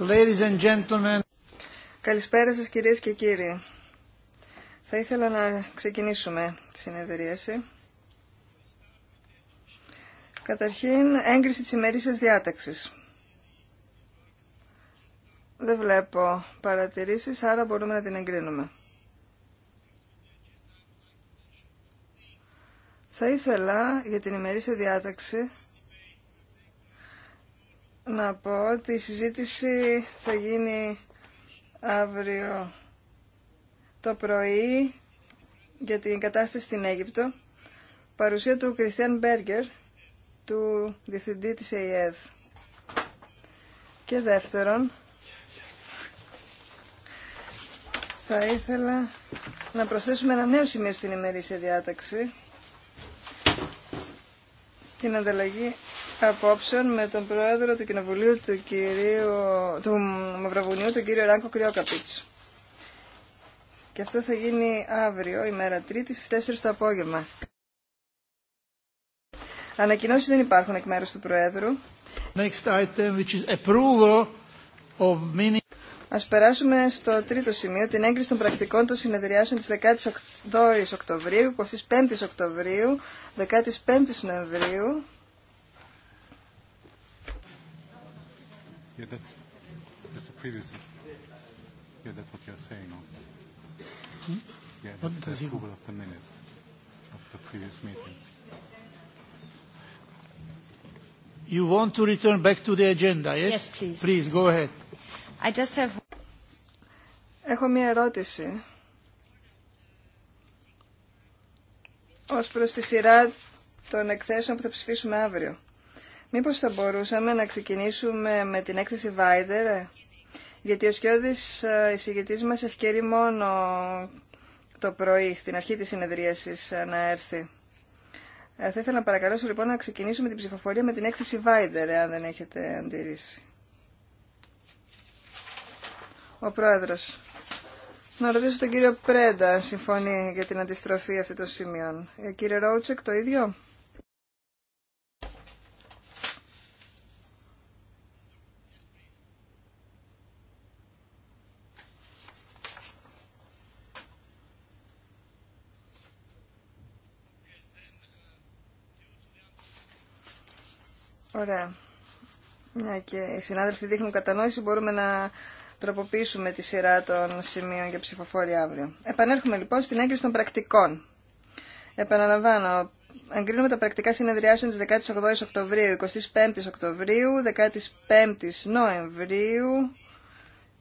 Ladies and gentlemen. Καλησπέρα σας κυρίες και κύριοι. Θα ήθελα να ξεκινήσουμε τη συνεδρίαση. Καταρχήν, έγκριση της ημερήσιας διάταξης. Δεν βλέπω παρατηρήσεις, άρα μπορούμε να την εγκρίνουμε. Θα ήθελα για την ημερήσια διάταξη να πω ότι η συζήτηση θα γίνει αύριο το πρωί για την κατάσταση στην Αίγυπτο. Παρουσία του Κριστιαν Μπέργκερ, του Διευθυντή της ΑΕΔ Και δεύτερον, θα ήθελα να προσθέσουμε ένα νέο σημείο στην ημερήσια διάταξη, την ανταλλαγή απόψεων με τον πρόεδρο του Κοινοβουλίου του, κυρίου, του Μαυροβουνίου, τον κύριο Ράγκο Κρυόκαπιτς. Και αυτό θα γίνει αύριο, ημέρα Τρίτη, στις 4 το απόγευμα. Ανακοινώσεις δεν υπάρχουν εκ μέρους του Προέδρου. Next item, which is of mini... Ας περάσουμε στο τρίτο σημείο, την έγκριση των πρακτικών των συνεδριάσεων της 18ης Οκτωβρίου, 25ης Οκτωβρίου, 15ης Νοεμβρίου, Yeah, that's, that's the previous. Yeah, that's what you're saying. Hmm? Yeah, that's the approval of the minutes of the previous meeting. You want to return back to the agenda, yes? Yes, please. Please, go ahead. I just have... Έχω μία ερώτηση. Ως προς τη σειρά των εκθέσεων που θα ψηφίσουμε αύριο. Μήπως θα μπορούσαμε να ξεκινήσουμε με την έκθεση Βάιντερ, ε? γιατί ο Σκιώδης ε, εισηγητής μας ευκαιρεί μόνο το πρωί, στην αρχή της συνεδρίασης, ε, να έρθει. Θα ήθελα να παρακαλώσω λοιπόν να ξεκινήσουμε την ψηφοφορία με την έκθεση Βάιντερ, αν δεν έχετε αντιρρήσει. Ο Πρόεδρος. Να ρωτήσω τον κύριο Πρέντα, συμφωνεί για την αντιστροφή αυτή των σημείων. Κύριε Ρότσεκ, το ίδιο. Ωραία. Μια και οι συνάδελφοι δείχνουν κατανόηση, μπορούμε να τροποποιήσουμε τη σειρά των σημείων για ψηφοφόρια αύριο. Επανέρχομαι λοιπόν στην έγκριση των πρακτικών. Επαναλαμβάνω, εγκρίνουμε τα πρακτικά συνεδριάσεων της 18 η Οκτωβρίου, 25 25η Οκτωβρίου, 15ης Νοεμβρίου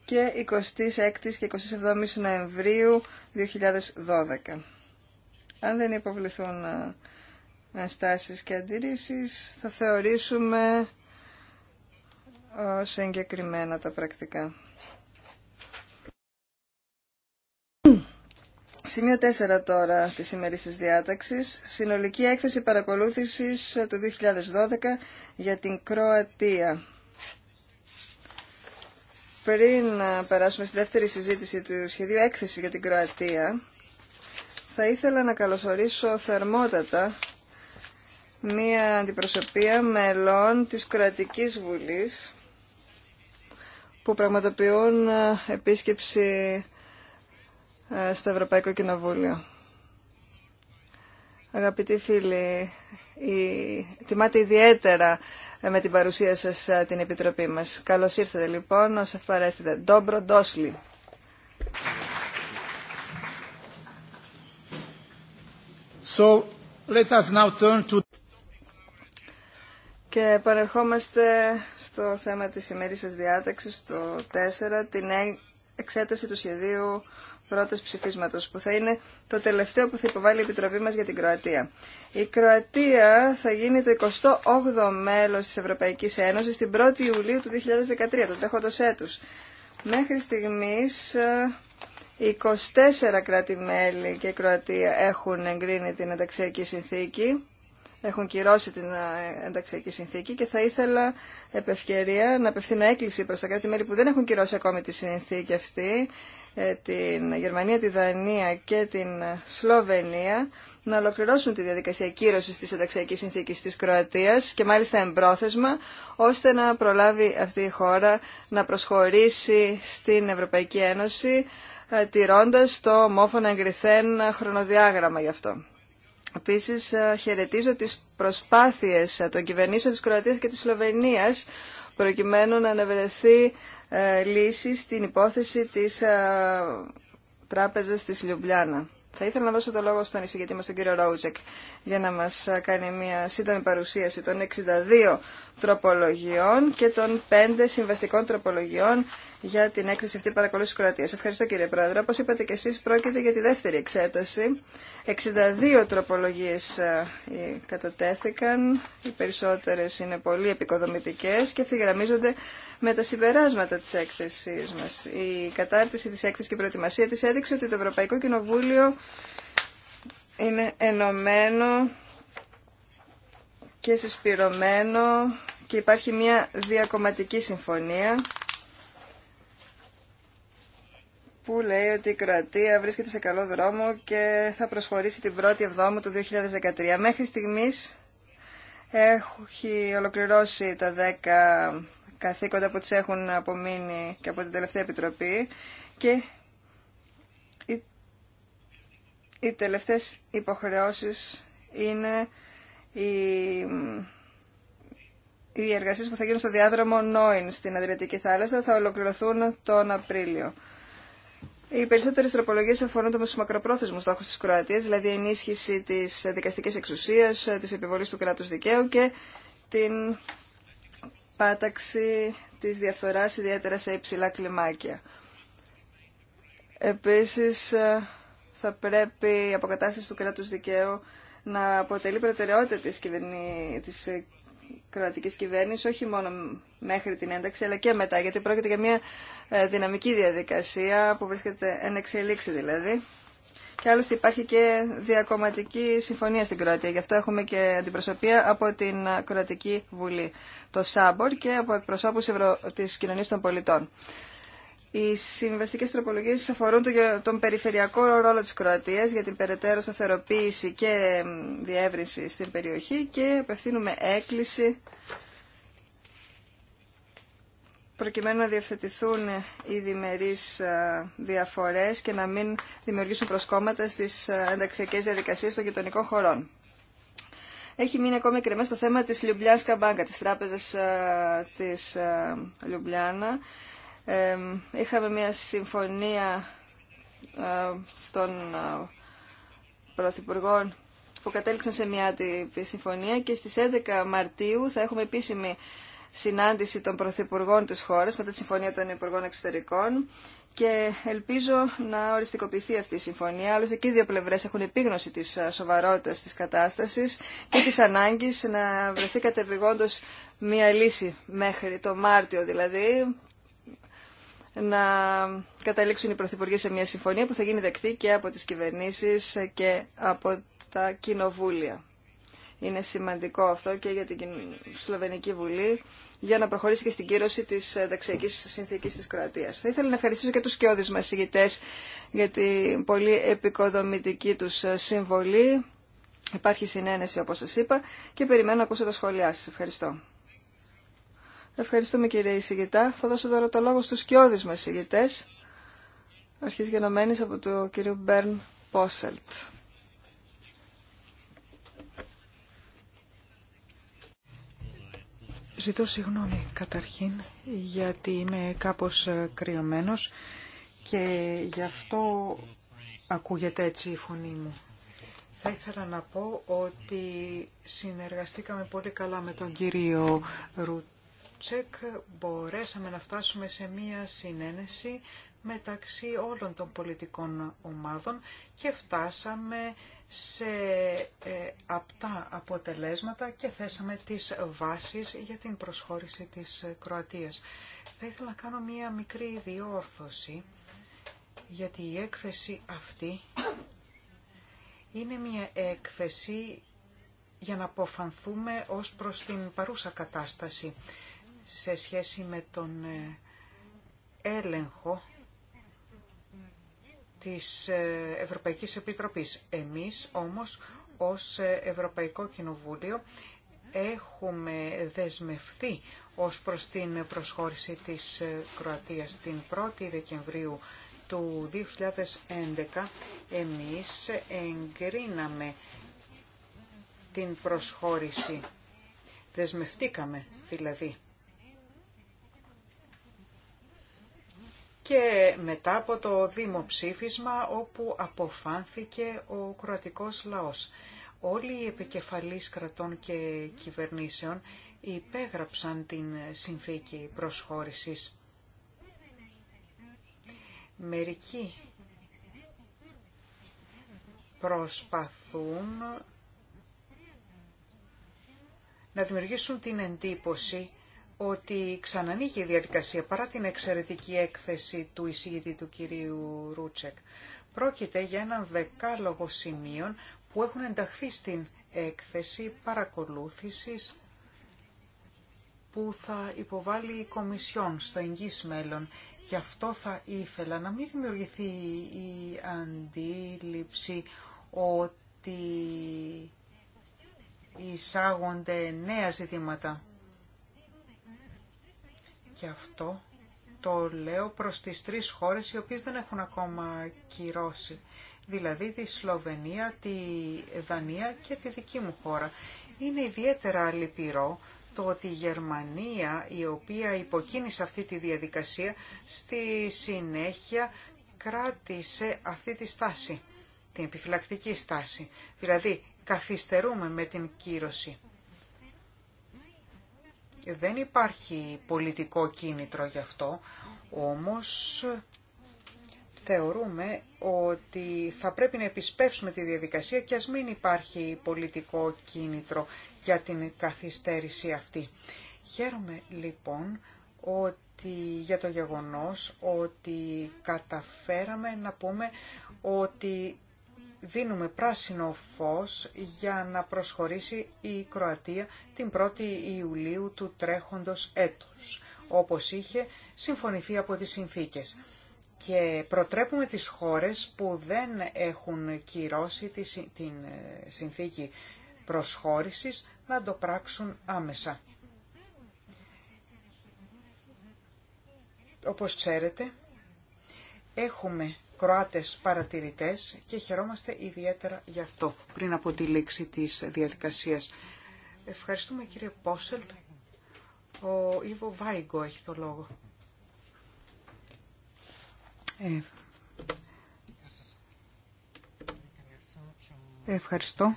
και 26 η και 27 η Νοεμβρίου 2012. Αν δεν υποβληθούν ε, αστάσεις και αντιρρήσεις θα θεωρήσουμε ε, ως εγκεκριμένα τα πρακτικά. Σημείο 4 τώρα της ημερήσης διάταξη. Συνολική έκθεση παρακολούθησης ε, του 2012 για την Κροατία. Πριν ε, περάσουμε στη δεύτερη συζήτηση του σχεδίου έκθεση για την Κροατία, θα ήθελα να καλωσορίσω θερμότατα μία αντιπροσωπεία μελών της Κρατικής Βουλής που πραγματοποιούν ε, επίσκεψη ε, στο Ευρωπαϊκό Κοινοβούλιο. Αγαπητοί φίλοι, η... τιμάτε ιδιαίτερα ε, με την παρουσία σας την Επιτροπή μας. Καλώς ήρθατε λοιπόν, ως ευχαρέστητε. Ντόμπρο Ντόσλι. So, let us now turn to... Και επανερχόμαστε στο θέμα της σας διάταξης, το 4, την ε, εξέταση του σχεδίου πρώτες ψηφίσματος, που θα είναι το τελευταίο που θα υποβάλει η Επιτροπή μας για την Κροατία. Η Κροατία θα γίνει το 28ο μέλος της Ευρωπαϊκής Ένωσης την 1η Ιουλίου του 2013, το τρέχοντος έτους. Μέχρι στιγμής 24 ε, κράτη-μέλη και η Κροατία έχουν εγκρίνει την ενταξιακή συνθήκη έχουν κυρώσει την ε, ενταξιακή συνθήκη και θα ήθελα επ' ευκαιρία να απευθύνω έκκληση προς τα κράτη-μέλη που δεν έχουν κυρώσει ακόμη τη συνθήκη αυτή, ε, την Γερμανία, τη Δανία και την Σλοβενία, να ολοκληρώσουν τη διαδικασία κύρωσης της ενταξιακής συνθήκης της Κροατίας και μάλιστα εμπρόθεσμα, ώστε να προλάβει αυτή η χώρα να προσχωρήσει στην Ευρωπαϊκή Ένωση, ε, τηρώντας το ομόφωνα εγκριθέν χρονοδιάγραμμα γι' αυτό. Επίσης ε, χαιρετίζω τις προσπάθειες ε, των κυβερνήσεων της Κροατίας και της Σλοβενίας προκειμένου να αναβρεθεί ε, λύση στην υπόθεση της τράπεζας της Λιουμπλιάνα. Θα ήθελα να δώσω το λόγο στον εισηγητή μας τον κύριο Ρόουτζεκ για να μας κάνει μια σύντομη παρουσίαση των 62 τροπολογιών και των 5 συμβαστικών τροπολογιών για την έκθεση αυτή παρακολούθηση Κροατίας. Ευχαριστώ κύριε Πρόεδρε. Όπως είπατε και εσείς πρόκειται για τη δεύτερη εξέταση. 62 τροπολογίες ε, κατατέθηκαν, οι περισσότερες είναι πολύ επικοδομητικές και ευθυγραμμίζονται με τα συμπεράσματα της έκθεσης μας. Η κατάρτιση της έκθεσης και η προετοιμασία της έδειξε ότι το Ευρωπαϊκό Κοινοβούλιο είναι ενωμένο και συσπηρωμένο και υπάρχει μια διακομματική συμφωνία που λέει ότι η Κροατία βρίσκεται σε καλό δρόμο και θα προσχωρήσει την πρώτη η Εβδόμου του 2013. Μέχρι στιγμής έχει ολοκληρώσει τα 10 καθήκοντα που της έχουν απομείνει και από την τελευταία επιτροπή και οι, οι τελευταίες υποχρεώσεις είναι οι, οι εργασίες που θα γίνουν στο διάδρομο Νόιν στην Αδριατική θάλασσα θα ολοκληρωθούν τον Απρίλιο. Οι περισσότερε τροπολογίε αφορούν το μακροπρόθεσμο στόχο της κροατία, δηλαδή ενίσχυση της δικαστική εξουσίας, ε, της επιβολής του κράτου δικαίου και την πάταξη της διαφθοράς ιδιαίτερα σε υψηλά κλιμάκια. Επίσης, ε, θα πρέπει η αποκατάσταση του κράτου δικαίου να αποτελεί προτεραιότητα της, κυβερνή, της ε, όχι μόνο μέχρι την ένταξη, αλλά και μετά, γιατί πρόκειται για μια ε, δυναμική διαδικασία που βρίσκεται εν εξελίξη δηλαδή. Και άλλωστε υπάρχει και διακομματική συμφωνία στην Κροατία. Γι' αυτό έχουμε και αντιπροσωπεία από την Κροατική Βουλή, το ΣΑΜΠΟΡ και από εκπροσώπου τη κοινωνία των πολιτών. Οι συμβαστικέ τροπολογίε αφορούν τον περιφερειακό ρόλο τη Κροατία για την περαιτέρω σταθεροποίηση και διεύρυνση στην περιοχή και απευθύνουμε έκκληση προκειμένου να διευθετηθούν οι διμερείς ε, διαφορές και να μην δημιουργήσουν προσκόμματα στις ε, ενταξιακές διαδικασίες των γειτονικών χωρών. Έχει μείνει ακόμη κρεμέ στο θέμα της Λιουμπλιάνσκα Μπάνκα, της τράπεζας ε, της Λιουμπλιάνα. Είχαμε μια συμφωνία των πρωθυπουργών που κατέληξαν σε μια άτυπη συμφωνία και στις 11 Μαρτίου θα έχουμε επίσημη συνάντηση των Πρωθυπουργών της χώρας μετά τη Συμφωνία των Υπουργών Εξωτερικών και ελπίζω να οριστικοποιηθεί αυτή η συμφωνία. Άλλωστε και οι δύο πλευρές έχουν επίγνωση της σοβαρότητας της κατάστασης και της ανάγκης να βρεθεί κατεβηγόντως μία λύση μέχρι το Μάρτιο δηλαδή να καταλήξουν οι Πρωθυπουργοί σε μια συμφωνία που θα γίνει δεκτή και από τις κυβερνήσεις και από τα κοινοβούλια. Είναι σημαντικό αυτό και για την Σλοβενική Βουλή για να προχωρήσει και στην κύρωση τη ε, δεξιακή συνθήκη τη Κροατία. Θα ήθελα να ευχαριστήσω και του σκιώδει μα ηγητέ για την πολύ επικοδομητική του ε, συμβολή. Υπάρχει συνένεση, όπω σα είπα, και περιμένω να ακούσω τα σχόλιά σα. Ευχαριστώ. Ευχαριστούμε κύριε εισηγητά. Θα δώσω τώρα το λόγο στους σκιώδεις μας εισηγητές, αρχής γενομένης από τον κύριο Μπέρν Πόσελτ. Ζητώ συγγνώμη καταρχήν γιατί είμαι κάπως ε, κρυωμένος και γι' αυτό ακούγεται έτσι η φωνή μου. Θα ήθελα να πω ότι συνεργαστήκαμε πολύ καλά με τον κύριο Ρουτσέκ. Μπορέσαμε να φτάσουμε σε μία συνένεση μεταξύ όλων των πολιτικών ομάδων και φτάσαμε σε ε, απτά αποτελέσματα και θέσαμε τις βάσεις για την προσχώρηση της Κροατίας. Θα ήθελα να κάνω μία μικρή διόρθωση, γιατί η έκθεση αυτή είναι μία έκθεση για να αποφανθούμε ως προς την παρούσα κατάσταση σε σχέση με τον ε, έλεγχο της ε, Ευρωπαϊκής Επιτροπής. Εμείς όμως ως ε, Ευρωπαϊκό Κοινοβούλιο έχουμε δεσμευθεί ως προς την προσχώρηση της ε, Κροατίας την 1η Δεκεμβρίου του 2011 εμείς εγκρίναμε την προσχώρηση. Δεσμευτήκαμε δηλαδή. και μετά από το δημοψήφισμα όπου αποφάνθηκε ο κροατικός λαός. Όλοι οι επικεφαλείς κρατών και κυβερνήσεων υπέγραψαν την συνθήκη προσχώρησης. Μερικοί προσπαθούν να δημιουργήσουν την εντύπωση ότι ξανανοίγει η διαδικασία παρά την εξαιρετική έκθεση του εισηγητή του κυρίου Ρούτσεκ. Πρόκειται για έναν δεκάλογο σημείων που έχουν ενταχθεί στην έκθεση παρακολούθησης που θα υποβάλει η Κομισιόν στο εγγύς μέλλον. Γι' αυτό θα ήθελα να μην δημιουργηθεί η αντίληψη ότι εισάγονται νέα ζητήματα. Γι' αυτό το λέω προς τις τρεις χώρες οι οποίες δεν έχουν ακόμα κυρώσει. Δηλαδή τη Σλοβενία, τη Δανία και τη δική μου χώρα. Είναι ιδιαίτερα λυπηρό το ότι η Γερμανία, η οποία υποκίνησε αυτή τη διαδικασία, στη συνέχεια κράτησε αυτή τη στάση, την επιφυλακτική στάση. Δηλαδή, καθυστερούμε με την κύρωση. Δεν υπάρχει πολιτικό κίνητρο γι' αυτό, όμως θεωρούμε ότι θα πρέπει να επισπεύσουμε τη διαδικασία και ας μην υπάρχει πολιτικό κίνητρο για την καθυστέρηση αυτή. Χαίρομαι λοιπόν ότι, για το γεγονός ότι καταφέραμε να πούμε ότι δίνουμε πράσινο φως για να προσχωρήσει η Κροατία την 1η Ιουλίου του τρέχοντος έτους, όπως είχε συμφωνηθεί από τις συνθήκες. Και προτρέπουμε τις χώρες που δεν έχουν κυρώσει την ε, συνθήκη προσχώρησης να το πράξουν άμεσα. Όπως ξέρετε, έχουμε Κροάτες παρατηρητές και χαιρόμαστε ιδιαίτερα γι' αυτό πριν από τη λήξη της διαδικασίας. Ευχαριστούμε κύριε Πόσελτ. Ο Ιβο Βάιγκο έχει το λόγο. Ε, ευχαριστώ.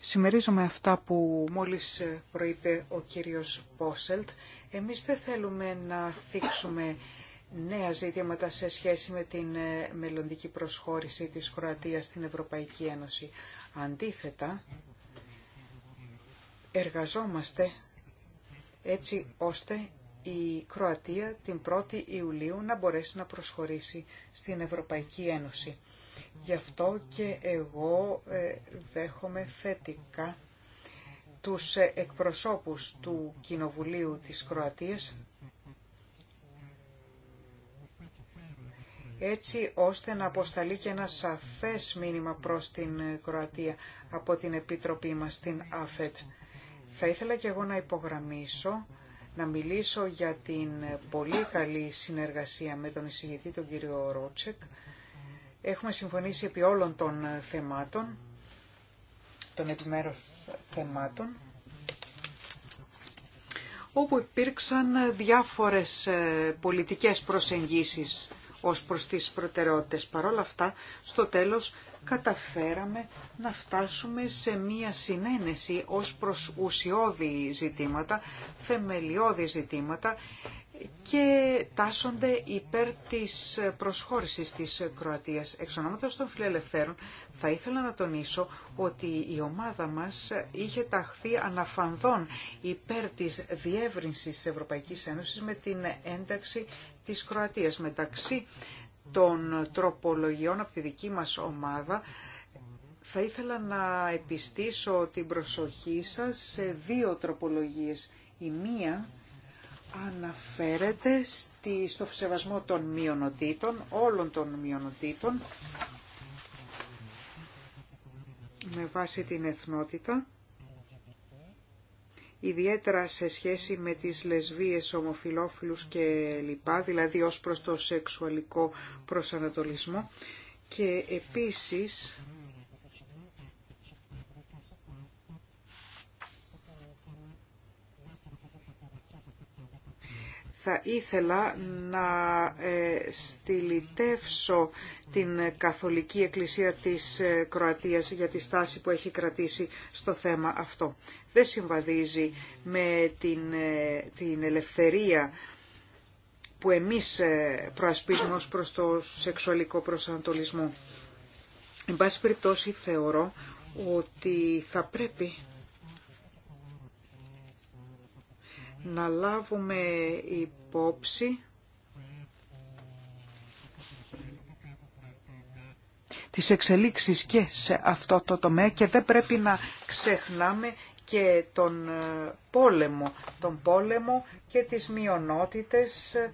Συμμερίζομαι αυτά που μόλις προείπε ο κύριος Πόσελτ. Εμείς δεν θέλουμε να θίξουμε νέα ζήτηματα σε σχέση με την ε, μελλοντική προσχώρηση της Κροατίας στην Ευρωπαϊκή Ένωση. Αντίθετα, εργαζόμαστε έτσι ώστε η Κροατία την 1η Ιουλίου να μπορέσει να προσχωρήσει στην Ευρωπαϊκή Ένωση. Γι' αυτό και εγώ ε, δέχομαι θετικά τους ε, εκπροσώπους του Κοινοβουλίου της Κροατίας έτσι ώστε να αποσταλεί και ένα σαφές μήνυμα προς την Κροατία από την Επίτροπή μας, την ΑΦΕΤ. Θα ήθελα και εγώ να υπογραμμίσω, να μιλήσω για την πολύ καλή συνεργασία με τον εισηγητή, τον κύριο Ρότσεκ. Έχουμε συμφωνήσει επί όλων των θεμάτων, των επιμέρους θεμάτων, όπου υπήρξαν διάφορες ε, πολιτικές προσεγγίσεις ως προς τις προτεραιότητες. Παρ' αυτά, στο τέλος καταφέραμε να φτάσουμε σε μία συνένεση ως προς ουσιώδη ζητήματα, θεμελιώδη ζητήματα και τάσσονται υπέρ της προσχώρησης της Κροατίας. Εξ ονόματος των φιλελευθέρων θα ήθελα να τονίσω ότι η ομάδα μας είχε ταχθεί αναφανδών υπέρ της διεύρυνσης της Ευρωπαϊκής Ένωσης με την ένταξη της Κροατίας. Μεταξύ των τροπολογιών από τη δική μας ομάδα θα ήθελα να επιστήσω την προσοχή σας σε δύο τροπολογίες. Η μία αναφέρεται στη, στο σεβασμό των μειονοτήτων, όλων των μειονοτήτων, με βάση την εθνότητα ιδιαίτερα σε σχέση με τις λεσβίες, ομοφιλόφιλους και λοιπά, δηλαδή ως προς το σεξουαλικό προσανατολισμό και επίσης θα ήθελα να ε, στυλιτεύσω την Καθολική Εκκλησία της ε, Κροατίας για τη στάση που έχει κρατήσει στο θέμα αυτό δεν συμβαδίζει με την, ε, την ελευθερία που εμείς ε, προασπίζουμε ως προς το σεξουαλικό προσανατολισμό. Εν πάση περιπτώσει θεωρώ ότι θα πρέπει να λάβουμε υπόψη τις εξελίξεις και σε αυτό το τομέα και δεν πρέπει να ξεχνάμε και τον ε, πόλεμο, τον πόλεμο και τις μειονότητες ε,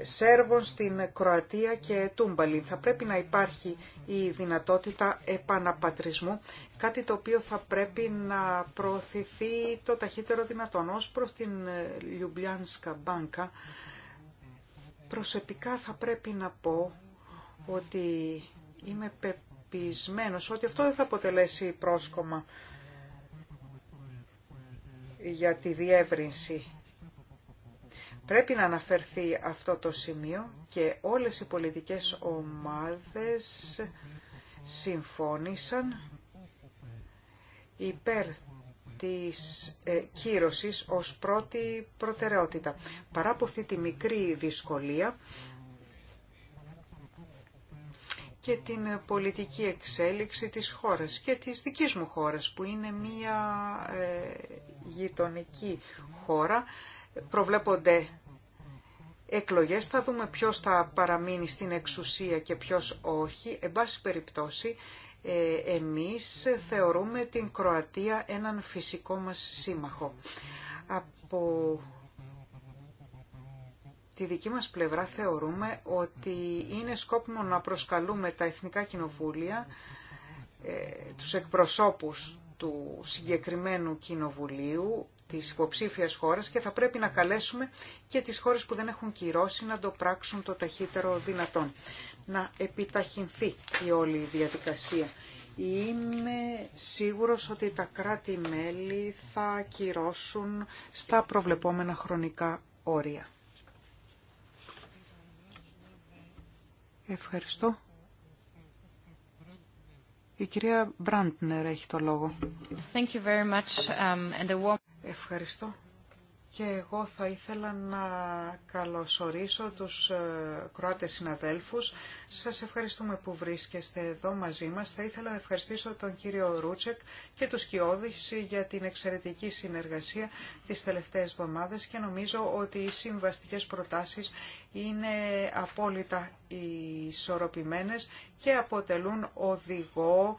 Σέρβων στην Κροατία και Τούμπαλιν. Θα πρέπει να υπάρχει η δυνατότητα επαναπατρισμού, κάτι το οποίο θα πρέπει να προωθηθεί το ταχύτερο δυνατόν. Ως προς την ε, Λιουμπλιάνσκα Μπάνκα, προσωπικά θα πρέπει να πω ότι είμαι πεπισμένος ότι αυτό δεν θα αποτελέσει πρόσκομα για τη διεύρυνση. Πρέπει να αναφερθεί αυτό το σημείο και όλες οι πολιτικές ομάδες συμφώνησαν υπέρ της ε, κύρωσης ως πρώτη προτεραιότητα. Παρά από αυτή τη μικρή δυσκολία και την πολιτική εξέλιξη της χώρας και της δικής μου χώρας που είναι μια ε, γειτονική χώρα. Προβλέπονται εκλογές, θα δούμε ποιος θα παραμείνει στην εξουσία και ποιος όχι. Εν πάση περιπτώσει, ε, εμείς θεωρούμε την Κροατία έναν φυσικό μας σύμμαχο. Από τη δική μας πλευρά θεωρούμε ότι είναι σκόπιμο να προσκαλούμε τα Εθνικά Κοινοβούλια, ε, τους εκπροσώπους του συγκεκριμένου Κοινοβουλίου, της υποψήφιας χώρας και θα πρέπει να καλέσουμε και τις χώρες που δεν έχουν κυρώσει να το πράξουν το ταχύτερο δυνατόν. Να επιταχυνθεί η όλη διαδικασία. Είμαι σίγουρος ότι τα κράτη-μέλη θα κυρώσουν στα προβλεπόμενα χρονικά όρια. Ευχαριστώ. Η κυρία Μπραντνερ έχει το λόγο. Thank you very much. Um, and a warm. Ευχαριστώ. Και εγώ θα ήθελα να καλωσορίσω τους ε, Κροάτες συναδέλφους. Σας ευχαριστούμε που βρίσκεστε εδώ μαζί μας. Θα ήθελα να ευχαριστήσω τον κύριο Ρούτσεκ και τους Κιώδης για την εξαιρετική συνεργασία τις τελευταίες εβδομάδες και νομίζω ότι οι συμβαστικές προτάσεις είναι απόλυτα ισορροπημένες και αποτελούν οδηγό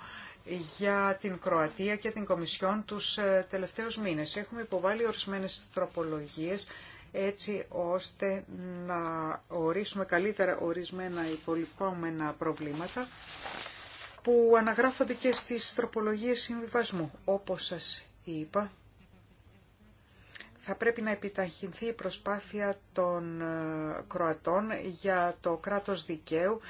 για την Κροατία και την Κομισιόν τους ε, τελευταίους μήνες. Έχουμε υποβάλει ορισμένες τροπολογίες έτσι ώστε να ορίσουμε καλύτερα ορισμένα υπολοιπόμενα προβλήματα που αναγράφονται και στις τροπολογίες συμβιβασμού. Όπως σας είπα, θα πρέπει να επιταχυνθεί η προσπάθεια των ε, Κροατών για το κράτος δικαίου,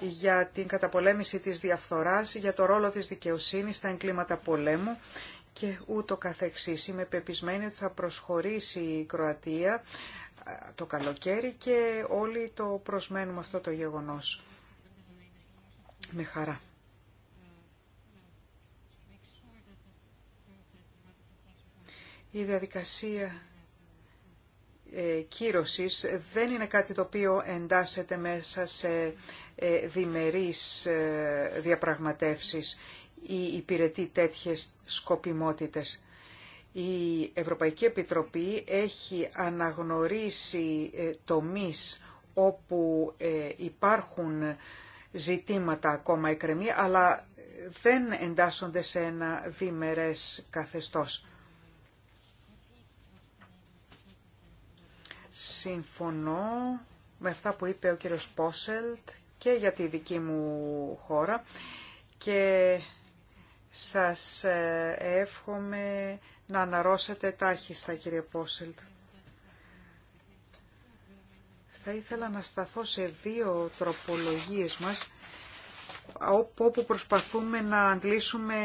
για την καταπολέμηση της διαφθοράς, για το ρόλο της δικαιοσύνης στα εγκλήματα πολέμου και ούτω καθεξής. Είμαι πεπισμένη ότι θα προσχωρήσει η Κροατία ε, το καλοκαίρι και όλοι το προσμένουμε αυτό το γεγονός. Με χαρά. Η διαδικασία ε, κύρωσης δεν είναι κάτι το οποίο εντάσσεται μέσα σε ε, διμερείς ε, διαπραγματεύσεις ή υπηρετεί τέτοιες σκοπιμότητες. Η Ευρωπαϊκή Επιτροπή έχει αναγνωρίσει τομείς όπου υπάρχουν ζητήματα ακόμα εκκρεμή, αλλά δεν εντάσσονται σε ένα διμερές καθεστώς. Συμφωνώ με αυτά που είπε ο κύριος Πόσελτ και για τη δική μου χώρα και σας ε, εύχομαι να αναρώσετε τάχιστα κύριε Πόσελτ. Θα ήθελα να σταθώ σε δύο τροπολογίες μας όπου προσπαθούμε να αντλήσουμε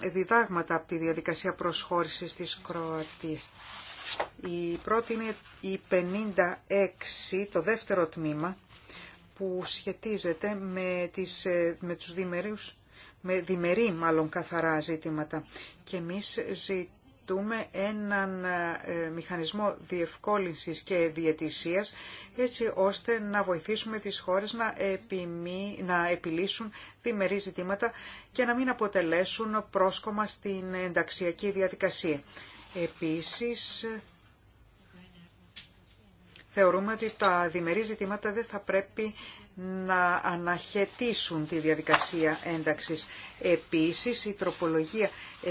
διδάγματα από τη διαδικασία προσχώρησης της Κροατίας. Η πρώτη είναι η 56, το δεύτερο τμήμα, που σχετίζεται με, τις, ε, με τους με διμερεί μάλλον καθαρά ζητήματα. Και εμείς ζητούμε έναν ε, μηχανισμό διευκόλυνσης και διαιτησίας, έτσι ώστε να βοηθήσουμε τις χώρες να, επιμή να επιλύσουν διμερεί ζητήματα και να μην αποτελέσουν πρόσκομα στην ενταξιακή διαδικασία. Επίσης, θεωρούμε ότι τα διμερή ζητήματα δεν θα πρέπει να αναχαιτήσουν τη διαδικασία ένταξης. Επίσης, η τροπολογία 61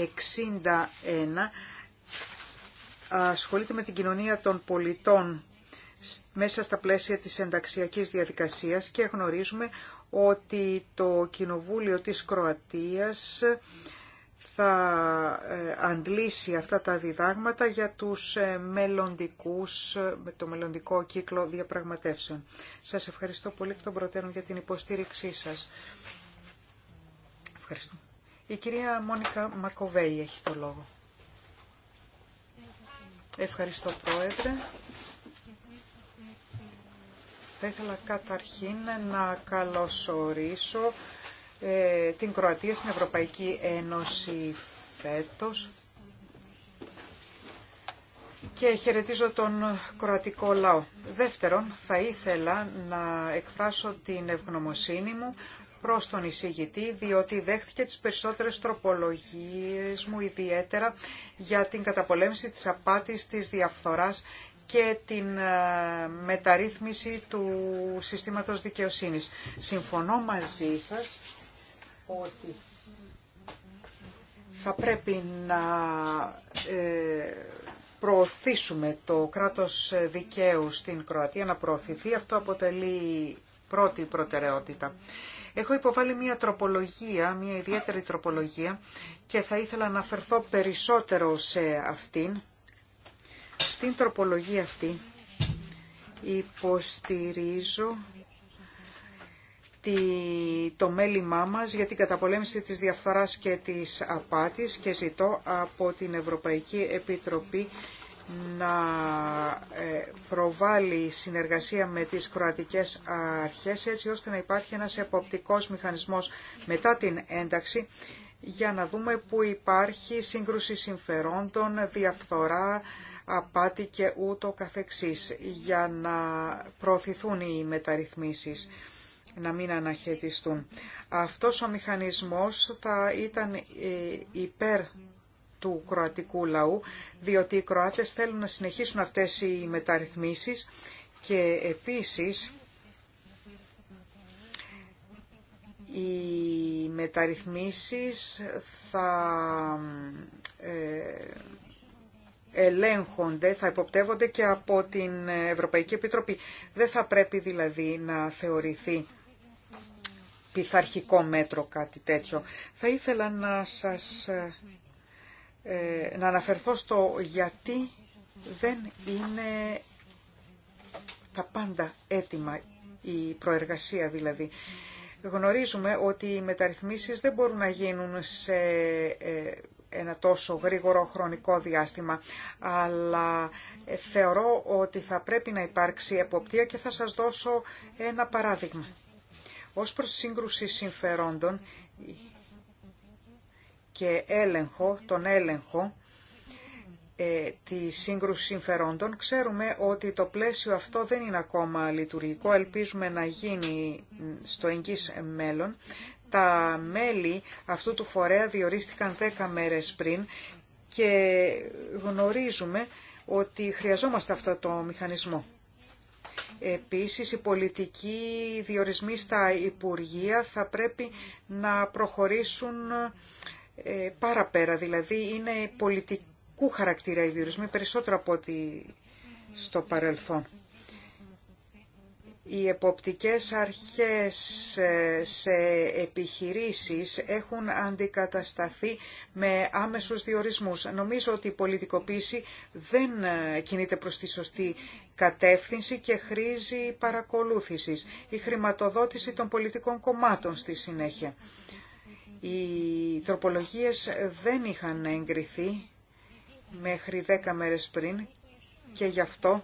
ασχολείται με την κοινωνία των πολιτών μέσα στα πλαίσια της ενταξιακής διαδικασίας και γνωρίζουμε ότι το Κοινοβούλιο της Κροατίας θα ε, αντλήσει αυτά τα διδάγματα για τους ε, μελλοντικούς, ε, το μελλοντικό κύκλο διαπραγματεύσεων. Σας ευχαριστώ πολύ και τον προτέρων για την υποστήριξή σας. Ευχαριστώ. Η κυρία Μόνικα Μακοβέη έχει το λόγο. Ευχαριστώ Πρόεδρε. Θα ήθελα καταρχήν να καλωσορίσω ε, την Κροατία στην Ευρωπαϊκή Ένωση φέτος και χαιρετίζω τον κροατικό λαό. Δεύτερον, θα ήθελα να εκφράσω την ευγνωμοσύνη μου προς τον εισηγητή, διότι δέχτηκε τις περισσότερες τροπολογίες μου, ιδιαίτερα για την καταπολέμηση της απάτης, της διαφθοράς και την ε, μεταρρύθμιση του συστήματος δικαιοσύνης. Συμφωνώ μαζί σας ότι θα πρέπει να ε, προωθήσουμε το κράτος δικαίου στην Κροατία, να προωθηθεί. Αυτό αποτελεί πρώτη προτεραιότητα. Έχω υποβάλει μια τροπολογία, μια ιδιαίτερη τροπολογία και θα ήθελα να αφαιρθώ περισσότερο σε αυτήν. Στην τροπολογία αυτή υποστηρίζω το μέλημά μας για την καταπολέμηση της διαφθοράς και της απάτης και ζητώ από την Ευρωπαϊκή Επιτροπή να ε, προβάλλει συνεργασία με τις κροατικές αρχές έτσι ώστε να υπάρχει ένας εποπτικός μηχανισμός μετά την ένταξη για να δούμε που υπάρχει σύγκρουση συμφερόντων, διαφθορά, απάτη και ούτω καθεξής για να προωθηθούν οι μεταρρυθμίσεις να μην αναχαιτιστούν. Αυτός ο μηχανισμός θα ήταν ε, υπέρ του κροατικού λαού, διότι οι Κροάτες θέλουν να συνεχίσουν αυτές οι μεταρρυθμίσεις και επίσης οι μεταρρυθμίσεις θα ε, ελέγχονται, θα υποπτεύονται και από την Ευρωπαϊκή Επιτροπή. Δεν θα πρέπει δηλαδή να θεωρηθεί πειθαρχικό μέτρο κάτι τέτοιο. Θα ήθελα να σας ε, ε, να αναφερθώ στο γιατί δεν είναι τα πάντα έτοιμα η προεργασία δηλαδή. Γνωρίζουμε ότι οι μεταρρυθμίσεις δεν μπορούν να γίνουν σε ε, ένα τόσο γρήγορο χρονικό διάστημα, αλλά θεωρώ ότι θα πρέπει να υπάρξει εποπτεία και θα σας δώσω ένα παράδειγμα. Ως προς σύγκρουση συμφερόντων και έλεγχο, τον έλεγχο ε, τη σύγκρουση συμφερόντων, ξέρουμε ότι το πλαίσιο αυτό δεν είναι ακόμα λειτουργικό. Ελπίζουμε να γίνει στο εγγύς μέλλον. Τα μέλη αυτού του φορέα διορίστηκαν 10 μέρες πριν και γνωρίζουμε ότι χρειαζόμαστε αυτό το μηχανισμό. Επίσης, οι πολιτικοί διορισμοί στα Υπουργεία θα πρέπει να προχωρήσουν ε, παραπέρα. Δηλαδή, είναι πολιτικού χαρακτήρα οι διορισμοί περισσότερο από ό,τι στο παρελθόν. Οι εποπτικές αρχές ε, σε επιχειρήσεις έχουν αντικατασταθεί με άμεσους διορισμούς. Νομίζω ότι η πολιτικοποίηση δεν ε, κινείται προς τη σωστή κατεύθυνση και χρήζει παρακολούθησης. Η χρηματοδότηση των πολιτικών κομμάτων στη συνέχεια. Οι τροπολογίες δεν είχαν εγκριθεί μέχρι δέκα μέρες πριν και γι' αυτό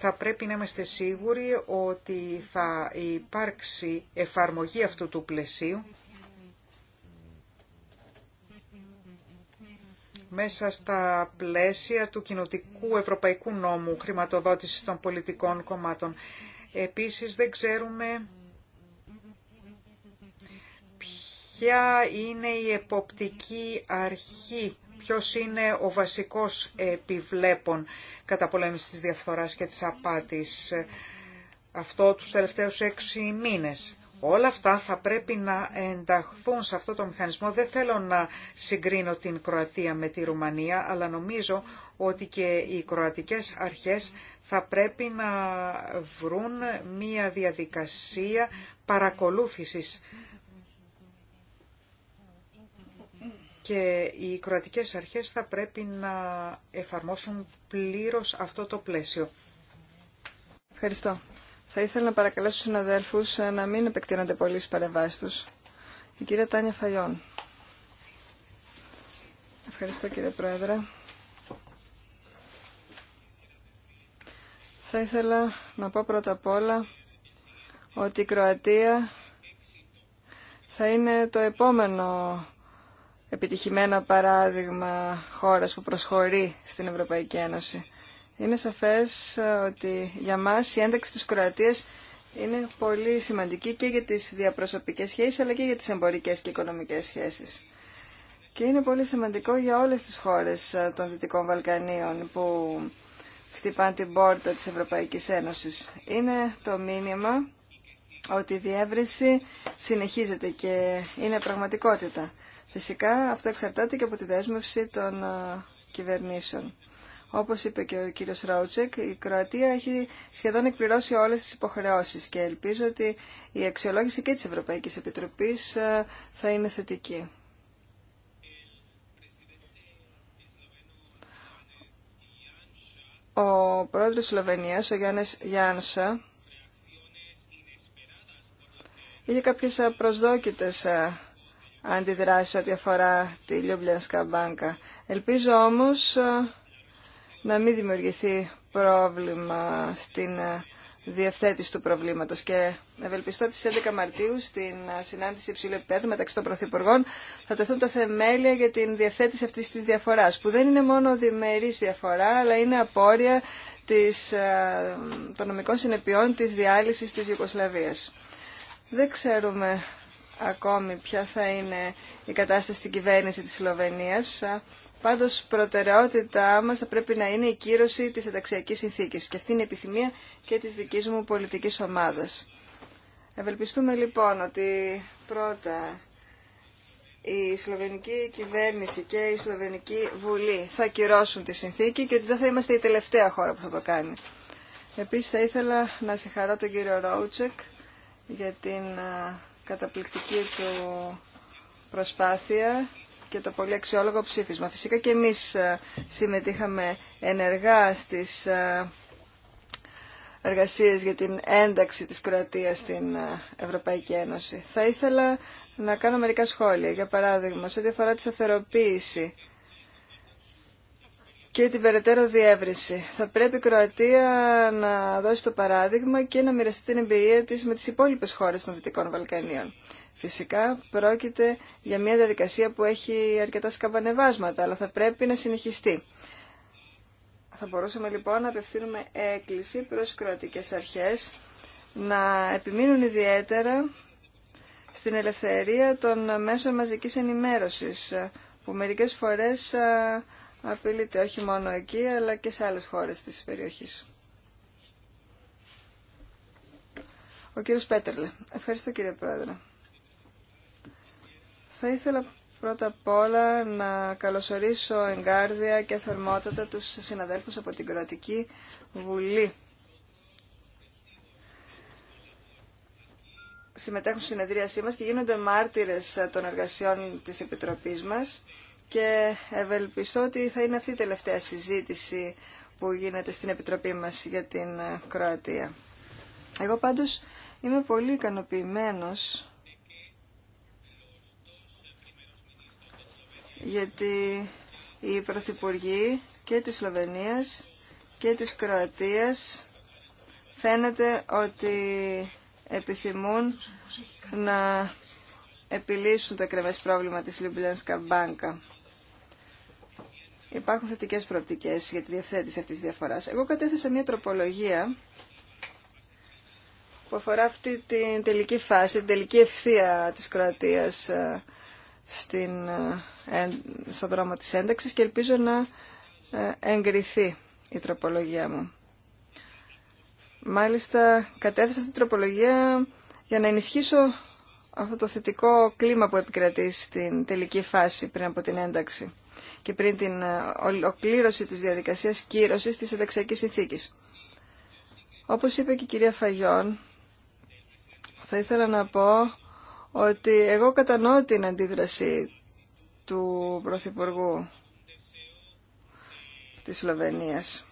θα πρέπει να είμαστε σίγουροι ότι θα υπάρξει εφαρμογή αυτού του πλαισίου μέσα στα πλαίσια του κοινοτικού ευρωπαϊκού νόμου χρηματοδότησης των πολιτικών κομμάτων. Επίσης δεν ξέρουμε ποια είναι η εποπτική αρχή, ποιος είναι ο βασικός επιβλέπων καταπολέμησης της διαφθοράς και της απάτης ε, αυτό τους τελευταίους έξι μήνες. Όλα αυτά θα πρέπει να ενταχθούν σε αυτό το μηχανισμό. Δεν θέλω να συγκρίνω την Κροατία με τη Ρουμανία, αλλά νομίζω ότι και οι κροατικές αρχές θα πρέπει να βρουν μία διαδικασία παρακολούθησης και οι κροατικές αρχές θα πρέπει να εφαρμόσουν πλήρως αυτό το πλαίσιο. Ευχαριστώ. Θα ήθελα να παρακαλέσω τους συναδέλφους ε, να μην επεκτείνονται πολύ στις παρεμβάσεις τους. Η κυρία Τάνια Φαγιών. Ευχαριστώ κύριε Πρόεδρε. Θα ήθελα να πω πρώτα απ' όλα ότι η Κροατία θα είναι το επόμενο επιτυχημένο παράδειγμα χώρας που προσχωρεί στην Ευρωπαϊκή Ένωση. Είναι σαφές ε, ότι για μας η ένταξη της Κροατίας είναι πολύ σημαντική και για τις διαπροσωπικές σχέσεις αλλά και για τις εμπορικές και οικονομικές σχέσεις. Και είναι πολύ σημαντικό για όλες τις χώρες ε, των Δυτικών Βαλκανίων που χτυπάν την πόρτα της Ευρωπαϊκής Ένωσης. Είναι το μήνυμα ότι η διεύρυνση συνεχίζεται και είναι πραγματικότητα. Φυσικά αυτό εξαρτάται και από τη δέσμευση των ε, κυβερνήσεων. Όπως είπε και ο κύριος Ρότσεκ, η Κροατία έχει σχεδόν εκπληρώσει όλες τις υποχρεώσεις και ελπίζω ότι η αξιολόγηση και της Ευρωπαϊκής Επιτροπής ε, θα είναι θετική. Ο πρόεδρος Σλοβενίας, ο Γιάννης Γιάνσα, είχε κάποιες προσδόκητες ε, αντιδράσει ό,τι αφορά τη Λιουμπλιανσκα Μπάνκα. Ελπίζω όμως ε, να μην δημιουργηθεί πρόβλημα στην ε, διευθέτηση του προβλήματος και ευελπιστώ ότι στις 11 Μαρτίου στην ε, συνάντηση υψηλού επίπεδου μεταξύ των Πρωθυπουργών θα τεθούν τα θεμέλια για την διευθέτηση αυτής της διαφοράς που δεν είναι μόνο διμερής διαφορά αλλά είναι απόρρια της, των νομικών συνεπειών της διάλυσης της Ιουκοσλαβίας. Δεν ξέρουμε ακόμη ποια θα είναι η κατάσταση στην κυβέρνηση της Σλοβενίας. Πάντως προτεραιότητά μας θα πρέπει να είναι η κύρωση της ενταξιακής συνθήκης και αυτή είναι η επιθυμία και της δικής μου πολιτικής ομάδας. Ευελπιστούμε λοιπόν ότι πρώτα η Σλοβενική κυβέρνηση και η Σλοβενική Βουλή θα κυρώσουν τη συνθήκη και ότι δεν θα είμαστε η τελευταία χώρα που θα το κάνει. Επίσης θα ήθελα να συγχαρώ τον κύριο Ρόουτσεκ για την καταπληκτική του προσπάθεια και το πολύ αξιόλογο ψήφισμα. Φυσικά και εμείς ε, συμμετείχαμε ενεργά στις ε, εργασίες για την ένταξη της Κροατίας στην ε, Ευρωπαϊκή Ένωση. Θα ήθελα να κάνω μερικά σχόλια. Για παράδειγμα, σε ό,τι αφορά τη σταθεροποίηση και την περαιτέρω διεύρυνση. Θα πρέπει η Κροατία να δώσει το παράδειγμα και να μοιραστεί την εμπειρία της με τις υπόλοιπες χώρες των Δυτικών Βαλκανίων. Φυσικά πρόκειται για μια διαδικασία που έχει αρκετά σκαμπανεβάσματα, αλλά θα πρέπει να συνεχιστεί. Θα μπορούσαμε λοιπόν να απευθύνουμε έκκληση προς κροατικές αρχές να επιμείνουν ιδιαίτερα στην ελευθερία των μέσων μαζικής ενημέρωσης, που μερικές φορές απειλείται όχι μόνο εκεί, αλλά και σε άλλες χώρες της περιοχής. Ο κύριος Πέτερλε. Ευχαριστώ κύριε Πρόεδρε. Θα ήθελα πρώτα απ' όλα να καλωσορίσω εγκάρδια και θερμότατα τους συναδέλφους από την Κροατική Βουλή. Συμμετέχουν στη συνεδρίασή μας και γίνονται μάρτυρες των εργασιών της Επιτροπής μας και ευελπιστώ ότι θα είναι αυτή η τελευταία συζήτηση που γίνεται στην Επιτροπή μας για την ε, Κροατία. Εγώ πάντως είμαι πολύ ικανοποιημένο γιατί η Πρωθυπουργοί και της Σλοβενίας και της Κροατίας φαίνεται ότι επιθυμούν να επιλύσουν το κρεμές πρόβλημα της Λιμπλιανσκα Μπάνκα υπάρχουν θετικέ προοπτικές για τη διευθέτηση αυτή τη διαφορά. Εγώ κατέθεσα μια τροπολογία που αφορά αυτή την τελική φάση, την τελική ευθεία τη κροατία ε, ε, στον δρόμο της ένταξης και ελπίζω να ε, εγκριθεί η τροπολογία μου. Μάλιστα κατέθεσα αυτή την τροπολογία για να ενισχύσω αυτό το θετικό κλίμα που επικρατεί στην τελική φάση πριν από την ένταξη και πριν την ε, ολοκλήρωση της διαδικασίας κύρωσης της ενταξιακής συνθήκης. Όπως είπε και η κυρία Φαγιόν, θα ήθελα να πω ότι εγώ κατανοώ την αντίδραση του Πρωθυπουργού της Σλοβενίας.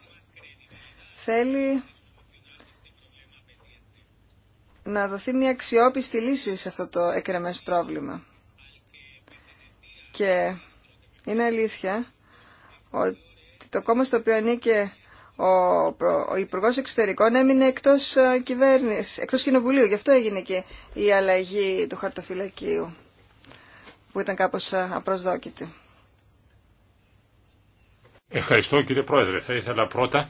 Θέλει να δοθεί μια αξιόπιστη λύση σε αυτό το εκρεμές πρόβλημα. Και είναι αλήθεια ότι το κόμμα στο οποίο ανήκε ο, ο Υπουργό Εξωτερικών έμεινε εκτός, ε, κυβέρνηση, εκτός κοινοβουλίου. Γι' αυτό έγινε και η αλλαγή του χαρτοφυλακίου που ήταν κάπως ε, απροσδόκητη. Ευχαριστώ κύριε Πρόεδρε. Θα ήθελα πρώτα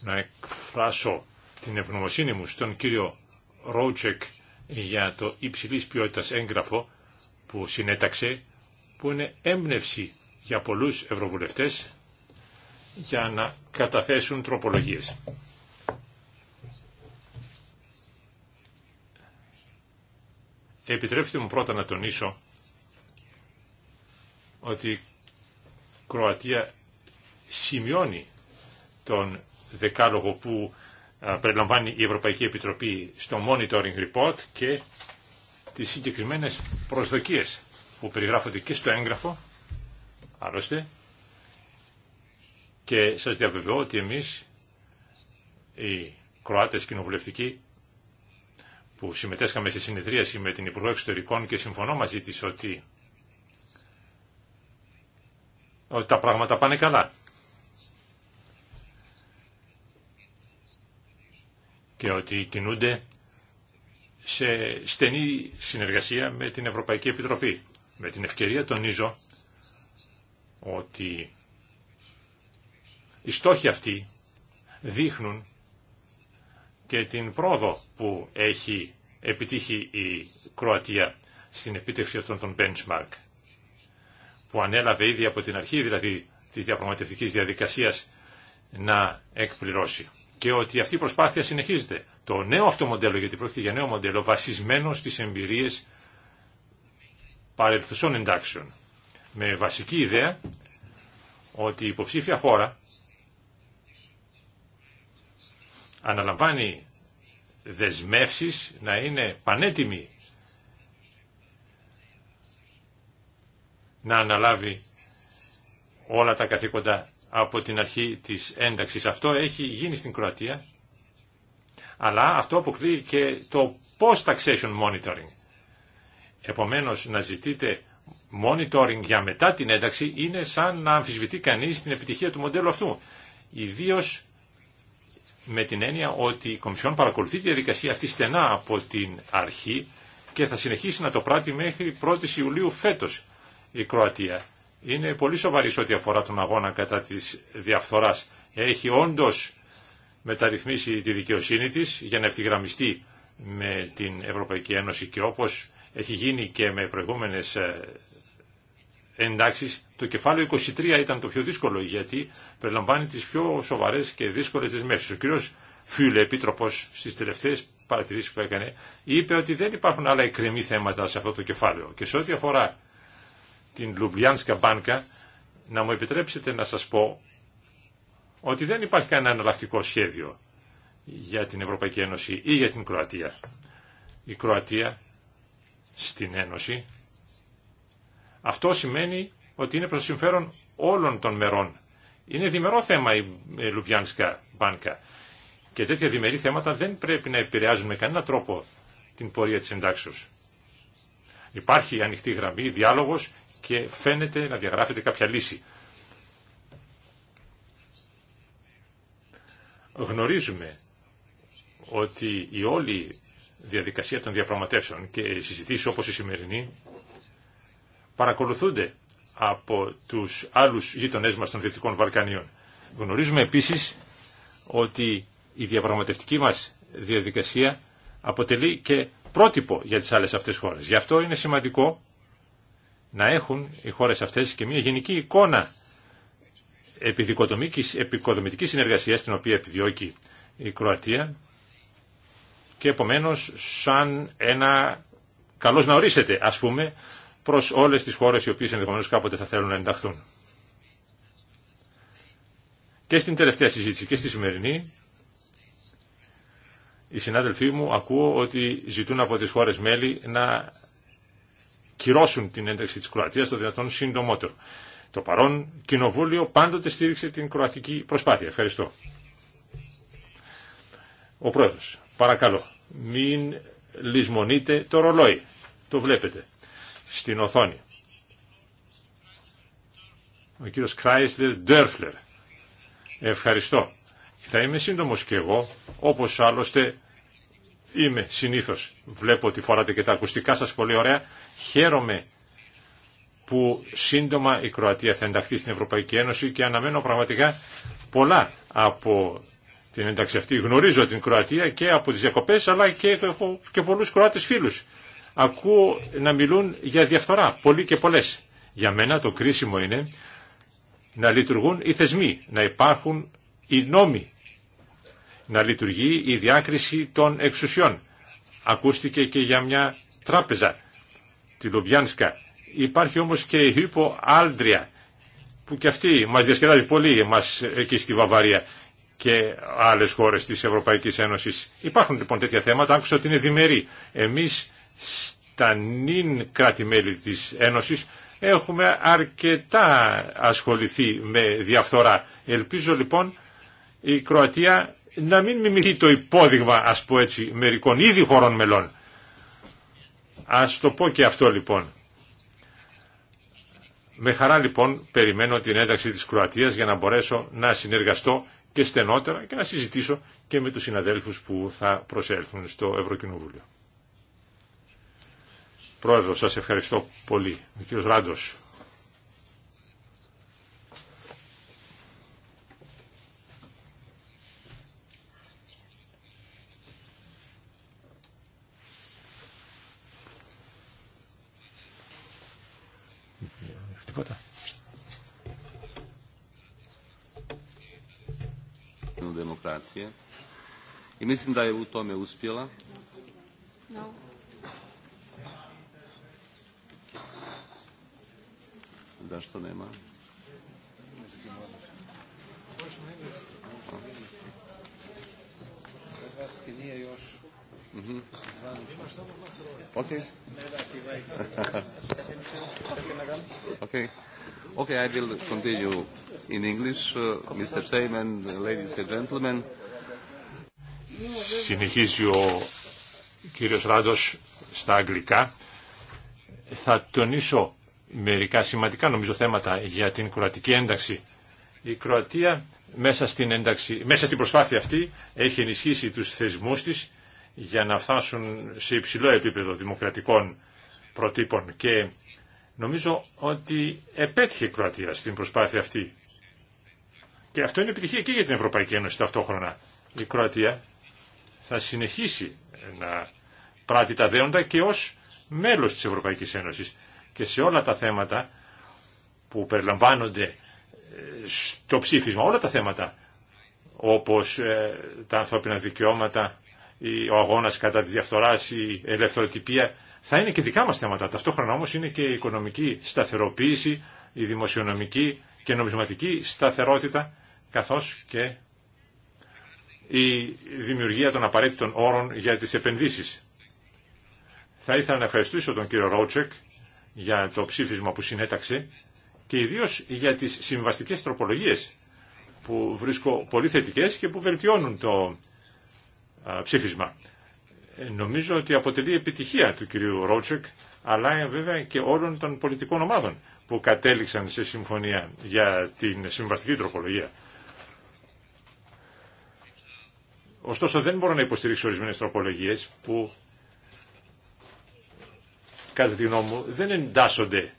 να εκφράσω την ευγνωμοσύνη μου στον κύριο Ρότσεκ για το υψηλής ποιότητας έγγραφο που συνέταξε που είναι έμπνευση για πολλούς ευρωβουλευτές για να καταθέσουν τροπολογίες. Επιτρέψτε μου πρώτα να τονίσω ότι η Κροατία σημειώνει τον δεκάλογο που περιλαμβάνει η Ευρωπαϊκή Επιτροπή στο Monitoring Report και τις συγκεκριμένες προσδοκίες που περιγράφονται και στο έγγραφο, άλλωστε, και σας διαβεβαιώ ότι εμείς, οι Κροάτες κοινοβουλευτικοί, που συμμετέσχαμε σε συνεδρίαση με την Υπουργό Εξωτερικών και συμφωνώ μαζί της ότι, ότι τα πράγματα πάνε καλά. και ότι κινούνται σε στενή συνεργασία με την Ευρωπαϊκή Επιτροπή. Με την ευκαιρία τονίζω ότι οι στόχοι αυτοί δείχνουν και την πρόοδο που έχει επιτύχει η Κροατία στην επίτευξη αυτών των benchmark που ανέλαβε ήδη από την αρχή δηλαδή της διαπραγματευτικής διαδικασίας να εκπληρώσει και ότι αυτή η προσπάθεια συνεχίζεται. Το νέο αυτό μοντέλο, γιατί πρόκειται για νέο μοντέλο, βασισμένο στις εμπειρίες παρελθουσών εντάξεων με βασική ιδέα ότι η υποψήφια χώρα αναλαμβάνει δεσμεύσεις να είναι πανέτοιμη να αναλάβει όλα τα καθήκοντα από την αρχή της ένταξης. Αυτό έχει γίνει στην Κροατία, αλλά αυτό αποκλείει και το post-taxation monitoring. Επομένως να ζητείτε monitoring για μετά την ένταξη είναι σαν να αμφισβητεί κανείς την επιτυχία του μοντέλου αυτού. Ιδίω με την έννοια ότι η Κομισιόν παρακολουθεί τη διαδικασία αυτή στενά από την αρχή και θα συνεχίσει να το πράττει μέχρι 1η Ιουλίου φέτος η Κροατία. Είναι πολύ σοβαρή ό,τι αφορά τον αγώνα κατά της διαφθοράς. Έχει όντως μεταρρυθμίσει τη δικαιοσύνη της για να ευθυγραμμιστεί με την Ευρωπαϊκή Ένωση και όπως έχει γίνει και με προηγούμενες ε, εντάξεις. Το κεφάλαιο 23 ήταν το πιο δύσκολο γιατί περιλαμβάνει τις πιο σοβαρές και δύσκολες δεσμεύσεις. Ο κύριος Φιούλε, επίτροπος στις τελευταίες παρατηρήσεις που έκανε, είπε ότι δεν υπάρχουν άλλα εκκρεμή θέματα σε αυτό το κεφάλαιο. Και σε ό,τι αφορά την Λουμπλιάνσκα Μπάνκα, να μου επιτρέψετε να σας πω ότι δεν υπάρχει κανένα εναλλακτικό σχέδιο για την Ευρωπαϊκή Ένωση ή για την Κροατία. Η Κροατία στην Ένωση, αυτό σημαίνει ότι είναι προς συμφέρον όλων των μερών. Είναι διμερό θέμα η ε, Λουμπιάνσκα μπάνκα και τέτοια διμερή θέματα δεν πρέπει να επηρεάζουν με κανένα τρόπο την πορεία της εντάξεως. Υπάρχει ανοιχτή γραμμή, διάλογος και φαίνεται να διαγράφεται κάποια λύση. Γνωρίζουμε ότι οι όλοι διαδικασία των διαπραγματεύσεων και συζητήσεις όπως η σημερινή παρακολουθούνται από τους άλλους γείτονές μας των Δυτικών Βαλκανίων. Γνωρίζουμε επίσης ότι η διαπραγματευτική μας διαδικασία αποτελεί και πρότυπο για τις άλλες αυτές χώρες. Γι' αυτό είναι σημαντικό να έχουν οι χώρες αυτές και μια γενική εικόνα επικοδομητικής συνεργασίας την οποία επιδιώκει η Κροατία και επομένως σαν ένα καλός να ορίσετε ας πούμε προς όλες τις χώρες οι οποίες ενδεχομένως κάποτε θα θέλουν να ενταχθούν. Και στην τελευταία συζήτηση και στη σημερινή οι συνάδελφοί μου ακούω ότι ζητούν από τις χώρες μέλη να κυρώσουν την ένταξη της Κροατίας το δυνατόν συντομότερο. Το παρόν κοινοβούλιο πάντοτε στήριξε την κροατική προσπάθεια. Ευχαριστώ. Ο Πρόεδρος. Παρακαλώ, μην λησμονείτε το ρολόι. Το βλέπετε στην οθόνη. Ο κύριος Κράισλερ Ντέρφλερ. Ευχαριστώ. Θα είμαι σύντομος και εγώ, όπως άλλωστε είμαι συνήθως. Βλέπω ότι φοράτε και τα ακουστικά σας πολύ ωραία. Χαίρομαι που σύντομα η Κροατία θα ενταχθεί στην Ευρωπαϊκή Ένωση και αναμένω πραγματικά πολλά από την ένταξη αυτή. Γνωρίζω την Κροατία και από τις διακοπές αλλά και έχω και πολλούς Κροάτες φίλους. Ακούω να μιλούν για διαφθορά, πολλοί και πολλές. Για μένα το κρίσιμο είναι να λειτουργούν οι θεσμοί, να υπάρχουν οι νόμοι, να λειτουργεί η διάκριση των εξουσιών. Ακούστηκε και για μια τράπεζα, τη Λουμπιάνσκα. Υπάρχει όμως και η Hypo που και αυτή μας διασκεδάζει πολύ εμάς εκεί στη Βαυαρία και άλλε χώρε τη Ευρωπαϊκή Ένωση. Υπάρχουν λοιπόν τέτοια θέματα, άκουσα ότι είναι διμερεί Εμεί, στα νυν κράτη-μέλη της Ένωσης έχουμε αρκετά ασχοληθεί με διαφθορά. Ελπίζω λοιπόν η Κροατία να μην μιμηθεί το υπόδειγμα, α πω έτσι, μερικών ήδη χωρών μελών. Α το πω και αυτό λοιπόν. Με χαρά λοιπόν περιμένω την ένταξη της Κροατίας για να μπορέσω να συνεργαστώ και στενότερα και να συζητήσω και με τους συναδέλφους που θα προσέλθουν στο Ευρωκοινοβούλιο. Πρόεδρο, σας ευχαριστώ πολύ. Ο κύριος Ράντος. demokracije i mislim da je u tome uspjela. Zašto nema? Hrvatski nije još Mm-hmm. Mm-hmm. Συνεχίζει ο κύριος Ράντος στα αγγλικά. Θα τονίσω μερικά σημαντικά νομίζω θέματα για την κροατική ένταξη. Η Κροατία μέσα στην, ένταξη, μέσα στην προσπάθεια αυτή έχει ενισχύσει τους θεσμούς της για να φτάσουν σε υψηλό επίπεδο δημοκρατικών προτύπων και νομίζω ότι επέτυχε η Κροατία στην προσπάθεια αυτή. Και αυτό είναι επιτυχία και για την Ευρωπαϊκή Ένωση ταυτόχρονα. Η Κροατία θα συνεχίσει να πράττει τα δέοντα και ως μέλος της Ευρωπαϊκής Ένωσης και σε όλα τα θέματα που περιλαμβάνονται ε, στο ψήφισμα, όλα τα θέματα όπως ε, τα ανθρώπινα δικαιώματα, ο αγώνας κατά της διαφθοράς, η ελευθεροτυπία, θα είναι και δικά μας θέματα. Ταυτόχρονα όμως είναι και η οικονομική σταθεροποίηση, η δημοσιονομική και νομισματική σταθερότητα, καθώς και η δημιουργία των απαραίτητων όρων για τις επενδύσεις. Θα ήθελα να ευχαριστήσω τον κύριο Ρότσεκ για το ψήφισμα που συνέταξε και ιδίως για τις συμβαστικές τροπολογίες που βρίσκω πολύ θετικές και που βελτιώνουν το ψήφισμα. Ε, νομίζω ότι αποτελεί επιτυχία του κυρίου Ρότσεκ, αλλά βέβαια και όλων των πολιτικών ομάδων που κατέληξαν σε συμφωνία για την συμβαστική τροπολογία. Ωστόσο δεν μπορώ να υποστηρίξω ορισμένε τροπολογίε που κατά τη γνώμη μου δεν εντάσσονται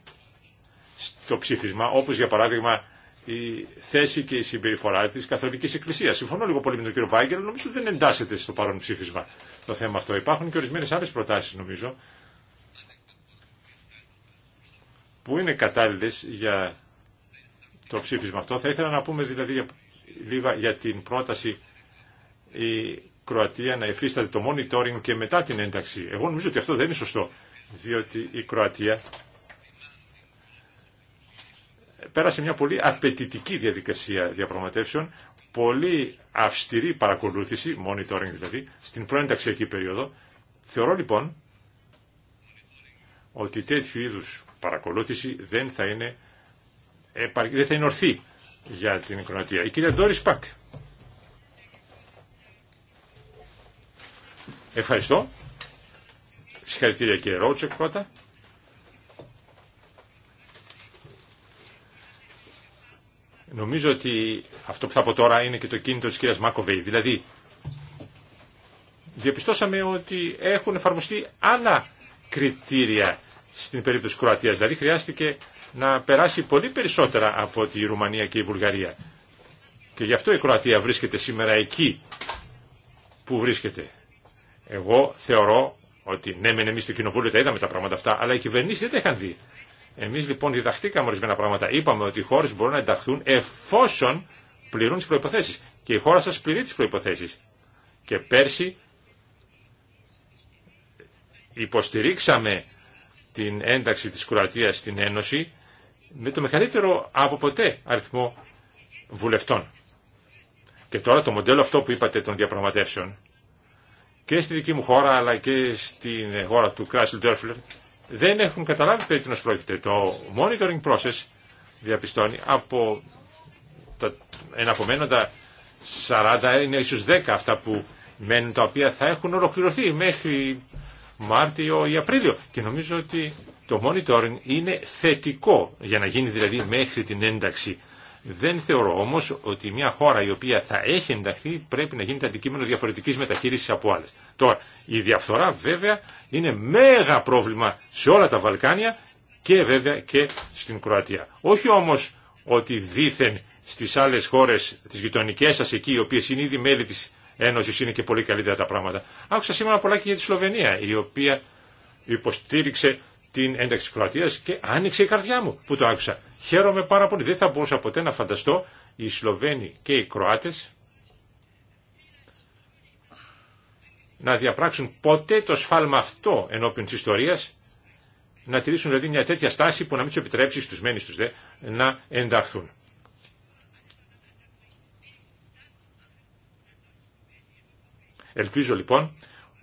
στο ψήφισμα, όπως για παράδειγμα η θέση και η συμπεριφορά της Καθολικής Εκκλησίας. Συμφωνώ λίγο πολύ με τον κύριο Βάγκελ, νομίζω ότι δεν εντάσσεται στο παρόν ψήφισμα το θέμα αυτό. Υπάρχουν και ορισμένες άλλες προτάσεις νομίζω που είναι κατάλληλε για το ψήφισμα αυτό. Θα ήθελα να πούμε δηλαδή λίγα για την πρόταση η Κροατία να εφίσταται το monitoring και μετά την ένταξη. Εγώ νομίζω ότι αυτό δεν είναι σωστό, διότι η Κροατία πέρασε μια πολύ απαιτητική διαδικασία διαπραγματεύσεων, πολύ αυστηρή παρακολούθηση, monitoring δηλαδή, στην πρώην ταξιακή περίοδο. Θεωρώ λοιπόν ότι τέτοιου είδου παρακολούθηση δεν θα είναι, δεν θα είναι ορθή για την Κροατία. Η κυρία Ντόρις Πακ. Ευχαριστώ. Συγχαρητήρια και Ρότσεκ πρώτα. Νομίζω ότι αυτό που θα πω τώρα είναι και το κίνητο της κυρίας Μάκοβεϊ. Δηλαδή, διαπιστώσαμε ότι έχουν εφαρμοστεί άλλα κριτήρια στην περίπτωση της Κροατίας. Δηλαδή, χρειάστηκε να περάσει πολύ περισσότερα από τη Ρουμανία και η Βουλγαρία. Και γι' αυτό η Κροατία βρίσκεται σήμερα εκεί που βρίσκεται. Εγώ θεωρώ ότι ναι, μεν εμεί στο κοινοβούλιο τα είδαμε τα πράγματα αυτά, αλλά οι κυβερνήσει δεν τα είχαν δει. Εμείς λοιπόν διδαχτήκαμε ορισμένα πράγματα. Είπαμε ότι οι χώρες μπορούν να ενταχθούν εφόσον πληρούν τις προϋποθέσεις. Και η χώρα σας πληρεί τις προϋποθέσεις. Και πέρσι υποστηρίξαμε την ένταξη της κουρατίας στην Ένωση με το μεγαλύτερο από ποτέ αριθμό βουλευτών. Και τώρα το μοντέλο αυτό που είπατε των διαπραγματεύσεων και στη δική μου χώρα αλλά και στην χώρα του Κράσιλ δεν έχουν καταλάβει περί τίνος πρόκειται. Το monitoring process διαπιστώνει από τα εναπομένοντα 40 είναι ίσως 10 αυτά που μένουν τα οποία θα έχουν ολοκληρωθεί μέχρι Μάρτιο ή Απρίλιο. Και νομίζω ότι το monitoring είναι θετικό για να γίνει δηλαδή μέχρι την ένταξη δεν θεωρώ όμω ότι μια χώρα η οποία θα έχει ενταχθεί πρέπει να γίνεται αντικείμενο διαφορετική μεταχείρισης από άλλε. Τώρα, η διαφθορά βέβαια είναι μέγα πρόβλημα σε όλα τα Βαλκάνια και βέβαια και στην Κροατία. Όχι όμω ότι δήθεν στι άλλε χώρε, τι γειτονικέ σα εκεί, οι οποίε είναι ήδη μέλη τη Ένωση είναι και πολύ καλύτερα τα πράγματα. Άκουσα σήμερα πολλά και για τη Σλοβενία, η οποία υποστήριξε την ένταξη της Κροατίας και άνοιξε η καρδιά μου που το άκουσα. Χαίρομαι πάρα πολύ. Δεν θα μπορούσα ποτέ να φανταστώ οι Σλοβαίνοι και οι Κροάτες να διαπράξουν ποτέ το σφάλμα αυτό ενώπιον της ιστορίας, να τηρήσουν δηλαδή μια τέτοια στάση που να μην του επιτρέψει στους μένεις τους δε, να ενταχθούν. Ελπίζω λοιπόν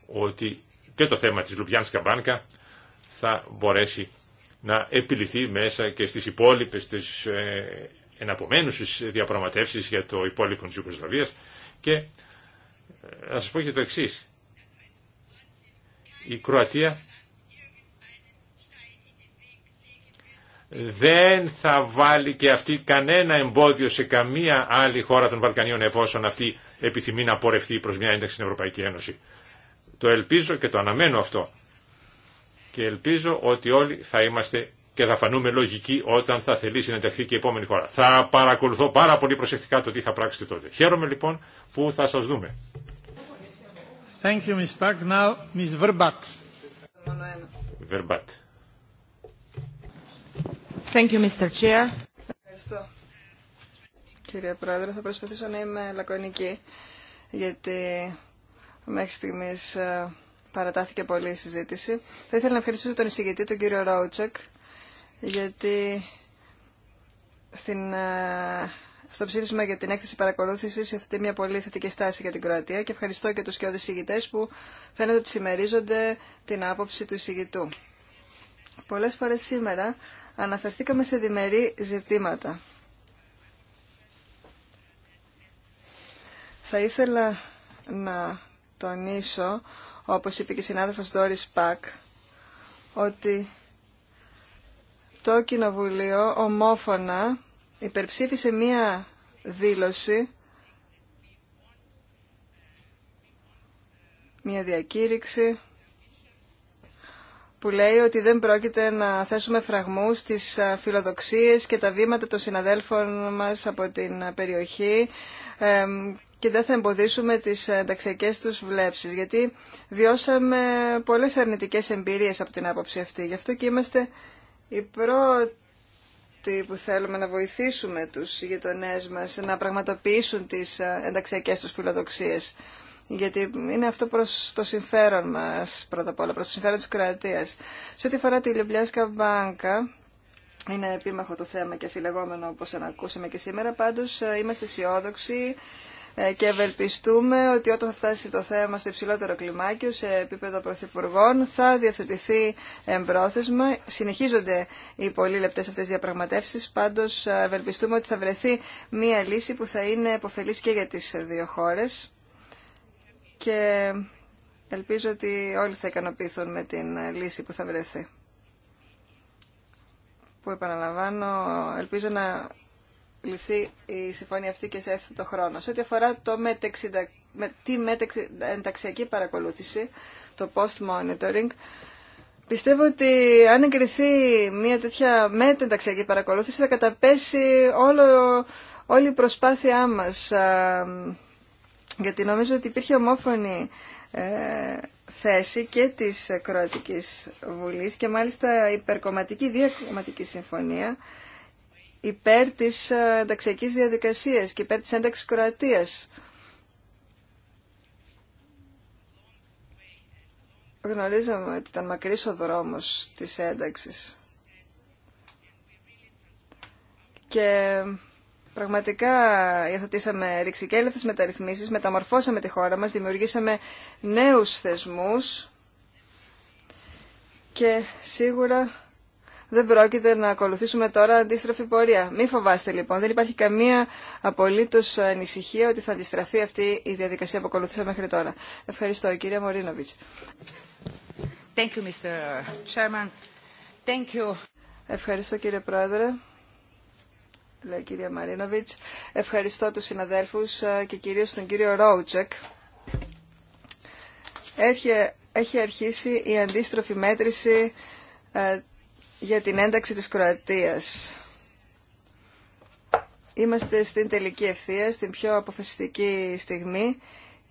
ότι και το θέμα της Λουμπιάνσκα Μπάνκα θα μπορέσει να επιληθεί μέσα και στις υπόλοιπες τις ε, εναπομένουσες διαπραγματεύσεις για το υπόλοιπο της Ιουγκοσλαβίας και ε, να σας πω και το εξή. Η Κροατία δεν θα βάλει και αυτή κανένα εμπόδιο σε καμία άλλη χώρα των Βαλκανίων εφόσον αυτή επιθυμεί να πορευτεί προς μια ένταξη στην Ευρωπαϊκή Ένωση. Το ελπίζω και το αναμένω αυτό και ελπίζω ότι όλοι θα είμαστε και θα φανούμε λογικοί όταν θα θελήσει να ενταχθεί και η επόμενη χώρα. Θα παρακολουθώ πάρα πολύ προσεκτικά το τι θα πράξετε τότε. Χαίρομαι λοιπόν που θα σας δούμε. Thank you, Ms. Park. Now, Ms. Verbat. Verbat. Thank you, Mr. Chair. Ευχαριστώ. Κύριε Πρόεδρε, θα προσπαθήσω να είμαι λακωνική, γιατί μέχρι στιγμής ε, παρατάθηκε πολύ η συζήτηση. Θα ήθελα να ευχαριστήσω τον εισηγητή, τον κύριο Ρόουτσεκ, γιατί στην, ε, στο ψήφισμα για την έκθεση παρακολούθηση υιοθετεί μια πολύ θετική στάση για την Κροατία και ευχαριστώ και του και εισηγητέ που φαίνεται ότι συμμερίζονται την άποψη του εισηγητού. Πολλέ φορέ σήμερα αναφερθήκαμε σε διμερεί ζητήματα. Θα ήθελα να τονίσω όπως είπε και η συνάδελφος Doris Πακ, ότι το Κοινοβουλίο ομόφωνα υπερψήφισε μία δήλωση, μία διακήρυξη, που λέει ότι δεν πρόκειται να θέσουμε φραγμούς στις φιλοδοξίες και τα βήματα των συναδέλφων μας από την περιοχή και δεν θα εμποδίσουμε τις ενταξιακές τους βλέψεις, γιατί βιώσαμε πολλές αρνητικές εμπειρίες από την άποψη αυτή. Γι' αυτό και είμαστε οι πρώτοι που θέλουμε να βοηθήσουμε τους γειτονές μας να πραγματοποιήσουν τις ενταξιακές τους φιλοδοξίες. Γιατί είναι αυτό προς το συμφέρον μας, πρώτα απ' όλα, προς το συμφέρον της κρατίας. Σε ό,τι αφορά τη Λιμπλιάσκα Μπάνκα, είναι επίμαχο το θέμα και αφιλεγόμενο όπως ανακούσαμε και σήμερα. Πάντως ε, είμαστε αισιόδοξοι ε, και ευελπιστούμε ότι όταν θα φτάσει το θέμα σε υψηλότερο κλιμάκιο, σε επίπεδο πρωθυπουργών, θα διαθετηθεί εμπρόθεσμα. Συνεχίζονται οι πολύ λεπτέ αυτέ διαπραγματεύσει. Πάντω, ε, ευελπιστούμε ότι θα βρεθεί μία λύση που θα είναι επωφελή και για τι δύο χώρε. Και ελπίζω ότι όλοι θα ικανοποιηθούν με την λύση που θα βρεθεί. Που επαναλαμβάνω, ελπίζω να ληφθεί η συμφωνία αυτή και σε το χρόνο. Σε ό,τι αφορά το μετεξιδα... με... τη μεταξιακή παρακολούθηση, το post-monitoring, Πιστεύω ότι αν εγκριθεί μια τέτοια μετενταξιακή παρακολούθηση θα καταπέσει όλο, όλη η προσπάθειά μας. Γιατί νομίζω ότι υπήρχε ομόφωνη ε, θέση και της Κροατικής Βουλής και μάλιστα υπερκομματική διακομματική συμφωνία υπέρ της ε, ενταξιακής διαδικασίας και υπέρ της ένταξης Κροατίας. Γνωρίζαμε ότι ήταν μακρύς ο δρόμος της ένταξης. Και πραγματικά υιοθετήσαμε με μεταρρυθμίσεις, μεταμορφώσαμε τη χώρα μας, δημιουργήσαμε νέους θεσμούς και σίγουρα δεν πρόκειται να ακολουθήσουμε τώρα αντίστροφη πορεία. Μην φοβάστε λοιπόν, δεν υπάρχει καμία απολύτω ανησυχία ότι θα αντιστραφεί αυτή η διαδικασία που ακολουθήσαμε μέχρι τώρα. Ευχαριστώ, κύριε Μωρίνοβιτ. Ευχαριστώ κύριε Πρόεδρε, λέει κυρία Μαρίνοβιτς. Ευχαριστώ τους συναδέλφους ε, και κυρίως τον κύριο Ρόουτσεκ. Έχει, έχει αρχίσει η αντίστροφη μέτρηση ε, για την ένταξη της Κροατίας. Είμαστε στην τελική ευθεία, στην πιο αποφασιστική στιγμή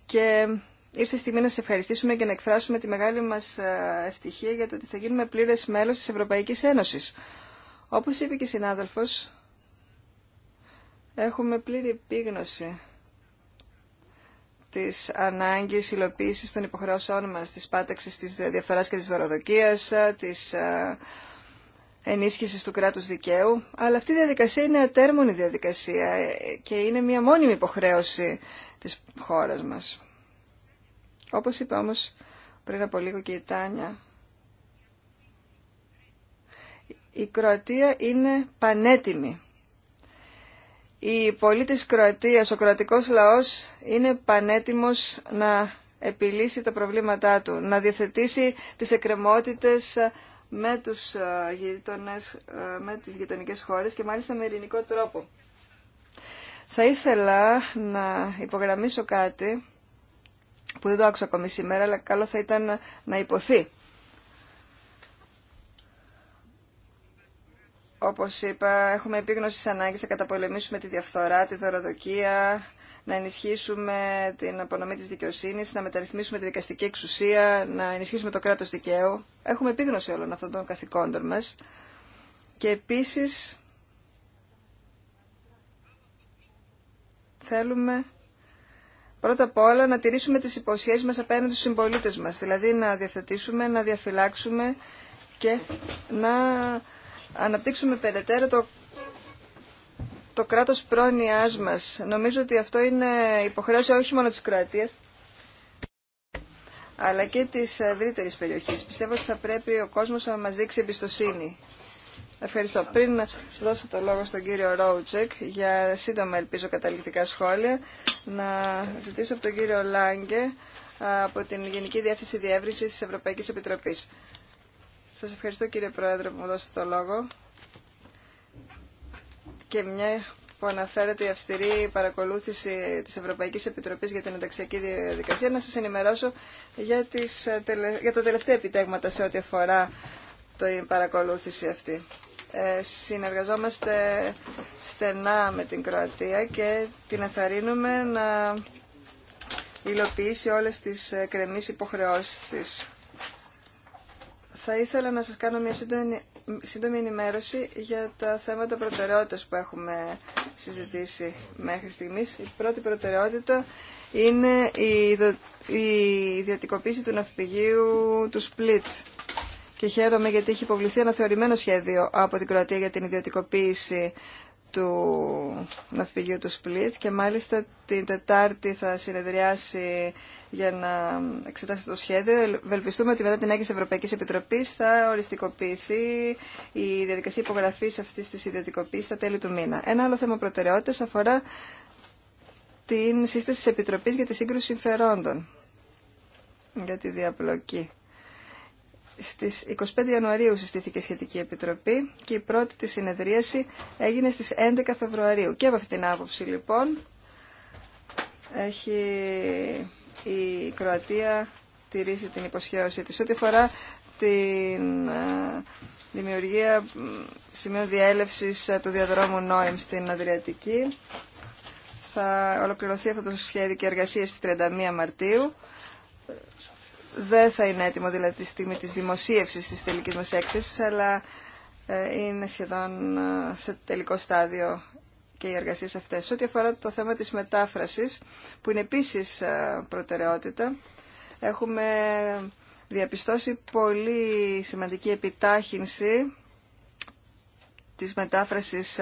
και ήρθε η στιγμή να σε ευχαριστήσουμε και να εκφράσουμε τη μεγάλη μας ε, ευτυχία για το ότι θα γίνουμε πλήρες μέλος της Ευρωπαϊκής Ένωσης. Όπως είπε και η συνάδελφος, έχουμε πλήρη επίγνωση της ανάγκης υλοποίησης των υποχρεώσεών μας, της πάταξης της διαφθοράς και της δωροδοκίας, ε, της ε, ενίσχυσης του κράτους δικαίου, αλλά αυτή η διαδικασία είναι ατέρμονη διαδικασία και είναι μια μόνιμη υποχρέωση της χώρας μας. Όπως είπα όμως πριν από λίγο και η Τάνια, η Κροατία είναι πανέτοιμη. Οι πολίτες Κροατίας, ο κροατικός λαός είναι πανέτοιμος να επιλύσει τα προβλήματά του, να διαθετήσει τις εκκρεμότητες με τους ε, γείτονες, ε, με τις γειτονικές χώρες και μάλιστα με ειρηνικό τρόπο. Θα ήθελα να υπογραμμίσω κάτι που δεν το άκουσα ακόμη σήμερα, αλλά καλό θα ήταν να υποθεί. Όπως είπα, έχουμε επίγνωση της να καταπολεμήσουμε τη διαφθορά, τη δωροδοκία, να ενισχύσουμε την απονομή της δικαιοσύνης, να μεταρρυθμίσουμε τη δικαστική εξουσία, να ενισχύσουμε το κράτος δικαίου. Έχουμε επίγνωση όλων αυτών των καθηκόντων μας. Και επίσης θέλουμε πρώτα απ' όλα να τηρήσουμε τις υποσχέσεις μας απέναντι στους συμπολίτε μας, δηλαδή να διαθετήσουμε, να διαφυλάξουμε και να αναπτύξουμε περαιτέρω το το κράτος πρόνοιάς μας. Νομίζω ότι αυτό είναι υποχρέωση όχι μόνο της Κροατίας, αλλά και της ευρύτερη περιοχής. Πιστεύω ότι θα πρέπει ο κόσμος να μας δείξει εμπιστοσύνη. Ευχαριστώ. Πριν δώσω το λόγο στον κύριο Ρόουτσεκ για σύντομα ελπίζω καταληκτικά σχόλια, να ζητήσω από τον κύριο Λάγκε από την Γενική Διεύθυνση Διεύρυνσης τη Ευρωπαϊκής Επιτροπής. Σας ευχαριστώ κύριε Πρόεδρε που μου δώσετε το λόγο και μια που αναφέρεται η αυστηρή παρακολούθηση της Ευρωπαϊκής Επιτροπής για την ενταξιακή διαδικασία, να σας ενημερώσω για, τις, για τα τελευταία επιτέγματα σε ό,τι αφορά την παρακολούθηση αυτή. Ε, συνεργαζόμαστε στενά με την Κροατία και την αθαρρύνουμε να υλοποιήσει όλες τις ε, κρεμείς υποχρεώσεις της. Θα ήθελα να σας κάνω μια σύντομη σύντομη ενημέρωση για τα θέματα προτεραιότητας που έχουμε συζητήσει μέχρι στιγμής. Η πρώτη προτεραιότητα είναι η ιδιωτικοποίηση του ναυπηγείου του Σπλίτ. Και χαίρομαι γιατί έχει υποβληθεί ένα θεωρημένο σχέδιο από την Κροατία για την ιδιωτικοποίηση του ναυπηγείου του Σπλίτ και μάλιστα την Τετάρτη θα συνεδριάσει για να εξετάσει το σχέδιο. Βελπιστούμε ότι μετά την έγκριση Ευρωπαϊκής Επιτροπής θα οριστικοποιηθεί η διαδικασία υπογραφής αυτής της ιδιωτικοποίησης στα τέλη του μήνα. Ένα άλλο θέμα προτεραιότητας αφορά την σύσταση της Επιτροπής για τη σύγκρουση συμφερόντων για τη διαπλοκή. Στις 25 Ιανουαρίου συστήθηκε σχετική επιτροπή και η πρώτη της συνεδρίαση έγινε στις 11 Φεβρουαρίου. Και από αυτή την άποψη λοιπόν έχει η Κροατία τηρήσει την υποσχέωση της. Ό,τι αφορά την ε, δημιουργία σημείο διέλευσης ε, του διαδρόμου Νόιμ στην Αδριατική, θα ολοκληρωθεί αυτό το σχέδιο και εργασία στις 31 Μαρτίου δεν θα είναι έτοιμο δηλαδή τη στιγμή της δημοσίευσης της τελικής μας έκθεσης, αλλά ε, είναι σχεδόν ε, σε τελικό στάδιο και οι εργασίες αυτές. Ό,τι αφορά το θέμα της μετάφρασης, που είναι επίσης ε, προτεραιότητα, έχουμε διαπιστώσει πολύ σημαντική επιτάχυνση της μετάφρασης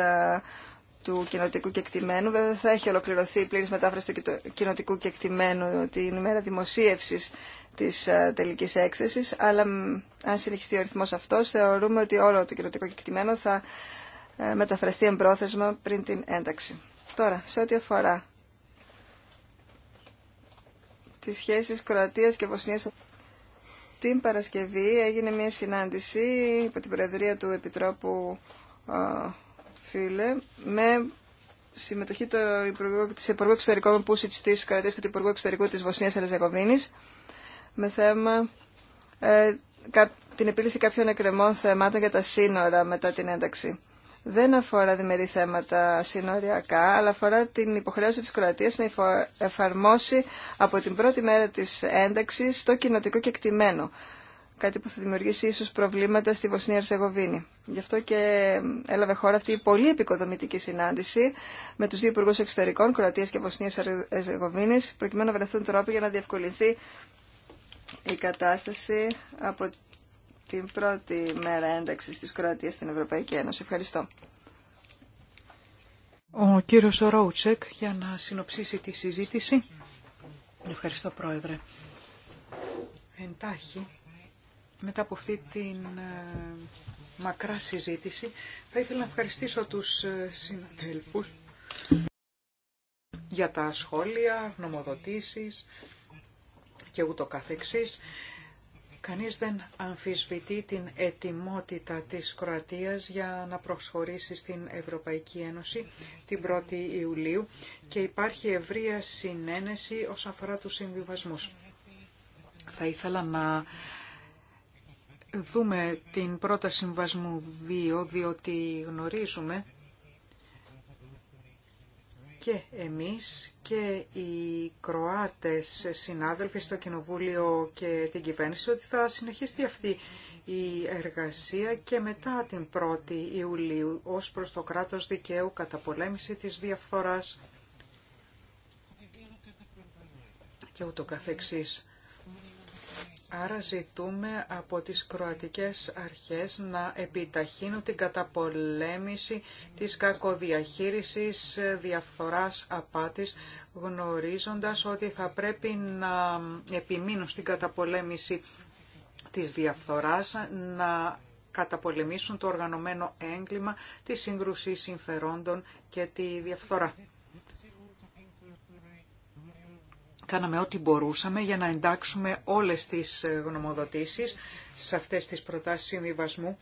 του κοινοτικού κεκτημένου. Βέβαια δεν θα έχει ολοκληρωθεί η πλήρης μετάφραση του κοινοτικού κεκτημένου την ημέρα δημοσίευσης της ε, τελικής έκθεσης, αλλά αν συνεχιστεί ο ρυθμός αυτός, θεωρούμε ότι όλο το κοινωτικό κεκτημένο θα ε, μεταφραστεί εμπρόθεσμα πριν την ένταξη. Τώρα, σε ό,τι αφορά τις σχέσεις Κροατίας και Βοσνίας, την Παρασκευή έγινε μια συνάντηση υπό την Προεδρία του Επιτρόπου ε, Φίλε με συμμετοχή του Υπουργού, της Υπουργού Εξωτερικών Πούσιτς της Κροατίας και του Υπουργού Εξωτερικού της Βοσνίας Ελεζεγοβίνης με θέμα ε, την επίλυση κάποιων εκκρεμών θεμάτων για τα σύνορα μετά την ένταξη. Δεν αφορά διμερεί θέματα σύνοριακά, αλλά αφορά την υποχρέωση της Κροατίας να εφαρμόσει από την πρώτη μέρα της ένταξης το κοινοτικό κεκτημένο. Κάτι που θα δημιουργήσει ίσως προβλήματα στη Βοσνία Ερσεγοβίνη. Γι' αυτό και έλαβε χώρα αυτή η πολύ επικοδομητική συνάντηση με τους δύο υπουργούς εξωτερικών Κροατίας και Βοσνίας Ερσεγοβίνης, προκειμένου να βρεθούν τρόποι για να διευκολυνθεί η κατάσταση από την πρώτη μέρα ένταξης της Κροατίας στην Ευρωπαϊκή Ένωση. Ευχαριστώ. Ο κύριος Ρόουτσεκ για να συνοψίσει τη συζήτηση. Ευχαριστώ Πρόεδρε. Εντάχει, μετά από αυτή την ε, μακρά συζήτηση, θα ήθελα να ευχαριστήσω τους ε, συναδέλφους για τα σχόλια, νομοδοτήσεις και ούτω καθεξής. Κανείς δεν αμφισβητεί την ετοιμότητα της Κροατίας για να προσχωρήσει στην Ευρωπαϊκή Ένωση την 1η Ιουλίου και υπάρχει ευρεία συνένεση όσον αφορά τους συμβιβασμούς. Θα ήθελα να δούμε την πρώτα συμβασμού 2, διότι γνωρίζουμε και εμείς και οι Κροάτες συνάδελφοι στο Κοινοβούλιο και την κυβέρνηση ότι θα συνεχίσει αυτή η εργασία και μετά την 1η Ιουλίου ως προς το κράτος δικαίου κατά πολέμηση της διαφθοράς και ούτω καθεξής. Άρα ζητούμε από τις κροατικές αρχές να επιταχύνουν την καταπολέμηση της κακοδιαχείρισης διαφθοράς απάτης, γνωρίζοντας ότι θα πρέπει να επιμείνουν στην καταπολέμηση της διαφθοράς, να καταπολεμήσουν το οργανωμένο έγκλημα, τη σύγκρουση συμφερόντων και τη διαφθορά. Κάναμε ό,τι μπορούσαμε για να εντάξουμε όλες τις ε, γνωμοδοτήσεις σε αυτές τις προτάσεις συμβιβασμού,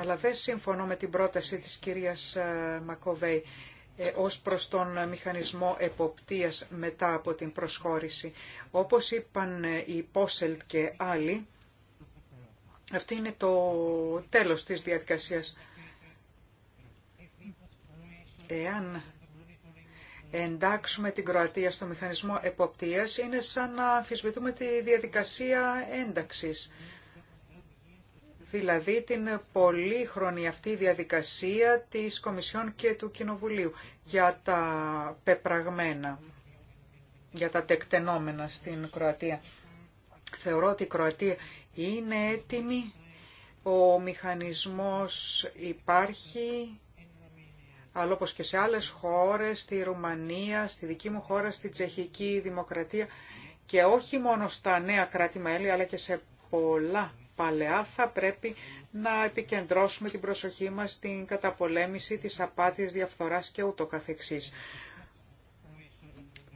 αλλά δεν συμφωνώ με την πρόταση της κυρίας ε, Μακοβέη ε, ως προς τον μηχανισμό εποπτείας μετά από την προσχώρηση. Όπως είπαν οι Πόσελτ και άλλοι, αυτή είναι το τέλος της διαδικασίας. Εάν εντάξουμε την Κροατία στο μηχανισμό εποπτείας είναι σαν να αμφισβητούμε τη διαδικασία ένταξης. Δηλαδή την πολύχρονη αυτή διαδικασία της Κομισιόν και του Κοινοβουλίου για τα πεπραγμένα, για τα τεκτενόμενα στην Κροατία. Θεωρώ ότι η Κροατία είναι έτοιμη, ο μηχανισμός υπάρχει, αλλά όπως και σε άλλες χώρες, στη Ρουμανία, στη δική μου χώρα, στη Τσεχική Δημοκρατία και όχι μόνο στα νέα κράτη-μέλη, αλλά και σε πολλά παλαιά θα πρέπει να επικεντρώσουμε την προσοχή μας στην καταπολέμηση της απάτης διαφθοράς και ούτω καθεξής.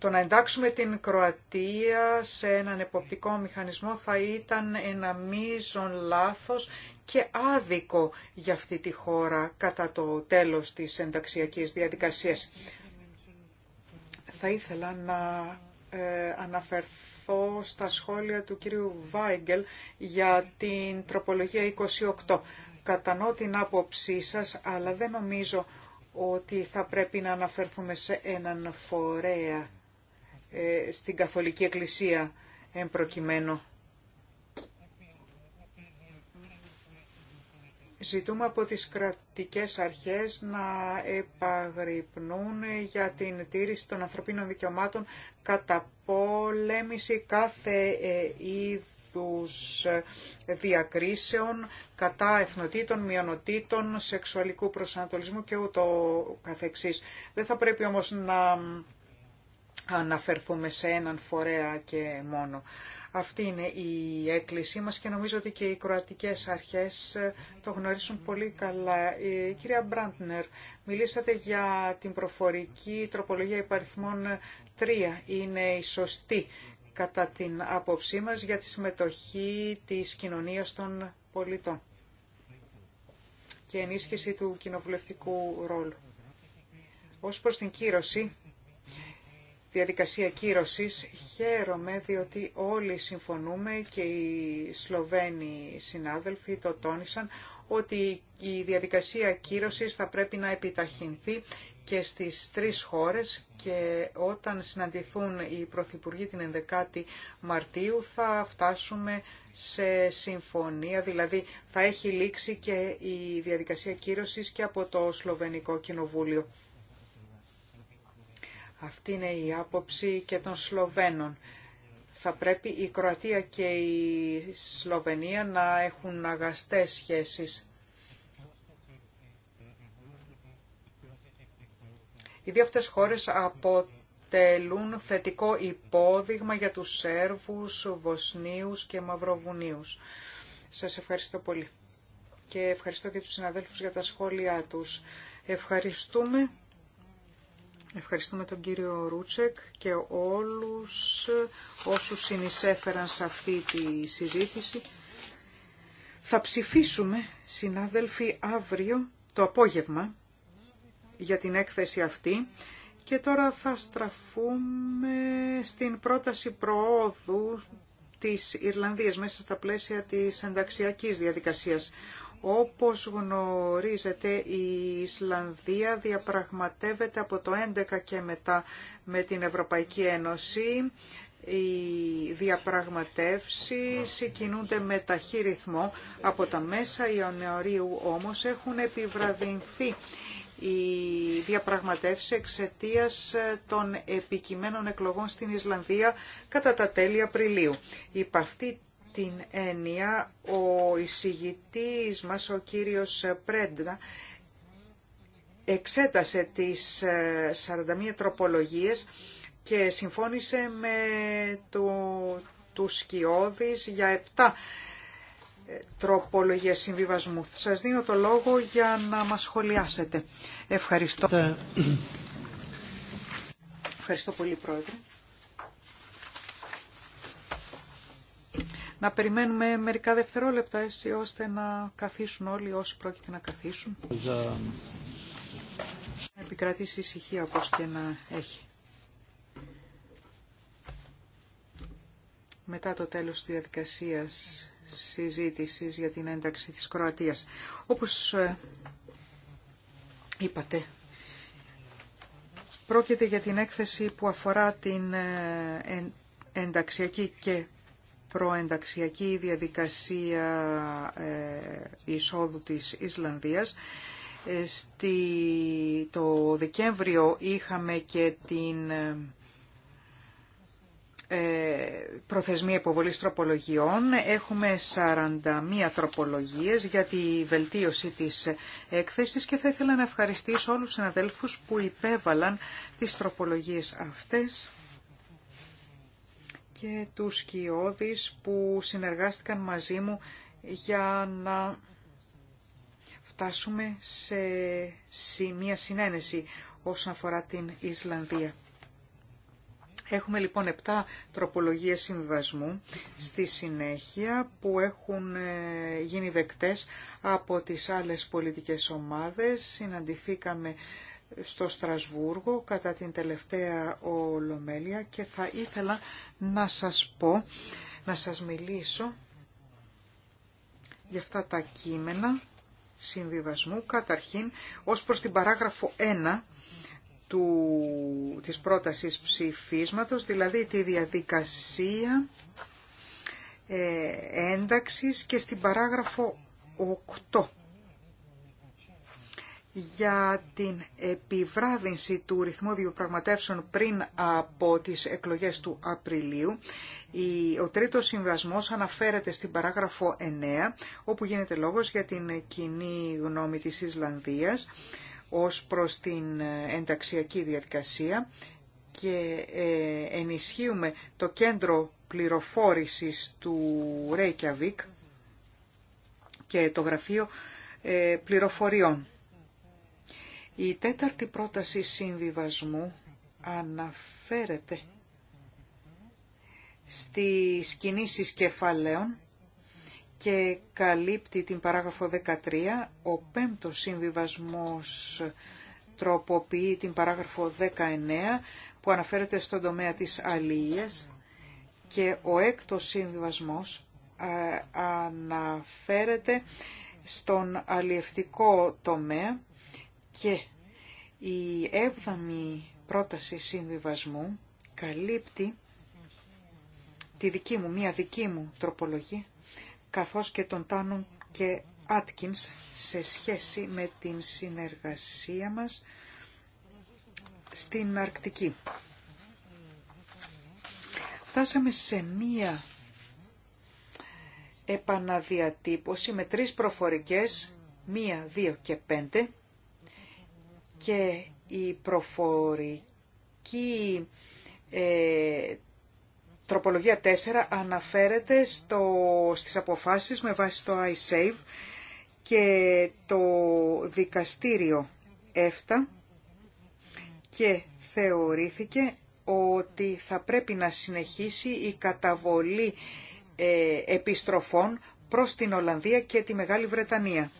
Το να εντάξουμε την Κροατία σε έναν εποπτικό μηχανισμό θα ήταν ένα μείζον λάθος και άδικο για αυτή τη χώρα κατά το τέλος της ενταξιακής διαδικασίας. Θα ήθελα να ε, αναφερθώ στα σχόλια του κύριου Βάιγκελ για την τροπολογία 28. Κατανοώ την άποψή σας, αλλά δεν νομίζω ότι θα πρέπει να αναφερθούμε σε έναν φορέα ε, στην Καθολική Εκκλησία εμπροκειμένο. Ζητούμε από τις κρατικές αρχές να επαγρυπνούν για την τήρηση των ανθρωπίνων δικαιωμάτων κατά πολέμηση κάθε ε, είδους ε, διακρίσεων κατά εθνοτήτων, μειονοτήτων, σεξουαλικού προσανατολισμού και ούτω καθεξής. Δεν θα πρέπει όμως να αναφερθούμε σε έναν φορέα και μόνο. Αυτή είναι η έκκλησή μας και νομίζω ότι και οι κροατικές αρχές ε, το γνωρίζουν πολύ καλά. Η κυρία Μπραντνερ, μιλήσατε για την προφορική τροπολογία υπαριθμών 3. Ε, είναι η σωστή κατά την άποψή μας για τη συμμετοχή της κοινωνίας των πολιτών και ενίσχυση του κοινοβουλευτικού ρόλου. Ως προς την κύρωση, διαδικασία κύρωσης χαίρομαι διότι όλοι συμφωνούμε και οι Σλοβαίνοι συνάδελφοι το τόνισαν ότι η διαδικασία κύρωσης θα πρέπει να επιταχυνθεί και στις τρεις χώρες και όταν συναντηθούν οι Πρωθυπουργοί την 11η Μαρτίου θα φτάσουμε σε συμφωνία, δηλαδή θα έχει λήξει και η διαδικασία κύρωσης και από το Σλοβενικό Κοινοβούλιο. Αυτή είναι η άποψη και των Σλοβένων. Θα πρέπει η Κροατία και η Σλοβενία να έχουν αγαστές σχέσεις. Οι δύο αυτές χώρες αποτελούν θετικό υπόδειγμα για τους Σέρβους, Βοσνίους και Μαυροβουνίους. Σας ευχαριστώ πολύ και ευχαριστώ και τους συναδέλφους για τα σχόλιά τους. Ευχαριστούμε. Ευχαριστούμε τον κύριο Ρούτσεκ και όλους όσους συνεισέφεραν σε αυτή τη συζήτηση. Θα ψηφίσουμε, συνάδελφοι, αύριο το απόγευμα για την έκθεση αυτή και τώρα θα στραφούμε στην πρόταση προόδου της Ιρλανδίας μέσα στα πλαίσια της ενταξιακής διαδικασίας. Όπως γνωρίζετε η Ισλανδία διαπραγματεύεται από το 11 και μετά με την Ευρωπαϊκή Ένωση. Οι διαπραγματεύσεις συγκινούνται με ταχύ ρυθμό. Από τα μέσα Ιανουαρίου όμως έχουν επιβραδυνθεί οι διαπραγματεύσεις εξαιτία των επικειμένων εκλογών στην Ισλανδία κατά τα τέλη Απριλίου. Υπ' αυτή την έννοια ο εισηγητής μας, ο κύριος Πρέντα, εξέτασε τις 41 ε, τροπολογίες και συμφώνησε με του, του Σκιώδης για 7 ε, τροπολογίες συμβιβασμού. Σας δίνω το λόγο για να μας σχολιάσετε. Ευχαριστώ. Ευχαριστώ πολύ, Πρόεδρε. να περιμένουμε μερικά δευτερόλεπτα έτσι ώστε να καθίσουν όλοι όσοι πρόκειται να καθίσουν. Να επικρατήσει ησυχία όπως και να έχει. Μετά το τέλος της διαδικασίας συζήτησης για την ένταξη της Κροατίας. Όπως ε, είπατε, πρόκειται για την έκθεση που αφορά την ενταξιακή και προενταξιακή διαδικασία ε, εισόδου της Ισλανδίας. Ε, στη, το Δεκέμβριο είχαμε και την ε, προθεσμία υποβολής τροπολογιών. Έχουμε 41 τροπολογίες για τη βελτίωση της έκθεσης και θα ήθελα να ευχαριστήσω όλους τους συναδέλφους που υπέβαλαν τις τροπολογίες αυτές και τους Κιώδης που συνεργάστηκαν μαζί μου για να φτάσουμε σε μία συνένεση όσον αφορά την Ισλανδία. Έχουμε λοιπόν 7 τροπολογίες συμβιβασμού στη συνέχεια που έχουν ε, γίνει δεκτές από τις άλλες πολιτικές ομάδες. Συναντηθήκαμε στο Στρασβούργο κατά την τελευταία Ολομέλεια και θα ήθελα να σας πω, να σας μιλήσω για αυτά τα κείμενα συμβιβασμού. Καταρχήν, ως προς την παράγραφο 1 του, της πρότασης ψηφίσματος, δηλαδή τη διαδικασία ε, ένταξης και στην παράγραφο 8 για την επιβράδυνση του ρυθμού διαπραγματεύσεων πριν από τις εκλογές του Απριλίου. Ο τρίτος συμβασμός αναφέρεται στην παράγραφο 9, όπου γίνεται λόγος για την κοινή γνώμη της Ισλανδίας ως προς την ενταξιακή διαδικασία και ε, ενισχύουμε το κέντρο πληροφόρησης του Reykjavik και το γραφείο ε, πληροφοριών η τέταρτη πρόταση συμβιβασμού αναφέρεται στις κινήσεις κεφαλαίων και καλύπτει την παράγραφο 13. Ο πέμπτος συμβιβασμός τροποποιεί την παράγραφο 19 που αναφέρεται στον τομέα της αλληλείας και ο έκτος συμβιβασμός ε, αναφέρεται στον αλλιευτικό τομέα και η έβδομη πρόταση συμβιβασμού καλύπτει τη δική μου, μία δική μου τροπολογία, καθώς και τον Τάνον και Άτκινς σε σχέση με την συνεργασία μας στην Αρκτική. Φτάσαμε σε μία επαναδιατύπωση με τρεις προφορικές, μία, δύο και πέντε, και η προφορική ε, τροπολογία 4 αναφέρεται στο, στις αποφάσεις με βάση το iSave και το δικαστήριο 7 και θεωρήθηκε ότι θα πρέπει να συνεχίσει η καταβολή ε, επιστροφών προς την Ολλανδία και τη Μεγάλη Βρετανία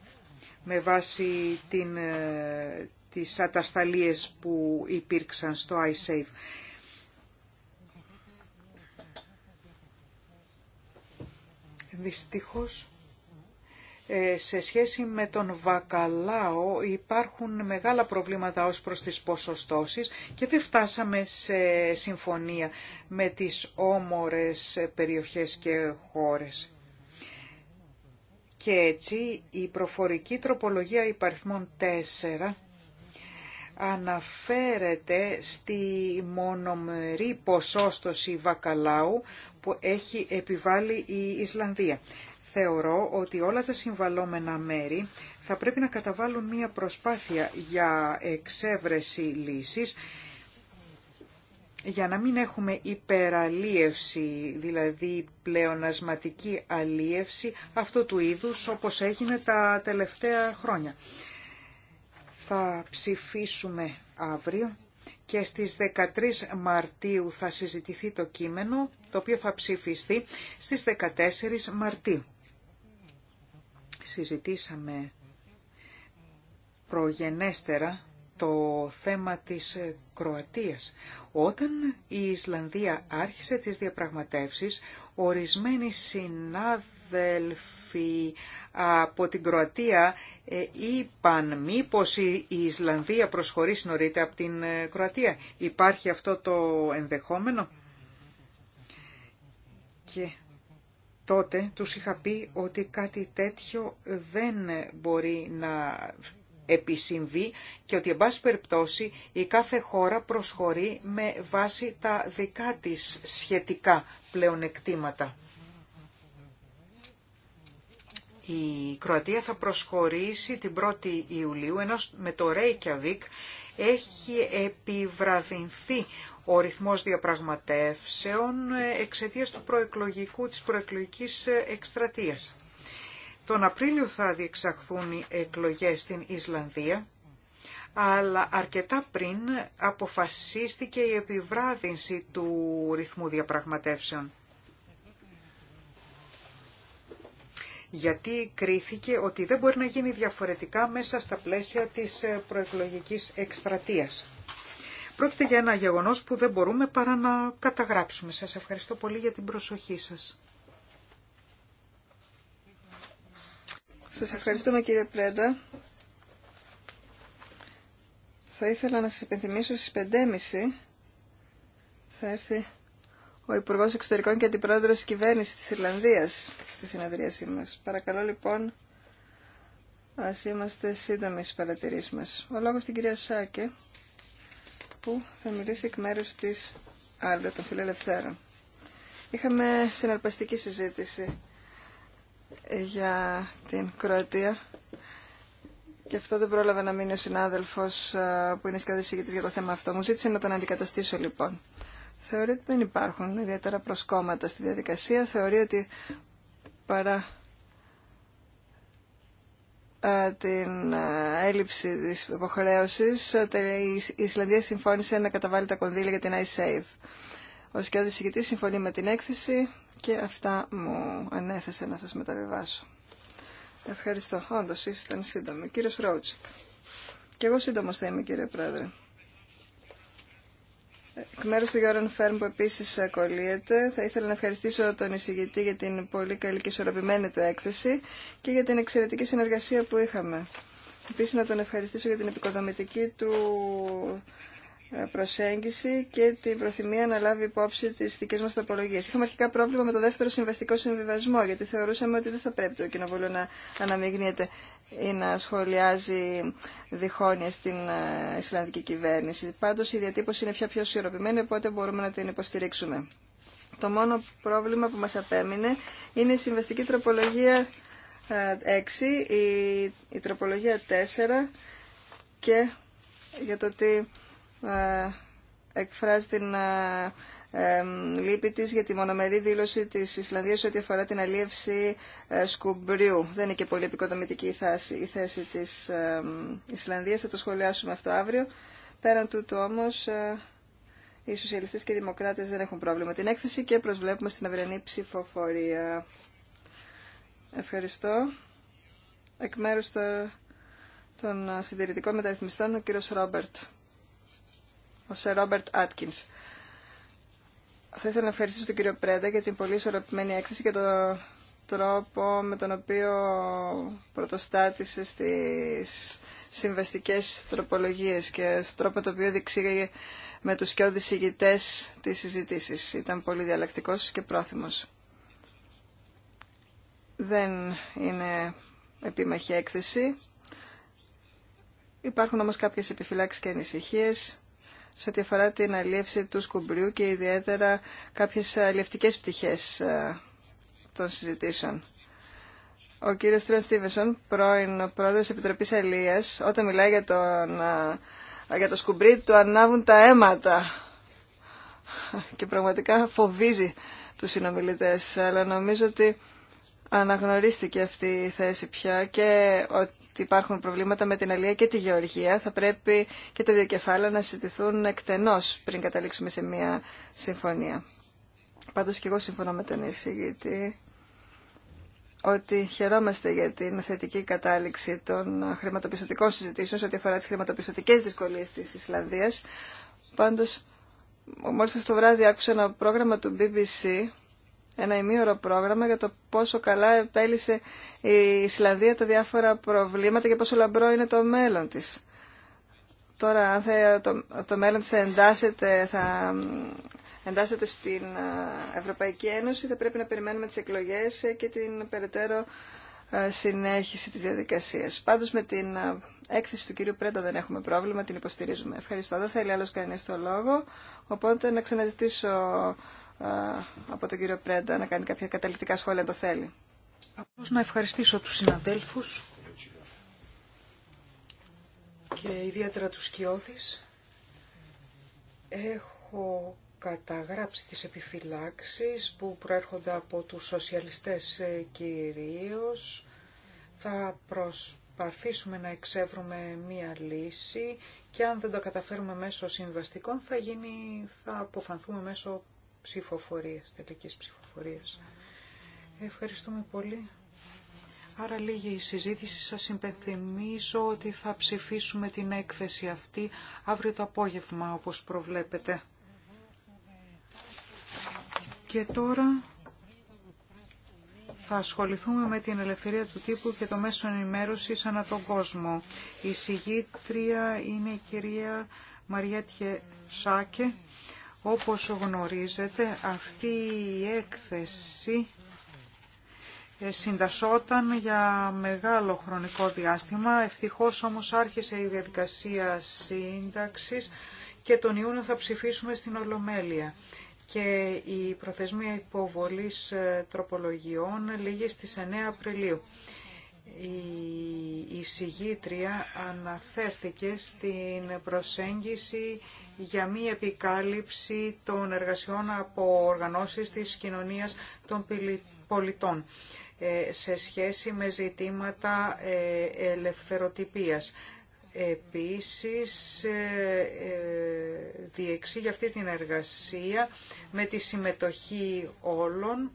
με βάση την, ε, τις ατασταλίες που υπήρξαν στο iSave. Δυστυχώς, ε, σε σχέση με τον βακαλάο υπάρχουν μεγάλα προβλήματα ως προς τις ποσοστώσεις και δεν φτάσαμε σε συμφωνία με τις όμορες περιοχές και χώρες. Και έτσι η προφορική τροπολογία υπαριθμών 4 αναφέρεται στη μονομερή ποσόστοση βακαλάου που έχει επιβάλει η Ισλανδία. Θεωρώ ότι όλα τα συμβαλόμενα μέρη θα πρέπει να καταβάλουν μία προσπάθεια για εξέβρεση λύσης για να μην έχουμε υπεραλίευση, δηλαδή πλεονασματική αλίευση αυτού του είδους όπως έγινε τα τελευταία χρόνια θα ψηφίσουμε αύριο και στις 13 Μαρτίου θα συζητηθεί το κείμενο, το οποίο θα ψηφιστεί στις 14 Μαρτίου. Συζητήσαμε προγενέστερα το θέμα της Κροατίας. Όταν η Ισλανδία άρχισε τις διαπραγματεύσεις, ορισμένοι συνάδελφοι από την Κροατία ε, είπαν μήπως η Ισλανδία προσχωρεί νωρίτερα από την ε, Κροατία. Υπάρχει αυτό το ενδεχόμενο. Και τότε τους είχα πει ότι κάτι τέτοιο δεν μπορεί να επισυμβεί και ότι, εν πάση περιπτώσει, η κάθε χώρα προσχωρεί με βάση τα δικά της σχετικά πλεονεκτήματα. Η Κροατία θα προσχωρήσει την 1η Ιουλίου, ενώ με το Reykjavik έχει επιβραδυνθεί ο ρυθμός διαπραγματεύσεων εξαιτίας του προεκλογικού, της προεκλογικής εκστρατείας. Τον Απρίλιο θα διεξαχθούν οι εκλογές στην Ισλανδία, αλλά αρκετά πριν αποφασίστηκε η επιβράδυνση του ρυθμού διαπραγματεύσεων. γιατί κρίθηκε ότι δεν μπορεί να γίνει διαφορετικά μέσα στα πλαίσια της ε, προεκλογικής εκστρατείας. Πρόκειται για ένα γεγονός που δεν μπορούμε παρά να καταγράψουμε. Σας ευχαριστώ πολύ για την προσοχή σας. Σας ευχαριστούμε κύριε Πρέντα. Θα ήθελα να σας υπενθυμίσω στις 5.30 θα έρθει ο Υπουργός Εξωτερικών και Αντιπρόεδρος της Κυβέρνησης της Ιρλανδίας στη συνεδρίασή μας. Παρακαλώ λοιπόν, ας είμαστε σύντομοι στις παρατηρήσεις μας. Ο λόγος στην κυρία Σάκε, που θα μιλήσει εκ μέρους της Άλδε των Φιλελευθέρων. Είχαμε συναρπαστική συζήτηση για την Κροατία και αυτό δεν πρόλαβα να μείνει ο συνάδελφος ε, που είναι σκιώδης για το θέμα αυτό. Μου ζήτησε να τον αντικαταστήσω λοιπόν θεωρεί ότι δεν υπάρχουν ιδιαίτερα προσκόμματα στη διαδικασία. Θεωρεί ότι παρά ε, την ε, έλλειψη της υποχρέωσης, ε, η Ισλανδία συμφώνησε να καταβάλει τα κονδύλια για την iSave. Ο σκιώδης ηγητής συμφωνεί με την έκθεση και αυτά μου ανέθεσε να σας μεταβιβάσω. Ευχαριστώ. Όντως, ήσασταν σύντομοι. Κύριος Ρότσικ. Και εγώ σύντομος θα είμαι, κύριε Πρόεδρε. Εκ μέρους του Γιώργου Φέρμ που επίσης ακολύεται, θα ήθελα να ευχαριστήσω τον εισηγητή για την πολύ καλή και ισορροπημένη του έκθεση και για την εξαιρετική συνεργασία που είχαμε. Επίσης να τον ευχαριστήσω για την επικοδομητική του ε, προσέγγιση και την προθυμία να λάβει υπόψη τι δικέ μα τοπολογίε. Είχαμε αρχικά πρόβλημα με το δεύτερο συμβαστικό συμβιβασμό, γιατί θεωρούσαμε ότι δεν θα πρέπει το κοινοβούλιο να αναμειγνύεται ή να σχολιάζει διχόνοια στην ε, Ισλανδική κυβέρνηση. Πάντως η να σχολιαζει διχονια στην ισλανδικη είναι πια πιο σιωροποιημένη, οπότε μπορούμε να την υποστηρίξουμε. Το μόνο πρόβλημα που μας απέμεινε είναι η συμβαστική τροπολογία 6, ε, η, η τροπολογία 4 και για το ότι ε, εκφράζει την λύπη της για τη μονομερή δήλωση της Ισλανδίας ό,τι αφορά την αλίευση ε, σκουμπριού. Δεν είναι και πολύ επικοδομητική η θέση, η θέση της Ισλανδίας. Θα το σχολιάσουμε αυτό αύριο. Πέραν τούτου όμως ε, οι σοσιαλιστές και οι δημοκράτες δεν έχουν πρόβλημα την έκθεση και προσβλέπουμε στην αυριανή ψηφοφορία. Ευχαριστώ. Εκ μέρους των συντηρητικών μεταρρυθμιστών ο κύριος Ρόμπερτ. Ο Σε Ρόμπερτ Άτκινς θα ήθελα να ευχαριστήσω τον κύριο Πρέντα για την πολύ ισορροπημένη έκθεση και τον τρόπο με τον οποίο πρωτοστάτησε στις συμβαστικές τροπολογίες και στον τρόπο με τον οποίο διεξήγαγε με τους και οδησηγητές τις συζητήσεις. Ήταν πολύ διαλλακτικός και πρόθυμος. Δεν είναι επίμαχη έκθεση. Υπάρχουν όμως κάποιες επιφυλάξεις και ανησυχίες σε ό,τι αφορά την αλίευση του σκουμπριού και ιδιαίτερα κάποιες αλλιευτικές πτυχές ε, των συζητήσεων. Ο κύριος Τριαν Στίβεσον, πρώην πρόεδρος Επιτροπής Αλίας, όταν μιλάει για, τον, ε, για το σκουμπρί του ανάβουν τα αίματα και πραγματικά φοβίζει τους συνομιλητές, αλλά νομίζω ότι αναγνωρίστηκε αυτή η θέση πια και ότι υπάρχουν προβλήματα με την Αλία και τη Γεωργία. Θα πρέπει και τα δύο κεφάλαια να συζητηθούν εκτενώς πριν καταλήξουμε σε μια συμφωνία. Πάντως και εγώ συμφωνώ με τον εισηγητή ότι χαιρόμαστε για την θετική κατάληξη των χρηματοπιστωτικών συζητήσεων σε ό,τι αφορά τις χρηματοπιστωτικές δυσκολίες της Ισλανδίας. Πάντως, μόλις το βράδυ άκουσα ένα πρόγραμμα του BBC ένα ημίωρο πρόγραμμα για το πόσο καλά επέλυσε η Ισλανδία τα διάφορα προβλήματα και πόσο λαμπρό είναι το μέλλον της. Τώρα, αν θα, το, το μέλλον της θα εντάσσεται, στην Ευρωπαϊκή Ένωση, θα πρέπει να περιμένουμε τις εκλογές ε, και την περαιτέρω ε, συνέχιση της διαδικασίας. Πάντως με την έκθεση του κυρίου Πρέντα δεν έχουμε πρόβλημα, την υποστηρίζουμε. Ευχαριστώ. Δεν θέλει άλλος κανείς το λόγο, οπότε να ξαναζητήσω από τον κύριο Πρέντα να κάνει κάποια καταληκτικά σχόλια αν το θέλει. Απλώς να ευχαριστήσω τους συναδέλφους και ιδιαίτερα τους Σκιώδης. Έχω καταγράψει τις επιφυλάξεις που προέρχονται από τους σοσιαλιστές ε, κυρίως. Θα προσπαθήσουμε να εξεύρουμε μία λύση και αν δεν το καταφέρουμε μέσω συμβαστικών θα, γίνει, θα αποφανθούμε μέσω ψηφοφορίας, τελικής ψηφοφορίας. Ευχαριστούμε πολύ. Άρα λίγη η συζήτηση. Σας υπενθυμίζω ότι θα ψηφίσουμε την έκθεση αυτή αύριο το απόγευμα, όπως προβλέπετε. Και τώρα θα ασχοληθούμε με την ελευθερία του τύπου και το μέσο ενημέρωση ανά τον κόσμο. Η συγγήτρια είναι η κυρία Μαριέτια Σάκε. Όπως γνωρίζετε, αυτή η έκθεση ε, συντασσόταν για μεγάλο χρονικό διάστημα. Ευτυχώς όμως άρχισε η διαδικασία σύνταξης και τον Ιούνιο θα ψηφίσουμε στην Ολομέλεια. Και η προθεσμία υποβολής ε, τροπολογιών λήγει στις 9 Απριλίου. Η εισηγήτρια αναφέρθηκε στην προσέγγιση για μη επικάλυψη των εργασιών από οργανώσεις της κοινωνίας των πολιτών ε, σε σχέση με ζητήματα ε, ελευθεροτυπίας. Επίσης, ε, διεξήγει αυτή την εργασία με τη συμμετοχή όλων,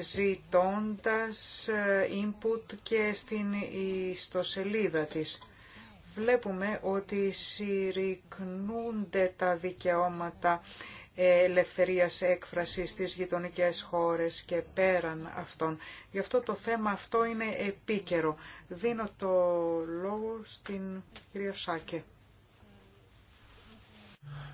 ζητώντας input και στην ιστοσελίδα της βλέπουμε ότι συρρυκνούνται τα δικαιώματα ε, ελευθερίας έκφρασης στις γειτονικές χώρες και πέραν αυτών. Γι' αυτό το θέμα αυτό είναι επίκαιρο. Δίνω το λόγο στην κυρία Σάκε.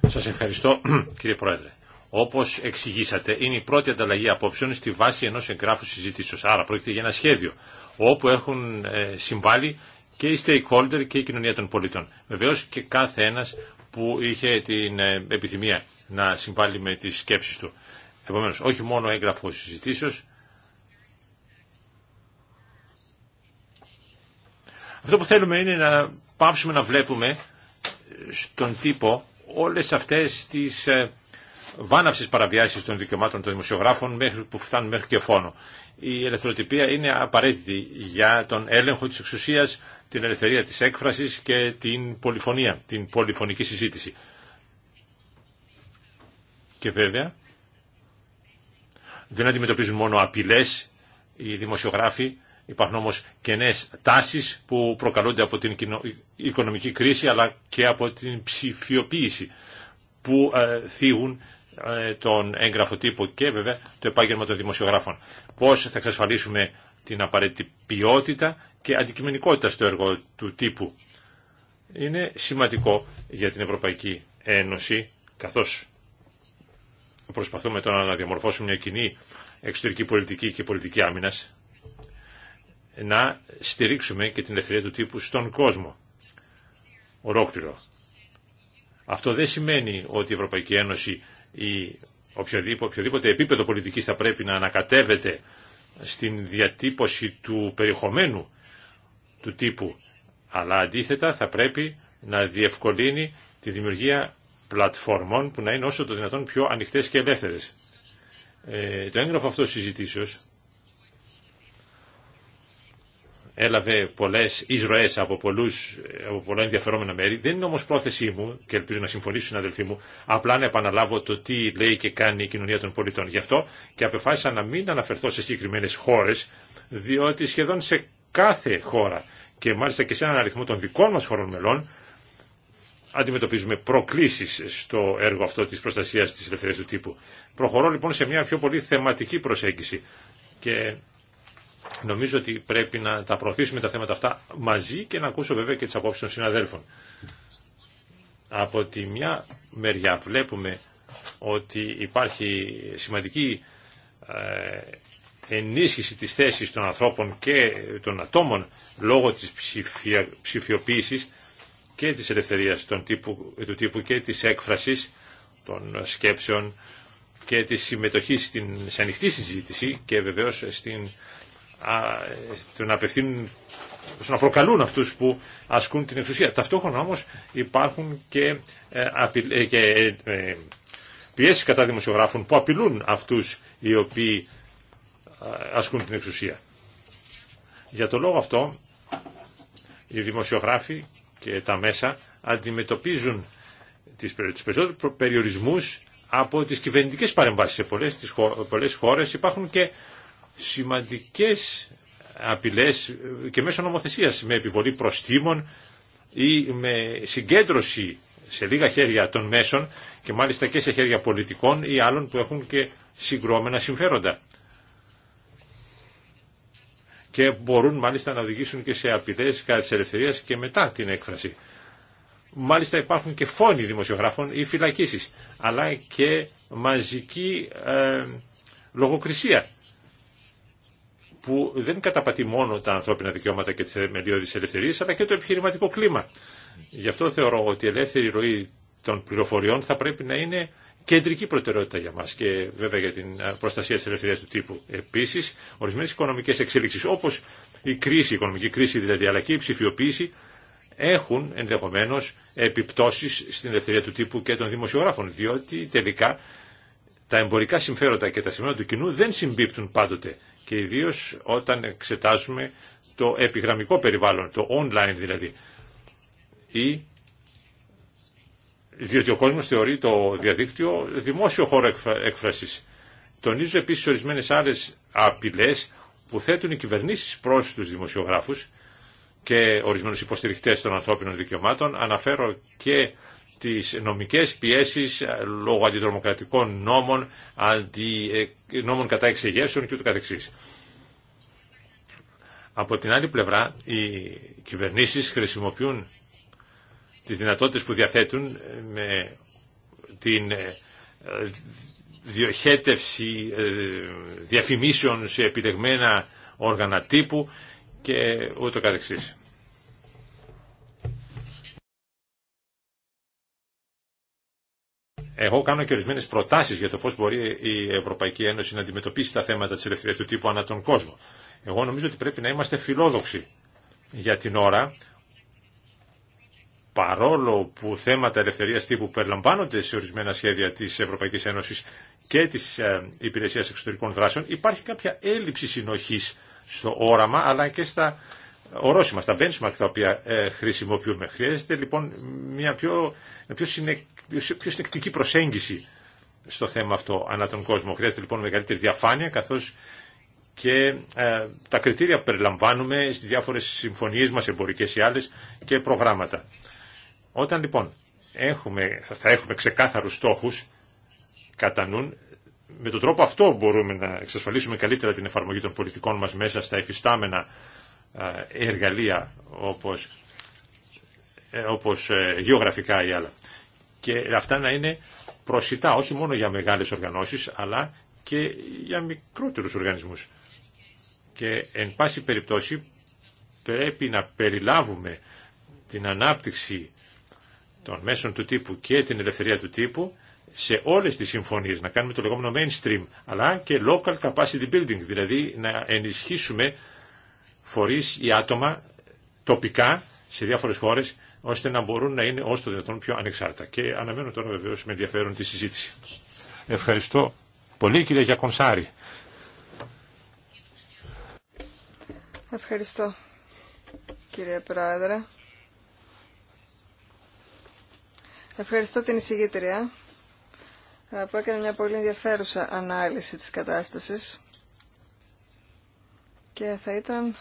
Σας ευχαριστώ κύριε Πρόεδρε. Όπως εξηγήσατε, είναι η πρώτη ανταλλαγή απόψεων στη βάση ενός εγγράφου συζήτηση. Άρα πρόκειται για ένα σχέδιο όπου έχουν ε, συμβάλει και οι stakeholder και η κοινωνία των πολιτών. Βεβαίω και κάθε ένας που είχε την ε, επιθυμία να συμβάλλει με τι σκέψει του. Επομένως, όχι μόνο έγγραφο συζητήσεω. Αυτό που θέλουμε είναι να πάψουμε να βλέπουμε στον τύπο όλες αυτές τις ε, βάναυσες παραβιάσεις των δικαιωμάτων των δημοσιογράφων μέχρι που φτάνουν μέχρι και φόνο. Η ελευθεροτυπία είναι απαραίτητη για τον έλεγχο της εξουσίας, την ελευθερία της έκφρασης και την πολυφωνία, την πολυφωνική συζήτηση. Και βέβαια, δεν αντιμετωπίζουν μόνο απειλές οι δημοσιογράφοι, υπάρχουν όμως κενές τάσεις που προκαλούνται από την οικονομική κρίση αλλά και από την ψηφιοποίηση που ε, θίγουν ε, τον έγγραφο τύπο και βέβαια το επάγγελμα των δημοσιογράφων. Πώς θα εξασφαλίσουμε την απαραίτητη ποιότητα και αντικειμενικότητα στο έργο του τύπου. Είναι σημαντικό για την Ευρωπαϊκή Ένωση, καθώς προσπαθούμε τώρα να διαμορφώσουμε μια κοινή εξωτερική πολιτική και πολιτική άμυνας, να στηρίξουμε και την ελευθερία του τύπου στον κόσμο. Ορόκληρο. Αυτό δεν σημαίνει ότι η Ευρωπαϊκή Ένωση ή οποιοδήποτε, οποιοδήποτε επίπεδο πολιτικής θα πρέπει να ανακατεύεται στην διατύπωση του περιεχομένου του τύπου, αλλά αντίθετα θα πρέπει να διευκολύνει τη δημιουργία πλατφόρμων που να είναι όσο το δυνατόν πιο ανοιχτές και ελεύθερες. Ε, το έγγραφο αυτό συζητήσεως έλαβε πολλέ εισρωέ από, πολλούς, από πολλά ενδιαφερόμενα μέρη. Δεν είναι όμω πρόθεσή μου, και ελπίζω να συμφωνήσουν οι αδελφοί μου, απλά να επαναλάβω το τι λέει και κάνει η κοινωνία των πολιτών. Γι' αυτό και απεφάσισα να μην αναφερθώ σε συγκεκριμένε χώρε, διότι σχεδόν σε κάθε χώρα και μάλιστα και σε έναν αριθμό των δικών μας χωρών μελών, αντιμετωπίζουμε προκλήσεις στο έργο αυτό της προστασίας της ελευθερίας του τύπου. Προχωρώ λοιπόν σε μια πιο πολύ θεματική προσέγγιση και Νομίζω ότι πρέπει να τα προωθήσουμε τα θέματα αυτά μαζί και να ακούσω βέβαια και τις απόψεις των συναδέλφων. Από τη μια μεριά βλέπουμε ότι υπάρχει σημαντική ε, ενίσχυση της θέσης των ανθρώπων και των ατόμων λόγω της ψηφιοποίησης και της ελευθερίας των τύπου, του τύπου και της έκφρασης των σκέψεων και της συμμετοχής στην, σε ανοιχτή συζήτηση και βεβαίως στην του να απευθύνουν, να προκαλούν αυτούς που ασκούν την εξουσία. Ταυτόχρονα όμως υπάρχουν και, ε, ε, και ε, πιέσεις κατά δημοσιογράφων που απειλούν αυτούς οι οποίοι ασκούν την εξουσία. Για το λόγο αυτό οι δημοσιογράφοι και τα μέσα αντιμετωπίζουν τις, τους περιορισμού περιορισμούς από τις κυβερνητικές παρεμβάσεις. Σε πολλές, πολλές χώρες υπάρχουν και σημαντικές απειλές και μέσω νομοθεσίας με επιβολή προστήμων ή με συγκέντρωση σε λίγα χέρια των μέσων και μάλιστα και σε χέρια πολιτικών ή άλλων που έχουν και συγκρόμενα συμφέροντα. Και μπορούν μάλιστα να οδηγήσουν και σε απειλές κατά της ελευθερίας και μετά την έκφραση. Μάλιστα υπάρχουν και φόνοι δημοσιογράφων ή φυλακίσεις, αλλά και μαζική ε, λογοκρισία που δεν καταπατεί μόνο τα ανθρώπινα δικαιώματα και τις μελιώδεις ελευθερίες, αλλά και το επιχειρηματικό κλίμα. Γι' αυτό θεωρώ ότι η ελεύθερη ροή των πληροφοριών θα πρέπει να είναι κεντρική προτεραιότητα για μας και βέβαια για την ε, προστασία της ελευθερίας του τύπου. Επίσης, ορισμένες οικονομικές εξέλιξεις, όπως η κρίση, η οικονομική κρίση δηλαδή, αλλά και η ψηφιοποίηση, έχουν ενδεχομένως επιπτώσεις στην ελευθερία του τύπου και των δημοσιογράφων, διότι τελικά τα εμπορικά συμφέροντα και τα συμφέροντα του κοινού δεν συμπίπτουν πάντοτε και ιδίως όταν εξετάζουμε το επιγραμμικό περιβάλλον, το online δηλαδή. Ή, διότι ο κόσμος θεωρεί το διαδίκτυο δημόσιο χώρο έκφρασης. Τονίζω επίσης ορισμένες άλλες απειλές που θέτουν οι κυβερνήσεις προς τους δημοσιογράφους και ορισμένους υποστηριχτές των ανθρώπινων δικαιωμάτων. Αναφέρω και τις νομικές πιέσεις ε, λόγω αντιδρομοκρατικών νόμων, αντι, ε, νόμων κατά εξεγέρσεων και ούτω καθεξής. Από την άλλη πλευρά, οι κυβερνήσεις χρησιμοποιούν τις δυνατότητες που διαθέτουν ε, με την διοχέτευση διαφημίσεων σε επιλεγμένα όργανα τύπου και ούτω καθεξής. Εγώ κάνω και ορισμένε προτάσει για το πώ μπορεί η Ευρωπαϊκή Ένωση να αντιμετωπίσει τα θέματα τη ελευθερία του τύπου ανά τον κόσμο. Εγώ νομίζω ότι πρέπει να είμαστε φιλόδοξοι για την ώρα. Παρόλο που θέματα ελευθερία τύπου περιλαμβάνονται σε ορισμένα σχέδια τη Ευρωπαϊκή Ένωση και τη ε, Υπηρεσία Εξωτερικών Δράσεων, υπάρχει κάποια έλλειψη συνοχή στο όραμα αλλά και στα ορόσημα, στα benchmark τα οποία ε, χρησιμοποιούμε. Χρειάζεται λοιπόν μια πιο, πιο, πιο συνεκτική προσέγγιση στο θέμα αυτό ανά τον κόσμο. Χρειάζεται λοιπόν μεγαλύτερη διαφάνεια καθώς και ε, τα κριτήρια που περιλαμβάνουμε στις διάφορες συμφωνίες μας εμπορικές ή άλλες και προγράμματα. Όταν λοιπόν έχουμε, θα έχουμε ξεκάθαρους στόχους κατά νουν, με τον τρόπο αυτό μπορούμε να εξασφαλίσουμε καλύτερα την εφαρμογή των πολιτικών μας μέσα στα εφιστάμενα ε, εργαλεία όπως, ε, όπως ε, γεωγραφικά ή άλλα. Και αυτά να είναι προσιτά όχι μόνο για μεγάλες οργανώσεις αλλά και για μικρότερους οργανισμούς. Και εν πάση περιπτώσει πρέπει να περιλάβουμε την ανάπτυξη των μέσων του τύπου και την ελευθερία του τύπου σε όλες τις συμφωνίες, να κάνουμε το λεγόμενο mainstream, αλλά και local capacity building, δηλαδή να ενισχύσουμε φορείς ή άτομα τοπικά σε διάφορες χώρες ώστε να μπορούν να είναι όσο το δυνατόν πιο ανεξάρτητα. Και αναμένω τώρα βεβαίω με ενδιαφέρον τη συζήτηση. Ευχαριστώ πολύ κύριε Γιακονσάρη. Ευχαριστώ κύριε Πρόεδρε. Ευχαριστώ την εισηγήτρια ε, που έκανε μια πολύ ενδιαφέρουσα ανάλυση της κατάστασης και θα ήταν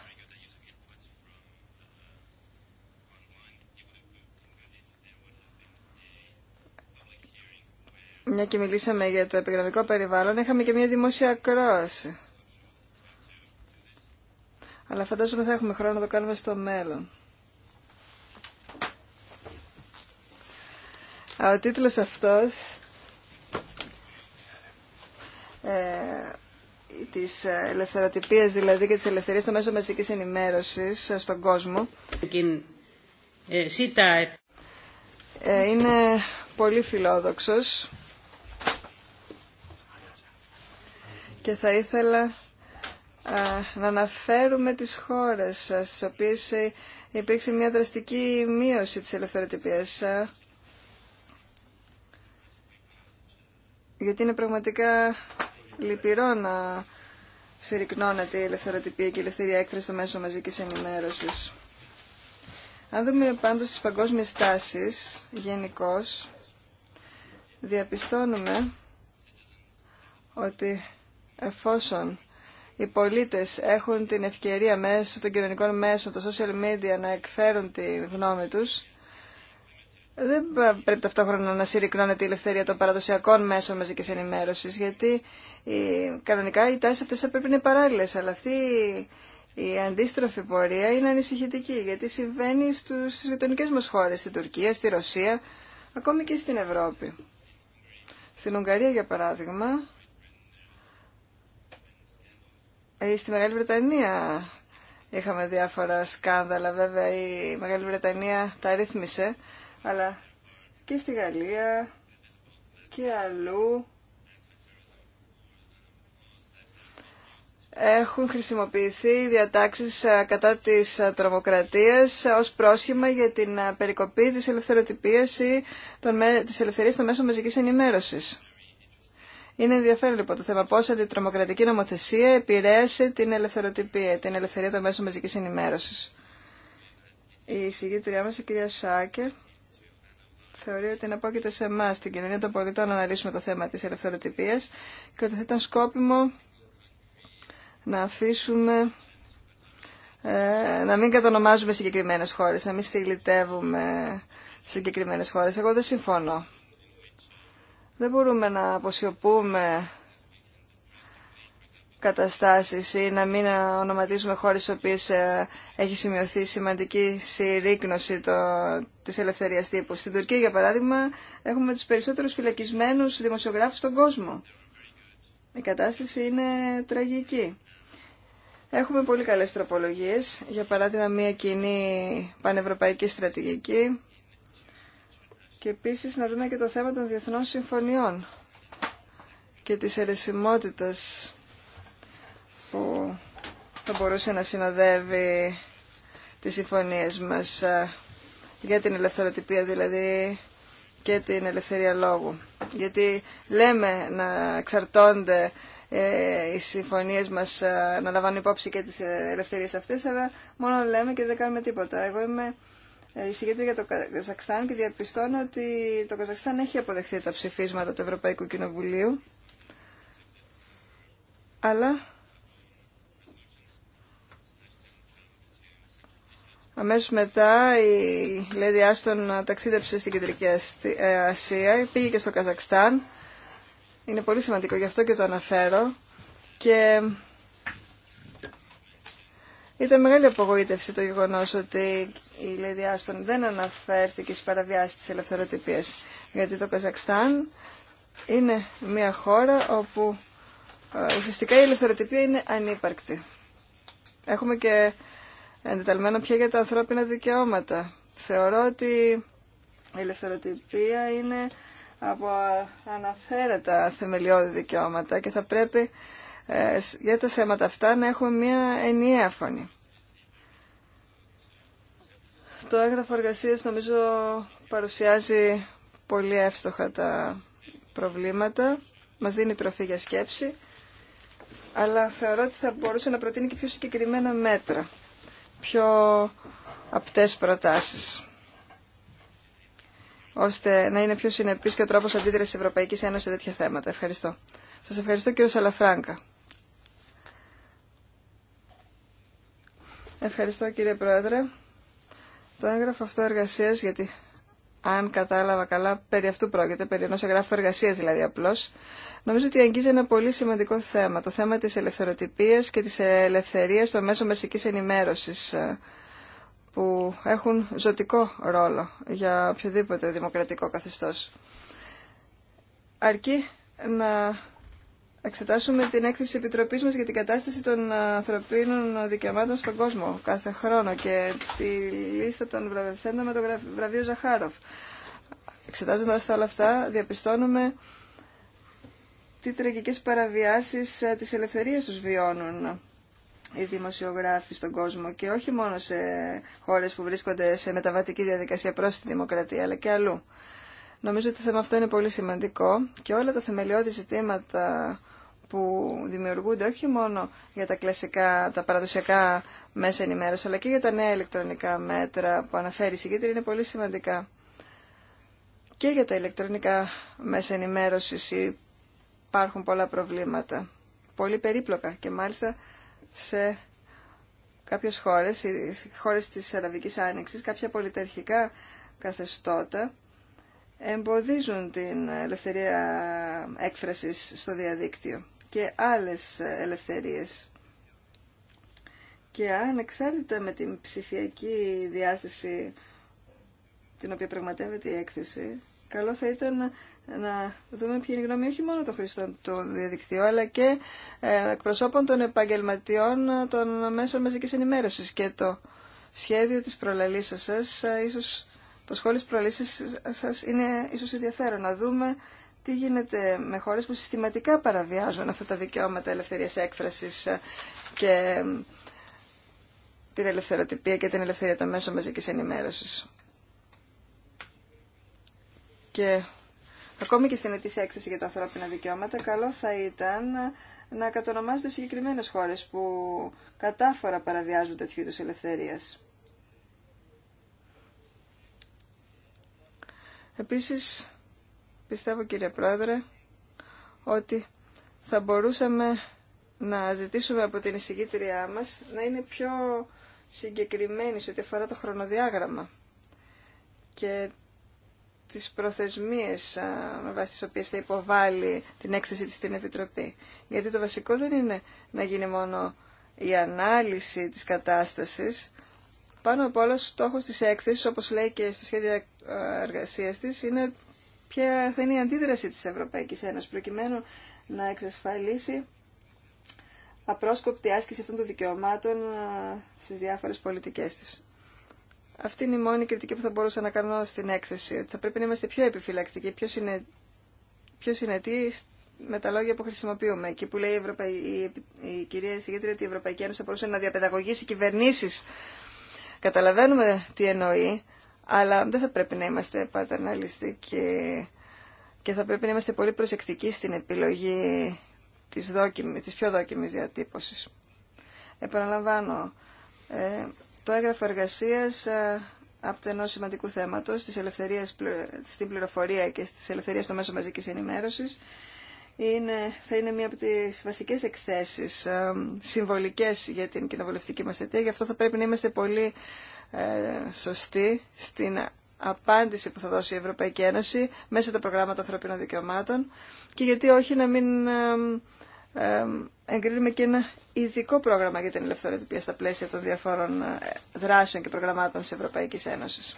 μια και μιλήσαμε για το επιγραμμικό περιβάλλον, είχαμε και μια δημόσια ακρόαση. Αλλά φαντάζομαι θα έχουμε χρόνο να το κάνουμε στο μέλλον. Ο τίτλος αυτός ε, της ελευθεροτυπίας δηλαδή και της ελευθερίας των μέσο μεσικής ενημέρωσης ε, στον κόσμο ε, ε, είναι πολύ φιλόδοξος και θα ήθελα να αναφέρουμε τις χώρες στις οποίες ε, υπήρξε μια δραστική μείωση της ελευθεροτυπίας. Γιατί είναι πραγματικά λυπηρό να συρρυκνώνεται η ελευθεροτυπία και η ελευθερία έκφραση στο μέσο μαζικής ενημέρωσης. Αν δούμε πάντως τις παγκόσμιες τάσεις γενικώ, διαπιστώνουμε ότι εφόσον οι πολίτες έχουν την ευκαιρία μέσω των κοινωνικών μέσων, των social media να εκφέρουν τη γνώμη τους, δεν πρέπει ταυτόχρονα να συρρυκνώνεται η ελευθερία των παραδοσιακών μέσων μαζική ενημέρωση, γιατί κανονικά οι τάσει αυτέ θα πρέπει να είναι παράλληλε. αλλά αυτή η αντίστροφη πορεία είναι ανησυχητική, γιατί συμβαίνει στι γειτονικέ μα χώρε, στην Τουρκία, στη Ρωσία, ακόμη και στην Ευρώπη. Στην Ουγγαρία, για παράδειγμα, ε, στη Μεγάλη Βρετανία είχαμε διάφορα σκάνδαλα. Βέβαια η Μεγάλη Βρετανία τα ρύθμισε, αλλά και στη Γαλλία και αλλού έχουν χρησιμοποιηθεί διατάξεις ε, κατά της ε, τρομοκρατίας ως πρόσχημα για την περικοπή της ελευθεροτυπίας ή της ελευθερίας των μέσων μαζικής ενημέρωσης. Είναι ενδιαφέρον λοιπόν το θέμα πώς η αντιτρομοκρατική νομοθεσία επηρέασε την ελευθεροτυπία, την ελευθερία των μέσων μαζικής ενημέρωσης. Η συγκεκριά μας, η κυρία Σάκερ, θεωρεί ότι είναι απόκειται σε εμά, την κοινωνία των πολιτών, να αναλύσουμε το θέμα της ελευθεροτυπίας και ότι θα ήταν σκόπιμο να αφήσουμε ε, να μην κατονομάζουμε συγκεκριμένες χώρες, να μην στυλιτεύουμε συγκεκριμένες χώρες. Εγώ δεν συμφωνώ δεν μπορούμε να αποσιωπούμε καταστάσεις ή να μην ονοματίζουμε χώρες στις οποίες ε, έχει σημειωθεί σημαντική συρρήκνωση το, της ελευθερίας τύπου. Στην Τουρκία, για παράδειγμα, έχουμε τους περισσότερους φυλακισμένους δημοσιογράφους στον κόσμο. Η κατάσταση είναι τραγική. Έχουμε πολύ καλές τροπολογίες, για παράδειγμα μια κοινή πανευρωπαϊκή στρατηγική, και επίσης να δούμε και το θέμα των διεθνών συμφωνιών και της αιρεσιμότητας που θα μπορούσε να συνοδεύει τις συμφωνίες μας ε, για την ελευθεροτυπία δηλαδή και την ελευθερία λόγου. Γιατί λέμε να εξαρτώνται ε, οι συμφωνίες μας ε, να λαμβάνουν υπόψη και τις ελευθερίες αυτές, αλλά μόνο λέμε και δεν κάνουμε τίποτα. Εγώ είμαι ε, εισηγήτρια για το Καζακστάν και διαπιστώνω ότι το Καζακστάν έχει αποδεχθεί τα ψηφίσματα του Ευρωπαϊκού Κοινοβουλίου, αλλά αμέσως μετά η Λέδη Άστον ταξίδεψε στην Κεντρική ε, Ασία, πήγε και στο Καζακστάν. Είναι πολύ σημαντικό, γι' αυτό και το αναφέρω. Και ήταν μεγάλη απογοήτευση το γεγονός ότι η Λέδη Άστον δεν αναφέρθηκε στις παραβιάσεις της ελευθεροτυπίας, γιατί το Καζακστάν είναι μια χώρα όπου ε, ουσιαστικά η ελευθεροτυπία είναι ανύπαρκτη. Έχουμε και εντεταλμένο πια για τα ανθρώπινα δικαιώματα. Θεωρώ ότι η ελευθεροτυπία είναι από αναφέρετα θεμελιώδη δικαιώματα και θα πρέπει ε, για τα θέματα αυτά να έχουμε μια ενιαία φωνή. Το έγγραφο εργασία νομίζω παρουσιάζει πολύ εύστοχα τα προβλήματα, μας δίνει τροφή για σκέψη, αλλά θεωρώ ότι θα μπορούσε να προτείνει και πιο συγκεκριμένα μέτρα, πιο απτές προτάσεις ώστε να είναι πιο συνεπής και ο τρόπος αντίδρασης Ευρωπαϊκής Ένωσης σε τέτοια θέματα. Ευχαριστώ. Σας ευχαριστώ κύριο Σαλαφράγκα. Ευχαριστώ κύριε Πρόεδρε. Το έγγραφο αυτό εργασία, γιατί αν κατάλαβα καλά, περί αυτού πρόκειται, περί ενό εγγράφου εργασία δηλαδή απλώ, νομίζω ότι αγγίζει ένα πολύ σημαντικό θέμα. Το θέμα τη ελευθεροτυπία και τη ελευθερία των μέσων μεσική ενημέρωση, ε, που έχουν ζωτικό ρόλο για οποιοδήποτε δημοκρατικό καθεστώς Αρκεί να εξετάσουμε την έκθεση τη Επιτροπής μας για την κατάσταση των ανθρωπίνων δικαιωμάτων στον κόσμο κάθε χρόνο και τη λίστα των βραβευθέντων με το βραβείο Ζαχάροφ. Εξετάζοντα όλα αυτά, διαπιστώνουμε τι τραγικέ παραβιάσει ε, της ελευθερίας του βιώνουν οι δημοσιογράφοι στον κόσμο και όχι μόνο σε χώρε που βρίσκονται σε μεταβατική διαδικασία προ τη δημοκρατία, αλλά και αλλού. Νομίζω ότι το θέμα αυτό είναι πολύ σημαντικό και όλα τα θεμελιώδη ζητήματα που δημιουργούνται όχι μόνο για τα κλασικά, τα παραδοσιακά μέσα ενημέρωση, αλλά και για τα νέα ηλεκτρονικά μέτρα που αναφέρει η συγκέντρια είναι πολύ σημαντικά. Και για τα ηλεκτρονικά μέσα ενημέρωση υπάρχουν πολλά προβλήματα. Πολύ περίπλοκα και μάλιστα σε κάποιες χώρες, χώρες της Αραβικής Άνοιξης, κάποια πολιτερχικά καθεστώτα εμποδίζουν την ελευθερία έκφρασης στο διαδίκτυο και άλλες ελευθερίες. Και αν εξάρτητα με την ψηφιακή διάσταση την οποία πραγματεύεται η έκθεση, καλό θα ήταν να δούμε ποια είναι η γνώμη όχι μόνο των χρηστών του διαδικτύου, αλλά και ε, εκπροσώπων των επαγγελματιών ε, των μέσων μαζικής ενημέρωσης και το σχέδιο της προλαλήσας σας, ε, ίσως το σχόλιο της προλαλήσας σας είναι ίσως ενδιαφέρον. Να δούμε τι γίνεται με χώρες που συστηματικά παραβιάζουν αυτά τα δικαιώματα ελευθερίας έκφρασης ε, και την ελευθεροτυπία και την ελευθερία των μέσων μαζικής ενημέρωσης. Και ακόμη και στην ετήσια έκθεση για τα ανθρώπινα δικαιώματα, καλό θα ήταν να κατονομάζονται συγκεκριμένες χώρες που κατάφορα παραβιάζουν τέτοιου είδους ελευθερίας. Επίσης, πιστεύω κύριε Πρόεδρε ότι θα μπορούσαμε να ζητήσουμε από την εισηγήτριά μας να είναι πιο συγκεκριμένη σε ό,τι αφορά το χρονοδιάγραμμα και τις προθεσμίες με βάση τις οποίες θα υποβάλει την έκθεση της στην Επιτροπή. Γιατί το βασικό δεν είναι να γίνει μόνο η ανάλυση της κατάστασης. Πάνω από όλα στόχος της έκθεσης, όπως λέει και στο σχέδιο ε, εργασίας της, είναι ποια θα είναι η αντίδραση της Ευρωπαϊκής Ένωσης προκειμένου να εξασφαλίσει απρόσκοπτη άσκηση αυτών των δικαιωμάτων ε, στις διάφορες πολιτικές της. Αυτή είναι η μόνη κριτική που θα μπορούσα να κάνω στην έκθεση. Θα πρέπει να είμαστε πιο επιφυλακτικοί, πιο, πιο συνετοί με τα λόγια που χρησιμοποιούμε. Εκεί που λέει η, Ευρωπα... η... η κυρία Συγγέντρια ότι η Ευρωπαϊκή Ένωση θα μπορούσε να διαπαιδαγωγήσει κυβερνήσεις. Καταλαβαίνουμε τι εννοεί, αλλά δεν θα πρέπει να είμαστε πατερναλιστικοί και θα πρέπει να είμαστε πολύ προσεκτικοί στην επιλογή της, δόκιμη, της πιο δόκιμης διατύπωσης. Επαναλαμβάνω, ε, το έγγραφο εργασίας ε, από ενό σημαντικού θέματος, της ελευθερίας, στην πληροφορία και στις ελευθερία στο μέσο μαζικής ενημέρωσης, είναι, θα είναι μία από τις βασικές εκθέσεις ε, συμβολικές για την κοινοβουλευτική μας αιτία. Γι' αυτό θα πρέπει να είμαστε πολύ ε, σωστή στην απάντηση που θα δώσει η Ευρωπαϊκή Ένωση μέσα τα προγράμματα ανθρωπίνων δικαιωμάτων και γιατί όχι να μην ε, ε, εγκρίνουμε και ένα ειδικό πρόγραμμα για την ελευθερία στα πλαίσια των διαφόρων δράσεων και προγραμμάτων της Ευρωπαϊκής Ένωσης.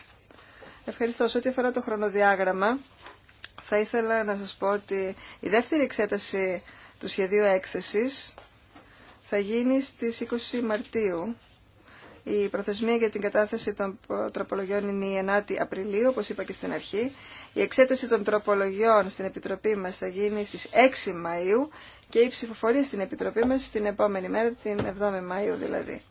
Ευχαριστώ. Σε ό,τι αφορά το χρονοδιάγραμμα, θα ήθελα να σας πω ότι η δεύτερη εξέταση του σχεδίου έκθεσης θα γίνει στις 20 Μαρτίου η προθεσμία για την κατάθεση των τροπολογιών είναι η 9η Απριλίου, όπως είπα και στην αρχή. Η εξέταση των τροπολογιών στην Επιτροπή μας θα γίνει στις 6 Μαΐου και η ψηφοφορία στην Επιτροπή μας την επόμενη μέρα, την 7η Μαΐου δηλαδή.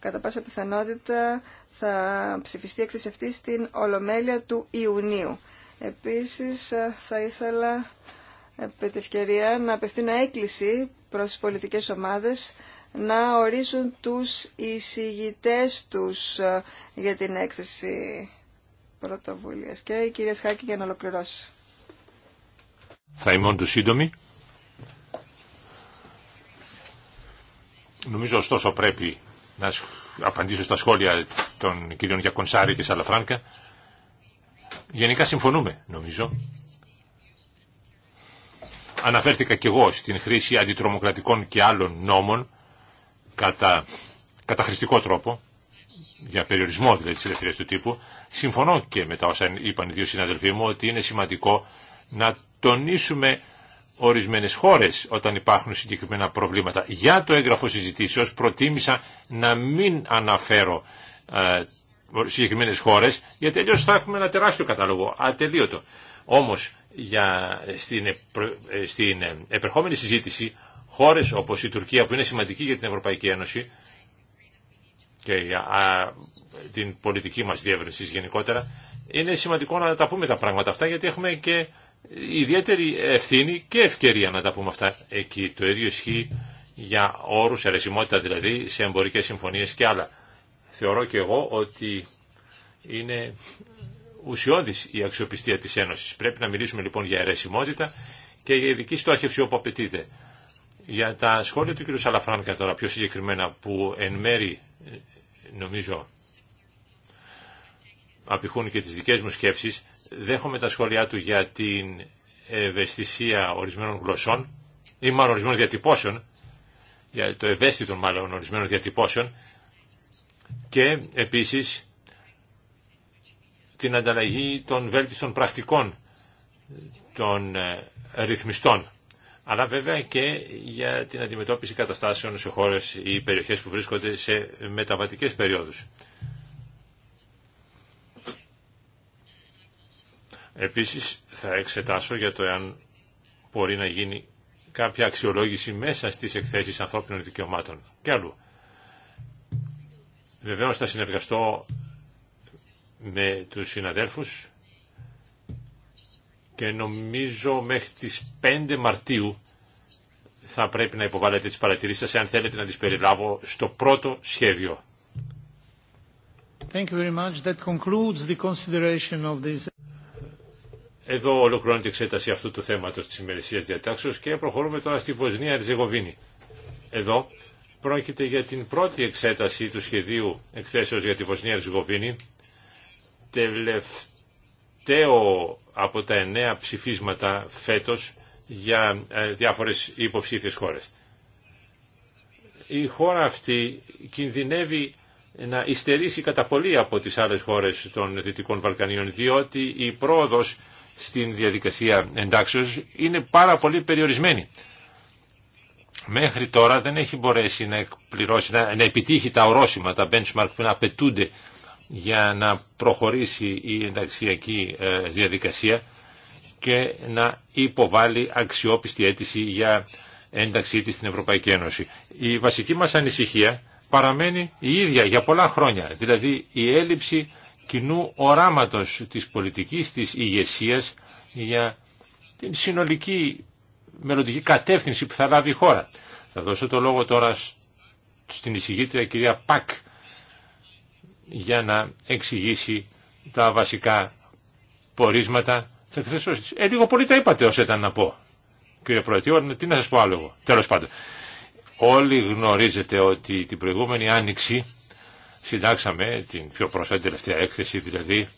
Κατά πάσα πιθανότητα θα ψηφιστεί η έκθεση αυτή στην Ολομέλεια του Ιουνίου. Επίσης ε, θα ψηφιστει η αυτη στην επί ευκαιρία να απευθύνω έκκληση προς τις πολιτικές ομάδες να ορίσουν τους εισηγητές τους ε, για την έκθεση πρωτοβουλίας. Και η κυρία Σχάκη για να ολοκληρώσει. Θα είμαι όντως σύντομη. Νομίζω ωστόσο πρέπει να απαντήσω στα σχόλια των κυρίων Γιακονσάρη και Σαλαφράνκα. Γενικά συμφωνούμε, νομίζω. Αναφέρθηκα και εγώ στην χρήση αντιτρομοκρατικών και άλλων νόμων κατά χρηστικό τρόπο, για περιορισμό δηλαδή της ελευθερίας του τύπου, συμφωνώ και με τα όσα είπαν οι δύο συναδελφοί μου ότι είναι σημαντικό να τονίσουμε ορισμένες χώρες όταν υπάρχουν συγκεκριμένα προβλήματα. Για το έγγραφο συζητήσεως προτίμησα να μην αναφέρω ε, συγκεκριμένες χώρες γιατί αλλιώ θα έχουμε ένα τεράστιο κατάλογο, ατελείωτο. Όμως για, στην, ε, ε, στην ε, επερχόμενη συζήτηση χώρες όπως η Τουρκία που είναι σημαντική για την Ευρωπαϊκή Ένωση και για την πολιτική μας διεύρυνση γενικότερα, είναι σημαντικό να τα πούμε τα πράγματα αυτά γιατί έχουμε και ιδιαίτερη ευθύνη και ευκαιρία να τα πούμε αυτά εκεί. Το ίδιο ισχύει για όρους, ερεσιμότητα δηλαδή, σε εμπορικές συμφωνίες και άλλα. Θεωρώ και εγώ ότι είναι ουσιώδης η αξιοπιστία της Ένωσης. Πρέπει να μιλήσουμε λοιπόν για αιρεσιμότητα και για ειδική στόχευση όπου απαιτείται. Για τα σχόλια του κ. Σαλαφράνκα τώρα πιο συγκεκριμένα που εν μέρη νομίζω απηχούν και τις δικές μου σκέψεις, δέχομαι τα σχόλιά του για την ευαισθησία ορισμένων γλωσσών ή μάλλον ορισμένων διατυπώσεων, για το ευαίσθητο μάλλον ορισμένων διατυπώσεων και επίσης την ανταλλαγή των βέλτιστων πρακτικών των ε, ρυθμιστών αλλά βέβαια και για την αντιμετώπιση καταστάσεων σε χώρες ή περιοχές που βρίσκονται σε μεταβατικές περιόδους. Επίσης θα εξετάσω για το εάν μπορεί να γίνει κάποια αξιολόγηση μέσα στις εκθέσεις ανθρώπινων δικαιωμάτων και αλλού. Βεβαίως θα συνεργαστώ με τους συναδέλφους και νομίζω μέχρι τις 5 Μαρτίου θα πρέπει να υποβάλλετε τις παρατηρήσεις σας αν θέλετε να τις περιλάβω στο πρώτο σχέδιο. Thank you very Εδώ ολοκληρώνεται η εξέταση αυτού του θέματος της ημερησίας διατάξεως και προχωρούμε τώρα στη Βοσνία Ριζεγοβίνη. Εδώ πρόκειται για την πρώτη εξέταση του σχεδίου εκθέσεως για τη Βοσνία Ριζεγοβίνη τελευταίο από τα εννέα ψηφίσματα φέτος για ε, διάφορες υποψήφιες χώρες. Η χώρα αυτή κινδυνεύει να υστερήσει κατά πολύ από τις άλλες χώρες των Δυτικών Βαλκανίων, διότι η πρόοδος στην διαδικασία εντάξεως είναι πάρα πολύ περιορισμένη. Μέχρι τώρα δεν έχει μπορέσει να, εκπληρώσει, να, να επιτύχει τα ορόσημα, τα benchmark που να απαιτούνται για να προχωρήσει η ενταξιακή ε, διαδικασία και να υποβάλει αξιόπιστη αίτηση για ένταξή της στην Ευρωπαϊκή Ένωση. Η βασική μας ανησυχία παραμένει η ίδια για πολλά χρόνια, δηλαδή η έλλειψη κοινού οράματος της πολιτικής, της ηγεσία για την συνολική μελλοντική κατεύθυνση που θα λάβει η χώρα. Θα δώσω το λόγο τώρα στην εισηγήτρια κυρία Πακ για να εξηγήσει τα βασικά πορίσματα τη εκθεσής. Ε, λίγο πολύ τα είπατε όσο ήταν να πω. Κύριε Πρόεδρε, τι να σας πω άλλο εγώ. Τέλος πάντων. Όλοι γνωρίζετε ότι την προηγούμενη άνοιξη συντάξαμε την πιο πρόσφατη τελευταία έκθεση δηλαδή.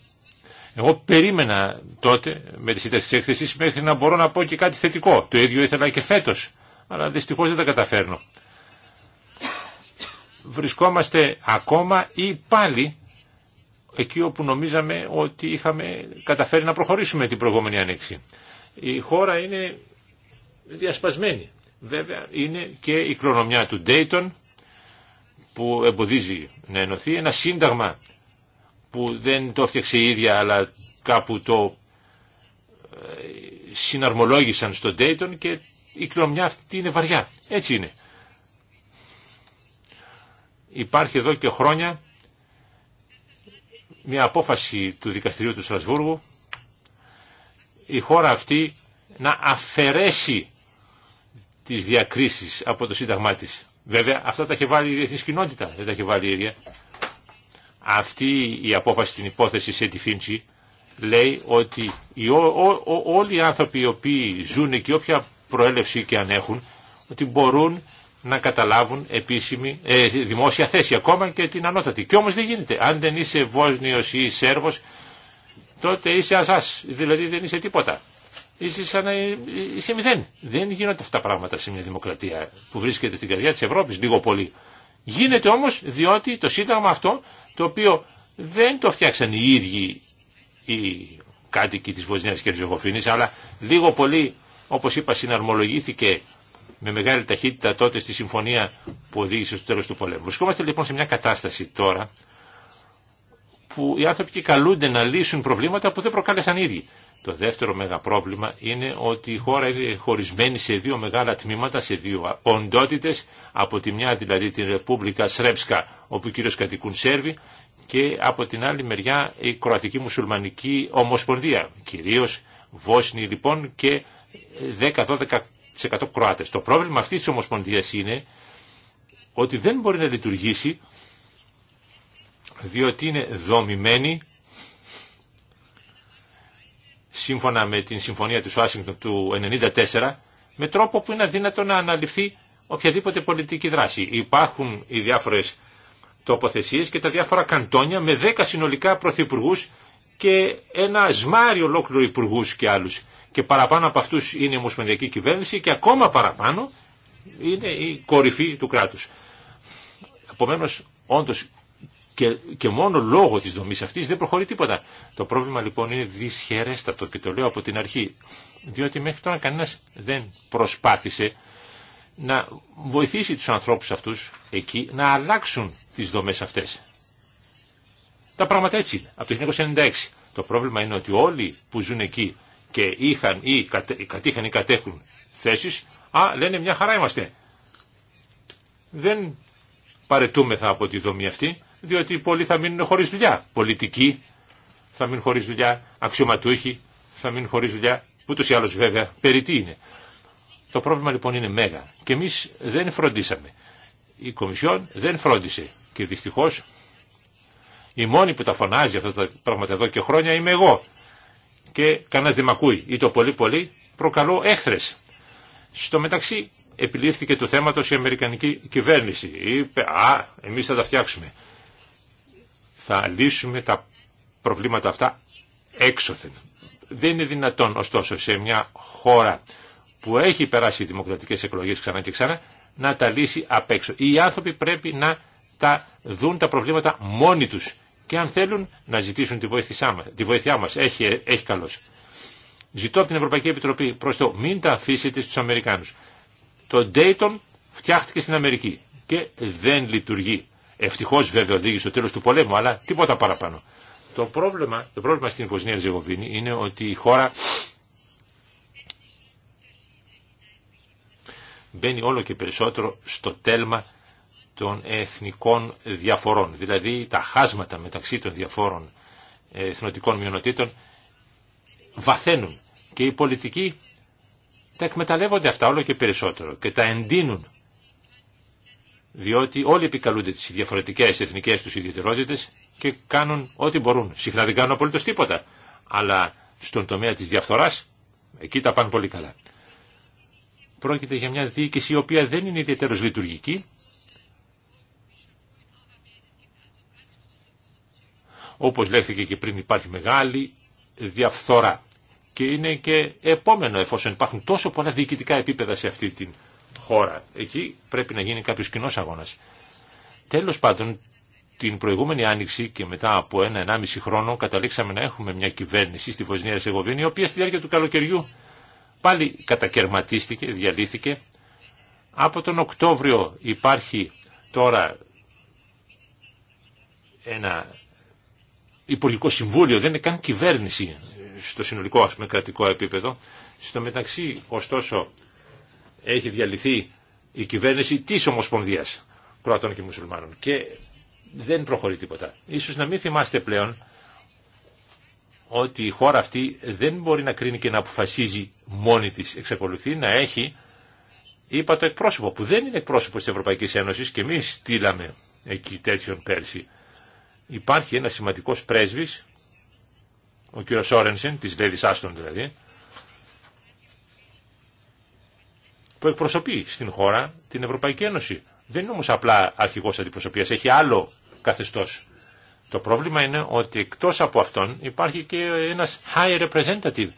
Εγώ περίμενα τότε με τη σύνταξη της έκθεσης μέχρι να μπορώ να πω και κάτι θετικό. Το ίδιο ήθελα και φέτος, αλλά δυστυχώς δεν τα καταφέρνω βρισκόμαστε ακόμα ή πάλι εκεί όπου νομίζαμε ότι είχαμε καταφέρει να προχωρήσουμε την προηγούμενη άνοιξη. Η χώρα είναι διασπασμένη. Βέβαια είναι και η κληρονομιά του Ντέιτον που εμποδίζει να ενωθεί ένα σύνταγμα που δεν το έφτιαξε η ίδια αλλά κάπου το ε, συναρμολόγησαν στο Ντέιτον και η κληρονομιά αυτή είναι βαριά. Έτσι είναι. Υπάρχει εδώ και χρόνια μια απόφαση του δικαστηρίου του Στρασβούργου η χώρα αυτή να αφαιρέσει τις διακρίσεις από το Σύνταγμά της. Βέβαια, αυτά τα έχει βάλει η διεθνής κοινότητα, δεν τα έχει βάλει η ίδια. Αυτή η απόφαση στην υπόθεση σε τη Φίντσι λέει ότι οι, όλοι οι άνθρωποι οι οποίοι ζουν και όποια προέλευση και αν έχουν, ότι μπορούν να καταλάβουν επίσημη ε, δημόσια θέση, ακόμα και την ανώτατη. Και όμως δεν γίνεται. Αν δεν είσαι Βόσνιος ή Σέρβος, τότε είσαι ασάς, δηλαδή δεν είσαι τίποτα. Είσαι σαν να ε, είσαι μηδέν. Δεν γίνονται αυτά τα πράγματα σε μια δημοκρατία που βρίσκεται στην καρδιά της Ευρώπης, λίγο πολύ. Γίνεται όμως διότι το σύνταγμα αυτό, το οποίο δεν το φτιάξαν οι ίδιοι οι κάτοικοι της Βοσνίας και της αλλά λίγο πολύ, όπως είπα, συναρμολογήθηκε με μεγάλη ταχύτητα τότε στη συμφωνία που οδήγησε στο τέλος του πολέμου. Βρισκόμαστε λοιπόν σε μια κατάσταση τώρα που οι άνθρωποι καλούνται να λύσουν προβλήματα που δεν προκάλεσαν ίδιοι. Το δεύτερο μεγάλο πρόβλημα είναι ότι η χώρα είναι χωρισμένη σε δύο μεγάλα τμήματα, σε δύο οντότητε, από τη μια δηλαδή την Ρεπούμπλικα Σρέψκα, όπου κυρίω κατοικούν Σέρβοι, και από την άλλη μεριά η Κροατική Μουσουλμανική Ομοσπονδία, κυρίω Βόσνη λοιπόν και 10-12 100 Κροάτες. Το πρόβλημα αυτής της Ομοσπονδίας είναι ότι δεν μπορεί να λειτουργήσει διότι είναι δομημένη σύμφωνα με την συμφωνία της Ουάσιγκτον του 1994 με τρόπο που είναι αδύνατο να αναλυφθεί οποιαδήποτε πολιτική δράση. Υπάρχουν οι διάφορες τοποθεσίες και τα διάφορα καντόνια με 10 συνολικά πρωθυπουργούς και ένα σμάρι ολόκληρο υπουργού και άλλους και παραπάνω από αυτούς είναι η Ομοσπονδιακή Κυβέρνηση και ακόμα παραπάνω είναι η κορυφή του κράτους. Επομένω, όντως και, και μόνο λόγω της δομής αυτής δεν προχωρεί τίποτα. Το πρόβλημα λοιπόν είναι δυσχερέστατο και το λέω από την αρχή, διότι μέχρι τώρα κανένας δεν προσπάθησε να βοηθήσει τους ανθρώπους αυτούς εκεί να αλλάξουν τις δομές αυτές. Τα πράγματα έτσι είναι, από το 1996. Το πρόβλημα είναι ότι όλοι που ζουν εκεί και είχαν ή κατήχαν ή κατέχουν θέσεις, α, λένε μια χαρά είμαστε. Δεν παρετούμεθα από τη δομή αυτή, διότι πολλοί θα μείνουν χωρίς δουλειά. Πολιτικοί θα μείνουν χωρίς δουλειά, αξιωματούχοι θα μείνουν χωρίς δουλειά, ούτως ή άλλως βέβαια, περί τι είναι. Το πρόβλημα λοιπόν είναι μέγα και εμείς δεν φροντίσαμε. Η Κομισιόν δεν φρόντισε και δυστυχώς μόνη που τα φωνάζει αυτά τα πράγματα εδώ και χρόνια είμαι εγώ και κανένα δεν ή το πολύ πολύ προκαλώ έχθρες. Στο μεταξύ επιλήφθηκε του θέματος ακούει. Ή το πολύ πολύ προκαλώ έχθρες. Στο μεταξύ επιλήφθηκε το θέματος η Αμερικανική κυβέρνηση. Είπε «Α, εμείς θα τα φτιάξουμε». Θα λύσουμε τα προβλήματα αυτά έξωθεν. Δεν είναι δυνατόν ωστόσο σε μια χώρα που έχει περάσει δημοκρατικές εκλογές ξανά και ξανά να τα λύσει απ' έξω. Οι άνθρωποι πρέπει να τα δουν τα προβλήματα μόνοι τους και αν θέλουν να ζητήσουν τη, τη βοήθειά μας. Έχει, έχει καλώς. Ζητώ από την Ευρωπαϊκή Επιτροπή προς το μην τα αφήσετε στους Αμερικάνους. Το Dayton φτιάχτηκε στην Αμερική και δεν λειτουργεί. Ευτυχώς βέβαια οδήγησε στο τέλος του πολέμου, αλλά τίποτα παραπάνω. Το πρόβλημα, το πρόβλημα στην Βοσνία Ζεγοβίνη είναι ότι η χώρα μπαίνει όλο και περισσότερο στο τέλμα των εθνικών διαφορών, δηλαδή τα χάσματα μεταξύ των διαφόρων εθνοτικών μειονοτήτων βαθαίνουν και οι πολιτικοί τα εκμεταλλεύονται αυτά όλο και περισσότερο και τα εντείνουν διότι όλοι επικαλούνται τις διαφορετικές εθνικές τους ιδιαιτερότητες και κάνουν ό,τι μπορούν. Συχνά δεν κάνουν απολύτως τίποτα, αλλά στον τομέα της διαφθοράς εκεί τα πάνε πολύ καλά. Πρόκειται για μια διοίκηση η οποία δεν είναι ιδιαίτερως λειτουργική Όπως λέχθηκε και πριν υπάρχει μεγάλη διαφθορά και είναι και επόμενο εφόσον υπάρχουν τόσο πολλά διοικητικά επίπεδα σε αυτή την χώρα. Εκεί πρέπει να γίνει κάποιος κοινό αγώνας. Τέλος πάντων, την προηγούμενη άνοιξη και μετά από ένα-ενάμιση χρόνο καταλήξαμε να έχουμε μια κυβέρνηση στη Βοσνία Ρεσεγοβίνη, η οποία στη διάρκεια του καλοκαιριού πάλι κατακαιρματίστηκε, διαλύθηκε. Από τον Οκτώβριο υπάρχει τώρα ένα Υπουργικό Συμβούλιο, δεν είναι καν κυβέρνηση στο συνολικό ας πούμε, κρατικό επίπεδο. Στο μεταξύ, ωστόσο, έχει διαλυθεί η κυβέρνηση της Ομοσπονδίας Κροατών και Μουσουλμάνων και δεν προχωρεί τίποτα. Ίσως να μην θυμάστε πλέον ότι η χώρα αυτή δεν μπορεί να κρίνει και να αποφασίζει μόνη της. Εξακολουθεί να έχει, είπα το εκπρόσωπο, που δεν είναι εκπρόσωπο της Ευρωπαϊκής Ένωσης και εμείς στείλαμε εκεί τέτοιον πέρσι υπάρχει ένα σημαντικός πρέσβης, ο κ. Σόρενσεν, της Λέδης Άστον δηλαδή, που εκπροσωπεί στην χώρα την Ευρωπαϊκή Ένωση. Δεν είναι όμως απλά αρχηγός αντιπροσωπείας, έχει άλλο καθεστώς. Το πρόβλημα είναι ότι εκτός από αυτόν υπάρχει και ένας high representative,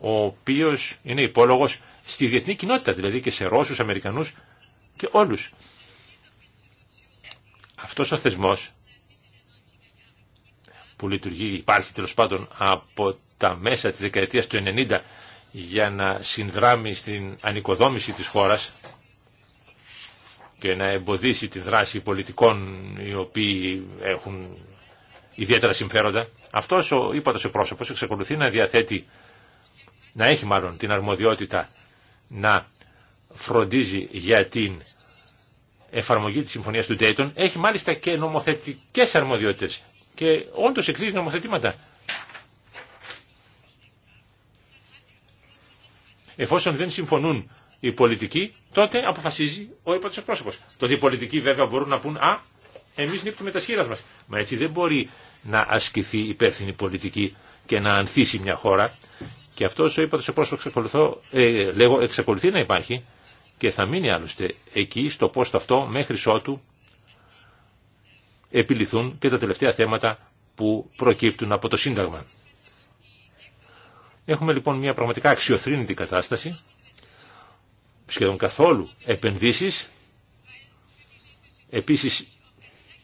ο οποίος είναι υπόλογος στη διεθνή κοινότητα, δηλαδή και σε Ρώσους, Αμερικανούς και όλους. Αυτός ο θεσμός που λειτουργεί, υπάρχει τέλο πάντων από τα μέσα της δεκαετίας του 90 για να συνδράμει στην ανοικοδόμηση της χώρας και να εμποδίσει τη δράση πολιτικών οι οποίοι έχουν ιδιαίτερα συμφέροντα. Αυτός ο ύπατος πρόσωπος εξακολουθεί να διαθέτει, να έχει μάλλον την αρμοδιότητα να φροντίζει για την εφαρμογή της συμφωνίας του Dayton, έχει μάλιστα και νομοθετικές αρμοδιότητες και όντως εκδίδει νομοθετήματα. Εφόσον δεν συμφωνούν οι πολιτικοί, τότε αποφασίζει ο ύπατος πρόσωπος. Τότε οι πολιτικοί βέβαια μπορούν να πούν «Α, εμείς νύπτουμε τα σχήρα μας». Μα έτσι δεν μπορεί να ασκηθεί υπεύθυνη πολιτική και να ανθίσει μια χώρα. Και αυτό ο ύπατος εκπρόσωπος ε, λέγω, εξακολουθεί να υπάρχει και θα μείνει άλλωστε εκεί στο πόστο αυτό μέχρι ότου επιληθούν και τα τελευταία θέματα που προκύπτουν από το Σύνταγμα. Έχουμε λοιπόν μια πραγματικά αξιοθρύνητη κατάσταση, σχεδόν καθόλου επενδύσεις, επίσης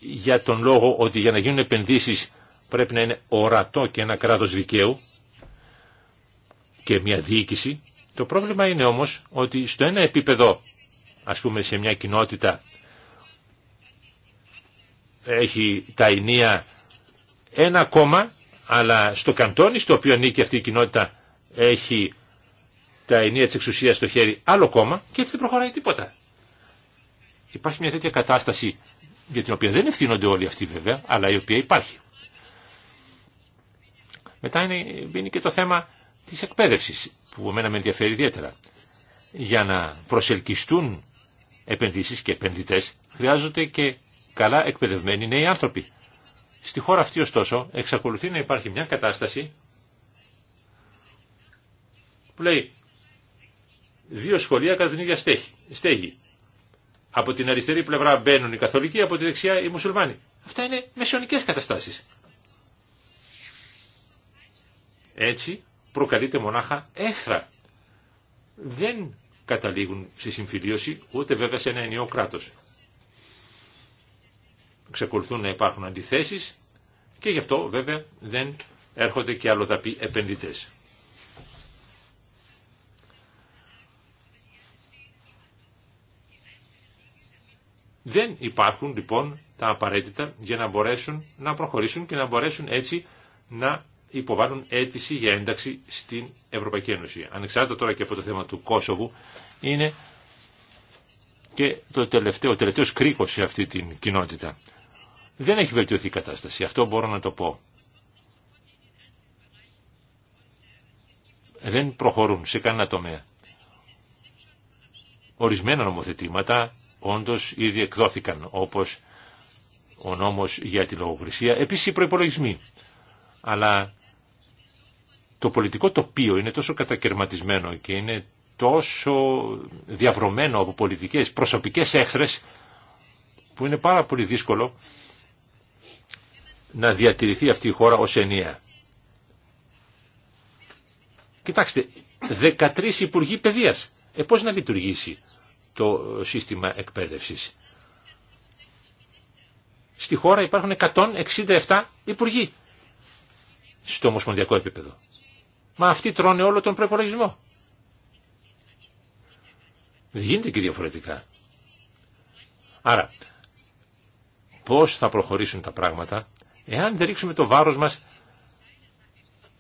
για τον λόγο ότι για να γίνουν επενδύσεις πρέπει να είναι ορατό και ένα κράτος δικαίου και μια διοίκηση. Το πρόβλημα είναι όμως ότι στο ένα επίπεδο, ας πούμε σε μια κοινότητα έχει τα ενία ένα κόμμα, αλλά στο καντόνι στο οποίο ανήκει αυτή η κοινότητα έχει τα ενία της εξουσίας στο χέρι άλλο κόμμα και έτσι δεν προχωράει τίποτα. Υπάρχει μια τέτοια κατάσταση για την οποία δεν ευθύνονται όλοι αυτοί βέβαια, αλλά η οποία υπάρχει. Μετά είναι, μπαίνει και το θέμα της εκπαίδευσης, που εμένα με ενδιαφέρει ιδιαίτερα. Για να προσελκυστούν επενδύσεις και επενδυτές, χρειάζονται και καλά εκπαιδευμένοι νέοι άνθρωποι. Στη χώρα αυτή ωστόσο εξακολουθεί να υπάρχει μια κατάσταση που λέει δύο σχολεία κατά την ίδια στέγη. Από την αριστερή πλευρά μπαίνουν οι καθολικοί, από τη δεξιά οι μουσουλμάνοι. Αυτά είναι μεσαιωνικές καταστάσεις. Έτσι προκαλείται μονάχα έχθρα. Δεν καταλήγουν στη συμφιλίωση ούτε βέβαια σε ένα ενιαίο κράτος ξεκολουθούν να υπάρχουν αντιθέσεις και γι' αυτό βέβαια δεν έρχονται και αλλοδαποί επενδυτές. Δεν υπάρχουν λοιπόν τα απαραίτητα για να μπορέσουν να προχωρήσουν και να μπορέσουν έτσι να υποβάλουν αίτηση για ένταξη στην Ευρωπαϊκή Ένωση. Ανεξάρτητα τώρα και από το θέμα του Κόσοβου είναι και το τελευταίο, ο τελευταίος κρίκος σε αυτή την κοινότητα δεν έχει βελτιωθεί η κατάσταση. Αυτό μπορώ να το πω. Δεν προχωρούν σε κανένα τομέα. Ορισμένα νομοθετήματα όντως ήδη εκδόθηκαν, όπως ο νόμος για τη λογοκρισία, επίσης οι προϋπολογισμοί. Αλλά το πολιτικό τοπίο είναι τόσο κατακαιρματισμένο και είναι τόσο διαβρωμένο από πολιτικές, προσωπικές έχθρες, που είναι πάρα πολύ δύσκολο να διατηρηθεί αυτή η χώρα ως ενία. Κοιτάξτε, 13 Υπουργοί Παιδείας. Ε, πώς να λειτουργήσει το σύστημα εκπαίδευσης. Στη χώρα υπάρχουν 167 Υπουργοί στο ομοσπονδιακό επίπεδο. Μα αυτοί τρώνε όλο τον προπολογισμό. Δεν γίνεται και διαφορετικά. Άρα, πώς θα προχωρήσουν τα πράγματα εάν δεν ρίξουμε το βάρος μας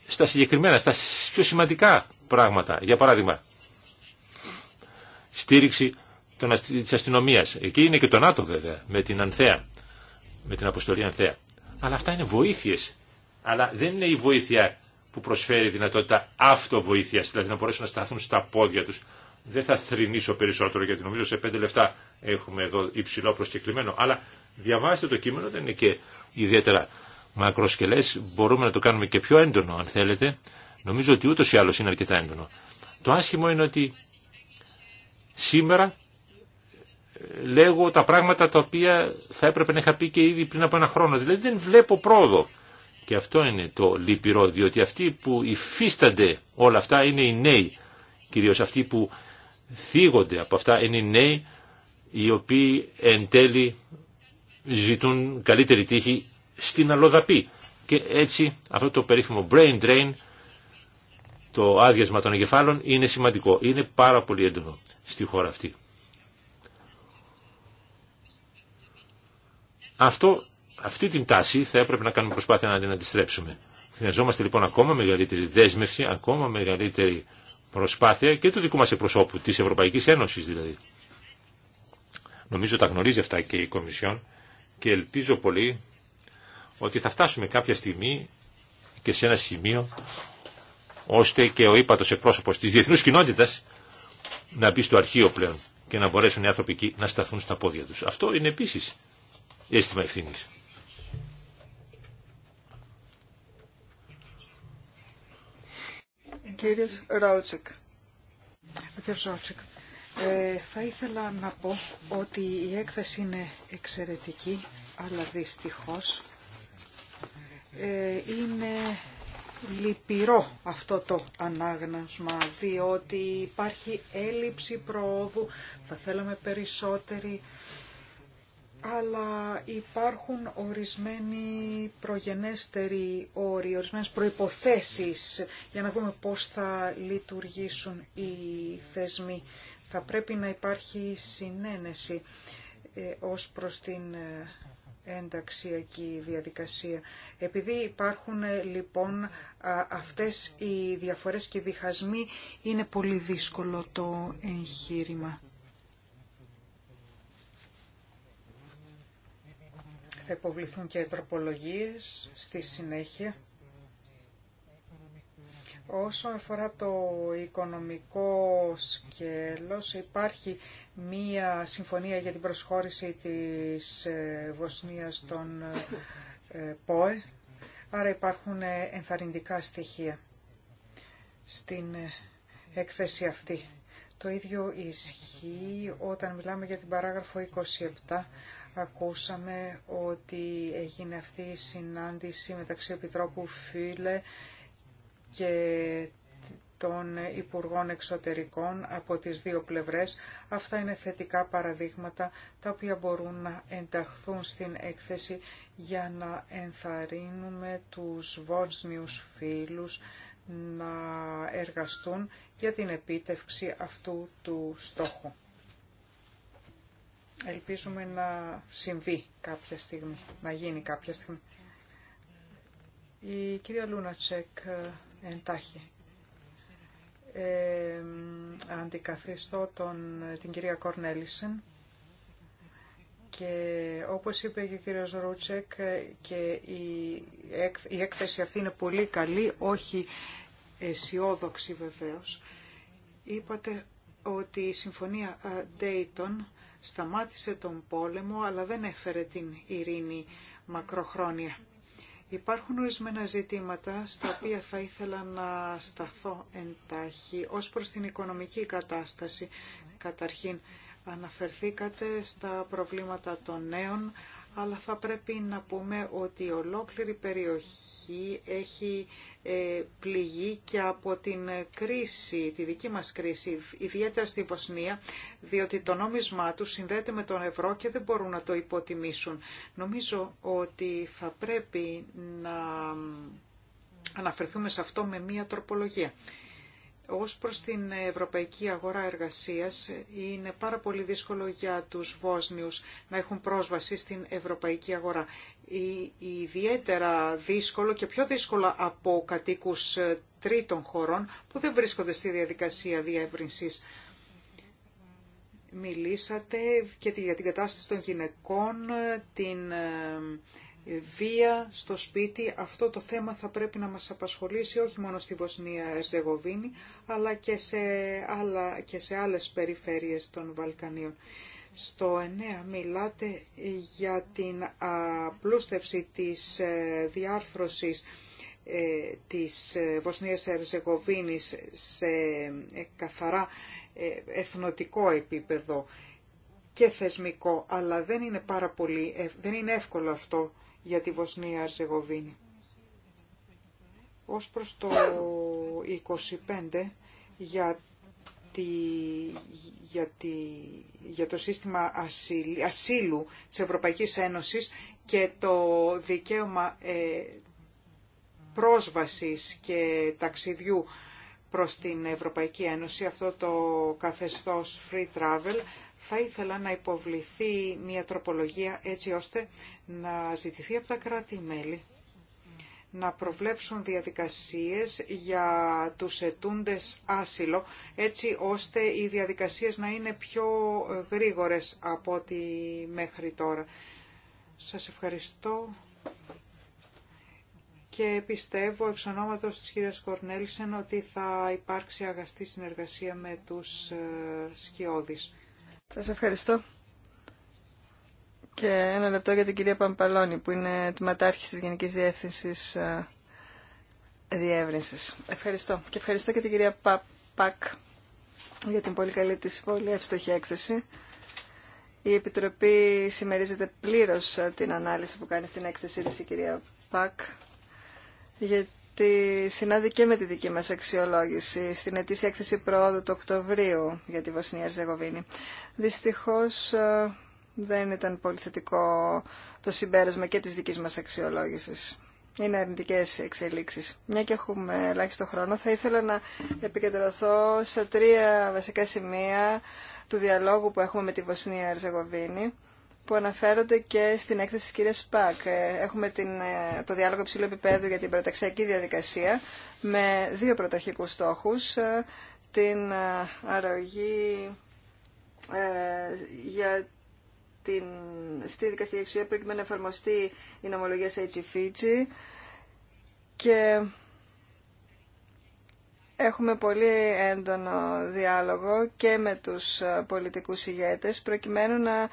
στα συγκεκριμένα, στα πιο σημαντικά πράγματα. Για παράδειγμα, στήριξη τη της αστυνομίας. Εκεί είναι και το ΝΑΤΟ βέβαια, με την Ανθέα, με την αποστολή Ανθέα. Αλλά αυτά είναι βοήθειες. Αλλά δεν είναι η βοήθεια που προσφέρει δυνατότητα αυτοβοήθειας, δηλαδή να μπορέσουν να σταθούν στα πόδια τους. Δεν θα θρυνήσω περισσότερο γιατί νομίζω σε πέντε λεφτά έχουμε εδώ υψηλό προσκεκλημένο, αλλά διαβάστε το κείμενο, δεν είναι και ιδιαίτερα μακροσκελές, μπορούμε να το κάνουμε και πιο έντονο αν θέλετε. Νομίζω ότι ούτως ή άλλως είναι αρκετά έντονο. Το άσχημο είναι ότι σήμερα ε, λέγω τα πράγματα τα οποία θα έπρεπε να είχα πει και ήδη πριν από ένα χρόνο. Δηλαδή δεν βλέπω πρόοδο. Και αυτό είναι το λυπηρό, διότι αυτοί που υφίστανται όλα αυτά είναι οι νέοι. Κυρίως αυτοί που θίγονται από αυτά είναι οι νέοι οι οποίοι εν τέλει ζητούν καλύτερη τύχη στην αλλοδαπή. Και έτσι αυτό το περίφημο brain drain, το άδειασμα των εγκεφάλων, είναι σημαντικό. Είναι πάρα πολύ έντονο στη χώρα αυτή. Αυτό, αυτή την τάση θα έπρεπε να κάνουμε προσπάθεια να την αντιστρέψουμε. Χρειαζόμαστε λοιπόν ακόμα μεγαλύτερη δέσμευση, ακόμα μεγαλύτερη προσπάθεια και του δικού μας εκπροσώπου, της Ευρωπαϊκής Ένωσης δηλαδή. Νομίζω τα γνωρίζει αυτά και η Κομισιόν και ελπίζω πολύ ότι θα φτάσουμε κάποια στιγμή και σε ένα σημείο ώστε και ο ύπατος εκπρόσωπος της διεθνούς κοινότητας να μπει στο αρχείο πλέον και να μπορέσουν οι άνθρωποι εκεί να σταθούν στα πόδια τους. Αυτό είναι επίσης αίσθημα ευθύνης. Κύριος ε, θα ήθελα να πω ότι η έκθεση είναι εξαιρετική, αλλά δυστυχώς ε, είναι λυπηρό αυτό το ανάγνωσμα, διότι υπάρχει έλλειψη προόδου, θα θέλαμε περισσότερη, αλλά υπάρχουν ορισμένοι προγενέστεροι όροι, ορισμένες προϋποθέσεις για να δούμε πώς θα λειτουργήσουν οι θεσμοί θα πρέπει να υπάρχει συνένεση ε, ως προς την ενταξιακή διαδικασία. Επειδή υπάρχουν ε, λοιπόν αυτές οι διαφορές και οι διχασμοί, είναι πολύ δύσκολο το εγχείρημα. Θα υποβληθούν και τροπολογίες στη συνέχεια όσο αφορά το οικονομικό σκέλος, υπάρχει μία συμφωνία για την προσχώρηση της ε, Βοσνίας των ε, ΠΟΕ, άρα υπάρχουν ε, ενθαρρυντικά στοιχεία στην έκθεση αυτή. Το ίδιο ισχύει όταν μιλάμε για την παράγραφο 27. Ακούσαμε ότι έγινε αυτή η συνάντηση μεταξύ Επιτρόπου Φίλε και των Υπουργών Εξωτερικών από τις δύο πλευρές. Αυτά είναι θετικά παραδείγματα τα οποία μπορούν να ενταχθούν στην έκθεση για να ενθαρρύνουμε τους Βόσνιους φίλους να εργαστούν για την επίτευξη αυτού του στόχου. Ελπίζουμε να συμβεί κάποια στιγμή, να γίνει κάποια στιγμή. Η κυρία Λούνατσεκ εντάχει. Ε, αντικαθιστώ τον, την κυρία Κορνέλισεν και όπως είπε και ο κύριος Ρούτσεκ και η, η έκθεση αυτή είναι πολύ καλή, όχι αισιόδοξη βεβαίως. Είπατε ότι η συμφωνία ε, Dayton σταμάτησε τον πόλεμο αλλά δεν έφερε την ειρήνη μακροχρόνια. Υπάρχουν ορισμένα ζητήματα στα οποία θα ήθελα να σταθώ εντάχει ως προς την οικονομική κατάσταση. Καταρχήν, αναφερθήκατε στα προβλήματα των νέων, αλλά θα πρέπει να πούμε ότι η ολόκληρη περιοχή έχει ε, πληγεί και από την κρίση, τη δική μας κρίση, ιδιαίτερα στη Βοσνία, διότι το νόμισμά τους συνδέεται με τον ευρώ και δεν μπορούν να το υποτιμήσουν. Νομίζω ότι θα πρέπει να αναφερθούμε σε αυτό με μία τροπολογία. Ως προς την ευρωπαϊκή αγορά εργασίας είναι πάρα πολύ δύσκολο για τους Βόσνιους να έχουν πρόσβαση στην ευρωπαϊκή αγορά. Ιδιαίτερα δύσκολο και πιο δύσκολο από κατοίκους ε, τρίτων χωρών που δεν βρίσκονται στη διαδικασία διεύρυνσης. Μιλήσατε και για την κατάσταση των γυναικών, ε, την ε, βία στο σπίτι. Αυτό το θέμα θα πρέπει να μας απασχολήσει όχι μόνο στη Βοσνία Ερζεγοβίνη, αλλά και σε, άλλα, και σε άλλες περιφέρειες των Βαλκανίων. Στο 9 μιλάτε για την απλούστευση της ε, διάρθρωσης ε, της ε, Βοσνίας Ερζεγοβίνης σε καθαρά εθνοτικό επίπεδο και θεσμικό, αλλά δεν είναι, πάρα πολύ, δεν είναι εύκολο αυτό για τη Βοσνία Αρζεγοβίνη. Ως προς το 25 για, για, το σύστημα ασύλου, ασύλου της Ευρωπαϊκής Ένωσης και το δικαίωμα ε, πρόσβασης και ταξιδιού προς την Ευρωπαϊκή Ένωση, αυτό το καθεστώς free travel, θα ήθελα να υποβληθεί μια τροπολογία έτσι ώστε να ζητηθεί από τα κράτη-μέλη να προβλέψουν διαδικασίες για τους ετούντες άσυλο, έτσι ώστε οι διαδικασίες να είναι πιο γρήγορες από ό,τι μέχρι τώρα. Σας ευχαριστώ και πιστεύω εξ ονόματος της κυρίας Κορνέλισεν ότι θα υπάρξει αγαστή συνεργασία με τους ε, σκιώδεις. Σας ευχαριστώ. Και ένα λεπτό για την κυρία Παμπαλώνη, που είναι Ματάρχης της Γενικής Διεύθυνσης ε, Διεύρυνσης. Ευχαριστώ. Και ευχαριστώ και την κυρία Πακ για την πολύ καλή της, πολύ εύστοχη έκθεση. Η Επιτροπή συμμερίζεται πλήρως ε, την ανάλυση που κάνει στην έκθεσή της η κυρία Πακ, γιατί Τη συνάδει με τη δική μας αξιολόγηση στην ετήσια έκθεση πρόοδου του Οκτωβρίου για τη Βοσνία Ζεγοβίνη. Δυστυχώς ε, δεν ήταν πολύ θετικό το συμπέρασμα και της δικής μας αξιολόγησης. Είναι αρνητικέ εξελίξεις. Μια και έχουμε ελάχιστο χρόνο, θα ήθελα να επικεντρωθώ σε τρία βασικά σημεία του διαλόγου που έχουμε με τη Βοσνία Ερζεγοβίνη που αναφέρονται και στην έκθεση της κυρίας Πακ. Ε, έχουμε την, ε, το διάλογο υψηλού επίπεδου για την προταξιακή διαδικασία με δύο πρωταρχικούς στόχους, ε, την αρρωγή για την, στη δικαστική εξουσία προκειμένου να εφαρμοστεί η νομολογία σε και έχουμε πολύ έντονο διάλογο και με τους πολιτικούς ηγέτες προκειμένου να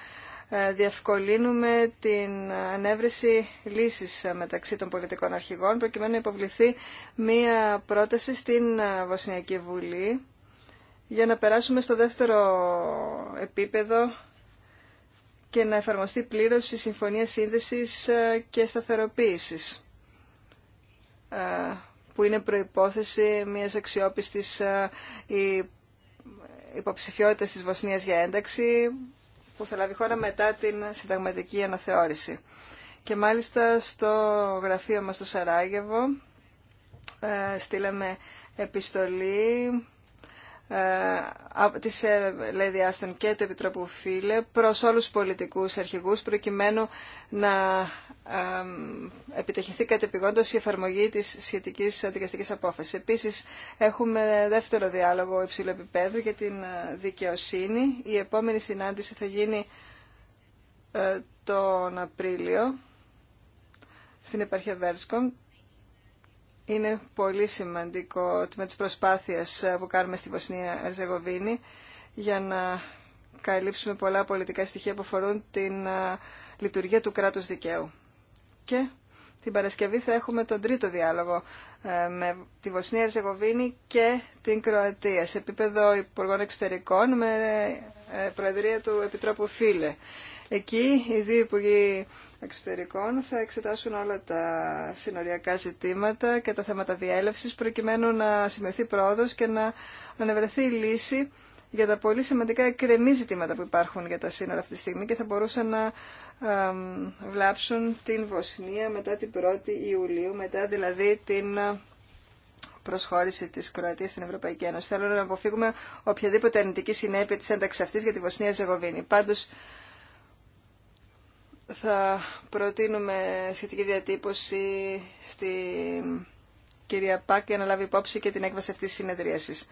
ε, διευκολύνουμε την ανέβρεση λύσης ε, μεταξύ των πολιτικών αρχηγών προκειμένου να υποβληθεί μία πρόταση στην ε, Βοσνιακή Βουλή για να περάσουμε στο δεύτερο επίπεδο και να εφαρμοστεί πλήρως η Συμφωνία Σύνδεσης και Σταθεροποίησης που είναι προϋπόθεση μιας αξιόπιστης υποψηφιότητας της Βοσνίας για ένταξη που θα λάβει χώρα μετά την συνταγματική αναθεώρηση. Και μάλιστα στο γραφείο μας στο Σαράγεβο ε, στείλαμε επιστολή ε, της Λέδη ε, Άστον και του Επιτρόπου Φίλε προς όλους τους πολιτικούς αρχηγούς προκειμένου να επιτεχηθεί κατεπηγόντως η εφαρμογή της σχετικής δικαστικής απόφασης. Επίσης έχουμε δεύτερο διάλογο υψηλού επίπεδου για την ε, δικαιοσύνη. Η επόμενη συνάντηση θα γίνει τον Απρίλιο στην επαρχία Βέρσκομ είναι πολύ σημαντικό με τις προσπάθειες ε, που κάνουμε στη Βοσνία Ερζεγοβίνη για να καλύψουμε πολλά πολιτικά στοιχεία που αφορούν την ε, λειτουργία του κράτους δικαίου. Και την Παρασκευή θα έχουμε τον τρίτο διάλογο ε, με τη Βοσνία Ερζεγοβίνη και την Κροατία σε επίπεδο Υπουργών Εξωτερικών με Προεδρία του Επιτρόπου Φίλε. Εκεί οι Εξωτερικών θα εξετάσουν όλα τα συνοριακά ζητήματα και τα θέματα διέλευσης προκειμένου να σημειωθεί πρόοδος και να ανεβρεθεί λύση για τα πολύ σημαντικά εκκρεμή ζητήματα που υπάρχουν για τα σύνορα αυτή τη στιγμή και θα μπορούσαν να βλάψουν την Βοσνία μετά την 1η Ιουλίου, μετά δηλαδή την ε, προσχώρηση της Κροατίας στην Ευρωπαϊκή Ένωση. Θέλω να αποφύγουμε οποιαδήποτε αρνητική συνέπεια τη ένταξη αυτή για τη Βοσνία Ζεγοβίνη θα προτείνουμε σχετική διατύπωση στη κυρία Πάκ για να λάβει υπόψη και την έκβαση αυτής της συνεδρίασης.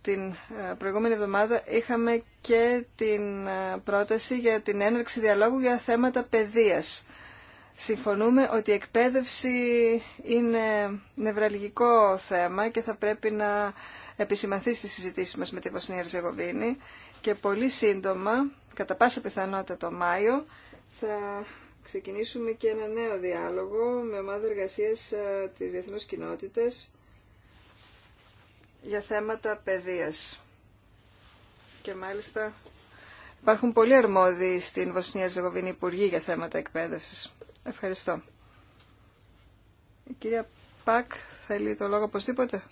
Την ε, προηγούμενη εβδομάδα είχαμε και την ε, πρόταση για την έναρξη διαλόγου για θέματα παιδείας. Συμφωνούμε ότι η εκπαίδευση είναι νευραλγικό θέμα και θα πρέπει να επισημανθεί στις συζητήσεις μας με τη Βοσνία Ριζεγοβίνη και πολύ σύντομα, κατά πάσα πιθανότητα το Μάιο, θα ξεκινήσουμε και ένα νέο διάλογο με ομάδα εργασία ε, της διεθνούς κοινότητας για θέματα παιδείας. Και μάλιστα υπάρχουν πολλοί αρμόδιοι στην Βοσνία Ζεγοβίνη Υπουργοί για θέματα εκπαίδευσης. Ευχαριστώ. Η κυρία Πακ θέλει το λόγο οπωσδήποτε.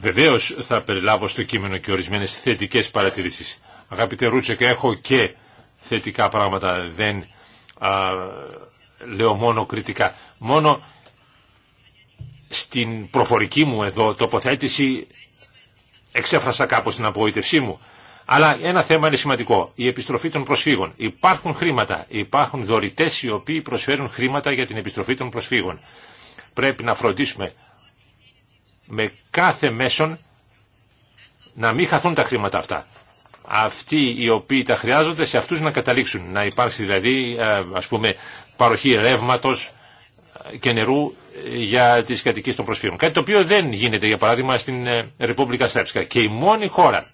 Βεβαίως θα περιλάβω στο κείμενο και ορισμένες θετικέ παρατηρήσεις. Αγαπητέ Ρούτσεκ, έχω και θετικά πράγματα, δεν λέω μόνο κριτικά. Μόνο στην προφορική μου εδώ τοποθέτηση εξέφρασα κάπως την απογοήτευσή μου. Αλλά ένα θέμα είναι σημαντικό. Η επιστροφή των προσφύγων. Υπάρχουν χρήματα. Υπάρχουν δωρητέ οι οποίοι προσφέρουν χρήματα για την επιστροφή των προσφύγων. Πρέπει να φροντίσουμε με κάθε μέσον να μην χαθούν τα χρήματα αυτά αυτοί οι οποίοι τα χρειάζονται σε αυτούς να καταλήξουν. Να υπάρξει δηλαδή ε, ας πούμε παροχή ρεύματο και νερού ε, για τις κατοικίες των προσφύγων. Κάτι το οποίο δεν γίνεται για παράδειγμα στην ε, Ρεπούμπλικα Σέρψκα. Και η μόνη χώρα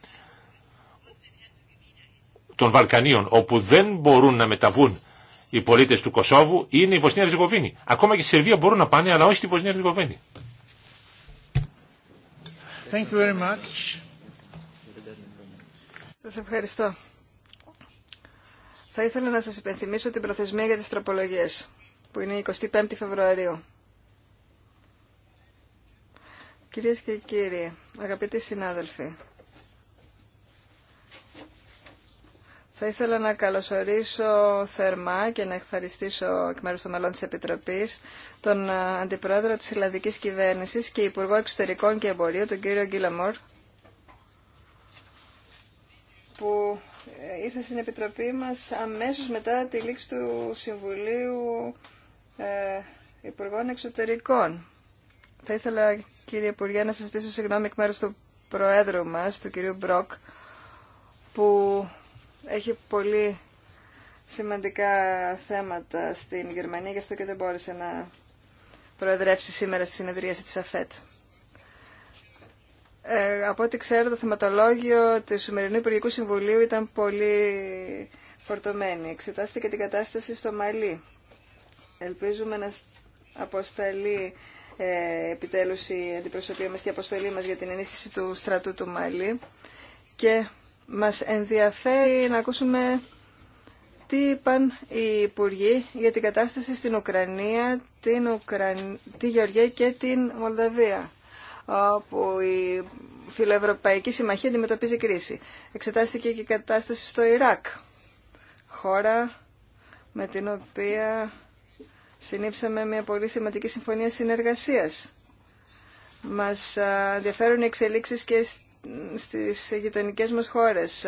των Βαλκανίων όπου δεν μπορούν να μεταβούν οι πολίτες του Κωσόβου είναι η Βοσνία Ριζεγοβίνη. Ακόμα και στη Σερβία μπορούν να πάνε αλλά όχι στη Βοσνία Ριζεγοβίνη. Σας ευχαριστώ. Θα ήθελα να σας υπενθυμίσω την προθεσμία για τις τροπολογίες, που είναι 25 Φεβρουαρίου. Κυρίες και κύριοι, αγαπητοί συνάδελφοι, θα ήθελα να καλωσορίσω θερμά και να ευχαριστήσω εκ μέρους των μελών της Επιτροπής τον ε, Αντιπρόεδρο της Ελλαδικής Κυβέρνησης και Υπουργό Εξωτερικών και Εμπορίου, τον κύριο Γκίλαμορ, που ε, ήρθε στην Επιτροπή μας αμέσως μετά τη λήξη του Συμβουλίου ε, Υπουργών Εξωτερικών. Θα ήθελα, κύριε Υπουργέ, να σας ζητήσω συγγνώμη εκ μέρους του Προέδρου μας, του κυρίου Μπροκ, που έχει πολύ σημαντικά θέματα στην Γερμανία, γι' αυτό και δεν μπόρεσε να προεδρεύσει σήμερα στη συνεδρίαση της ΑΦΕΤ. Ε, από ό,τι ξέρω, το θεματολόγιο του σημερινού Υπουργικού Συμβουλίου ήταν πολύ φορτωμένη. Εξετάστηκε την κατάσταση στο Μαλί. Ελπίζουμε να αποσταλεί ε, επιτέλους η αντιπροσωπεία μας και η αποστολή μας για την ενίσχυση του στρατού του Μαλί. Και μας ενδιαφέρει να ακούσουμε τι είπαν οι υπουργοί για την κατάσταση στην Ουκρανία, την τη Γεωργία και την Μολδαβία όπου η φιλοευρωπαϊκή συμμαχία αντιμετωπίζει κρίση. Εξετάστηκε και η κατάσταση στο Ιράκ, χώρα με την οποία συνήψαμε μια πολύ σημαντική συμφωνία συνεργασίας. Μας ενδιαφέρουν οι εξελίξεις και στις γειτονικέ μας χώρες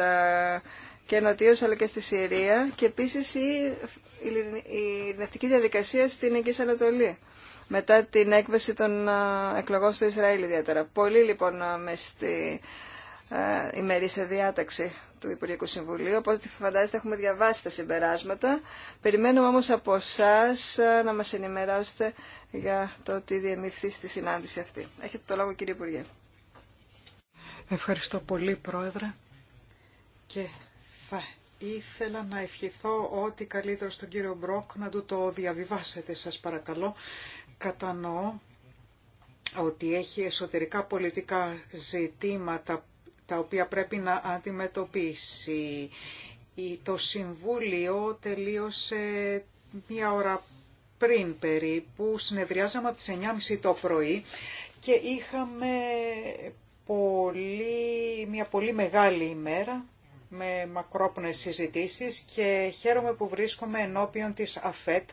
και νοτίως αλλά και στη Συρία και επίσης η, η, διαδικασία στην Αγγής Ανατολή μετά την έκβαση των ε, εκλογών στο Ισραήλ ιδιαίτερα. Πολύ λοιπόν ε, με στη ε, ημερή σε διάταξη του Υπουργικού Συμβουλίου. Όπως φαντάζεστε έχουμε διαβάσει τα συμπεράσματα. Περιμένουμε όμως από εσά να μας ενημερώσετε για το τι διεμειφθεί στη συνάντηση αυτή. Έχετε το λόγο κύριε Υπουργέ. Ευχαριστώ πολύ Πρόεδρε και θα ήθελα να ευχηθώ ό,τι καλύτερο στον κύριο Μπρόκ να του το διαβιβάσετε σας παρακαλώ Κατανοώ ότι έχει εσωτερικά πολιτικά ζητήματα τα οποία πρέπει να αντιμετωπίσει. Το Συμβούλιο τελείωσε μία ώρα πριν περίπου, συνεδριάζαμε από τις 9.30 το πρωί και είχαμε πολύ, μια πολύ μεγάλη ημέρα με μακρόπνες συζητήσεις και χαίρομαι που βρίσκομαι ενώπιον της ΑΦΕΤ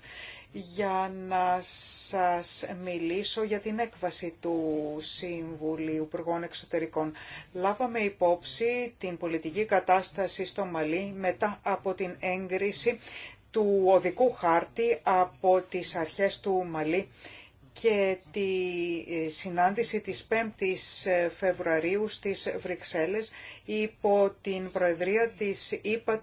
για να σας μιλήσω για την έκβαση του Συμβουλίου Υπουργών Εξωτερικών. Λάβαμε υπόψη την πολιτική κατάσταση στο Μαλί μετά από την έγκριση του οδικού χάρτη από τις αρχές του Μαλί και τη συνάντηση της 5ης Φεβρουαρίου στις Βρυξέλλες υπό την Προεδρία της ΥΠΑ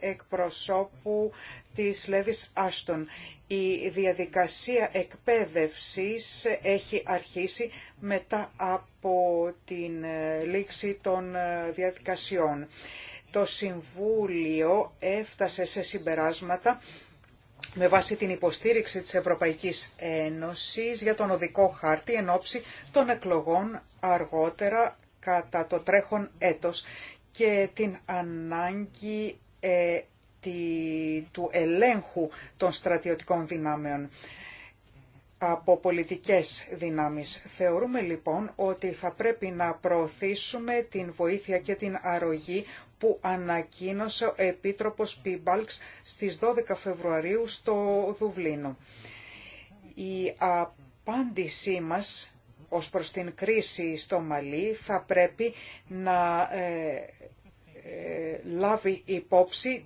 εκπροσώπου της Λέδης Άστον η διαδικασία εκπαίδευσης έχει αρχίσει μετά από την ε, λήξη των ε, διαδικασιών. Το Συμβούλιο έφτασε σε συμπεράσματα με βάση την υποστήριξη της Ευρωπαϊκής Ένωσης για τον οδικό χάρτη εν ώψη των εκλογών αργότερα κατά το τρέχον έτος και την ανάγκη ε, του ελέγχου των στρατιωτικών δυνάμεων από πολιτικές δυνάμεις. Θεωρούμε λοιπόν ότι θα πρέπει να προωθήσουμε την βοήθεια και την αρρωγή που ανακοίνωσε ο Επίτροπος Πίμπαλξ στις 12 Φεβρουαρίου στο Δουβλίνο. Η απάντησή μας ως προς την κρίση στο Μαλί θα πρέπει να ε, ε, λάβει υπόψη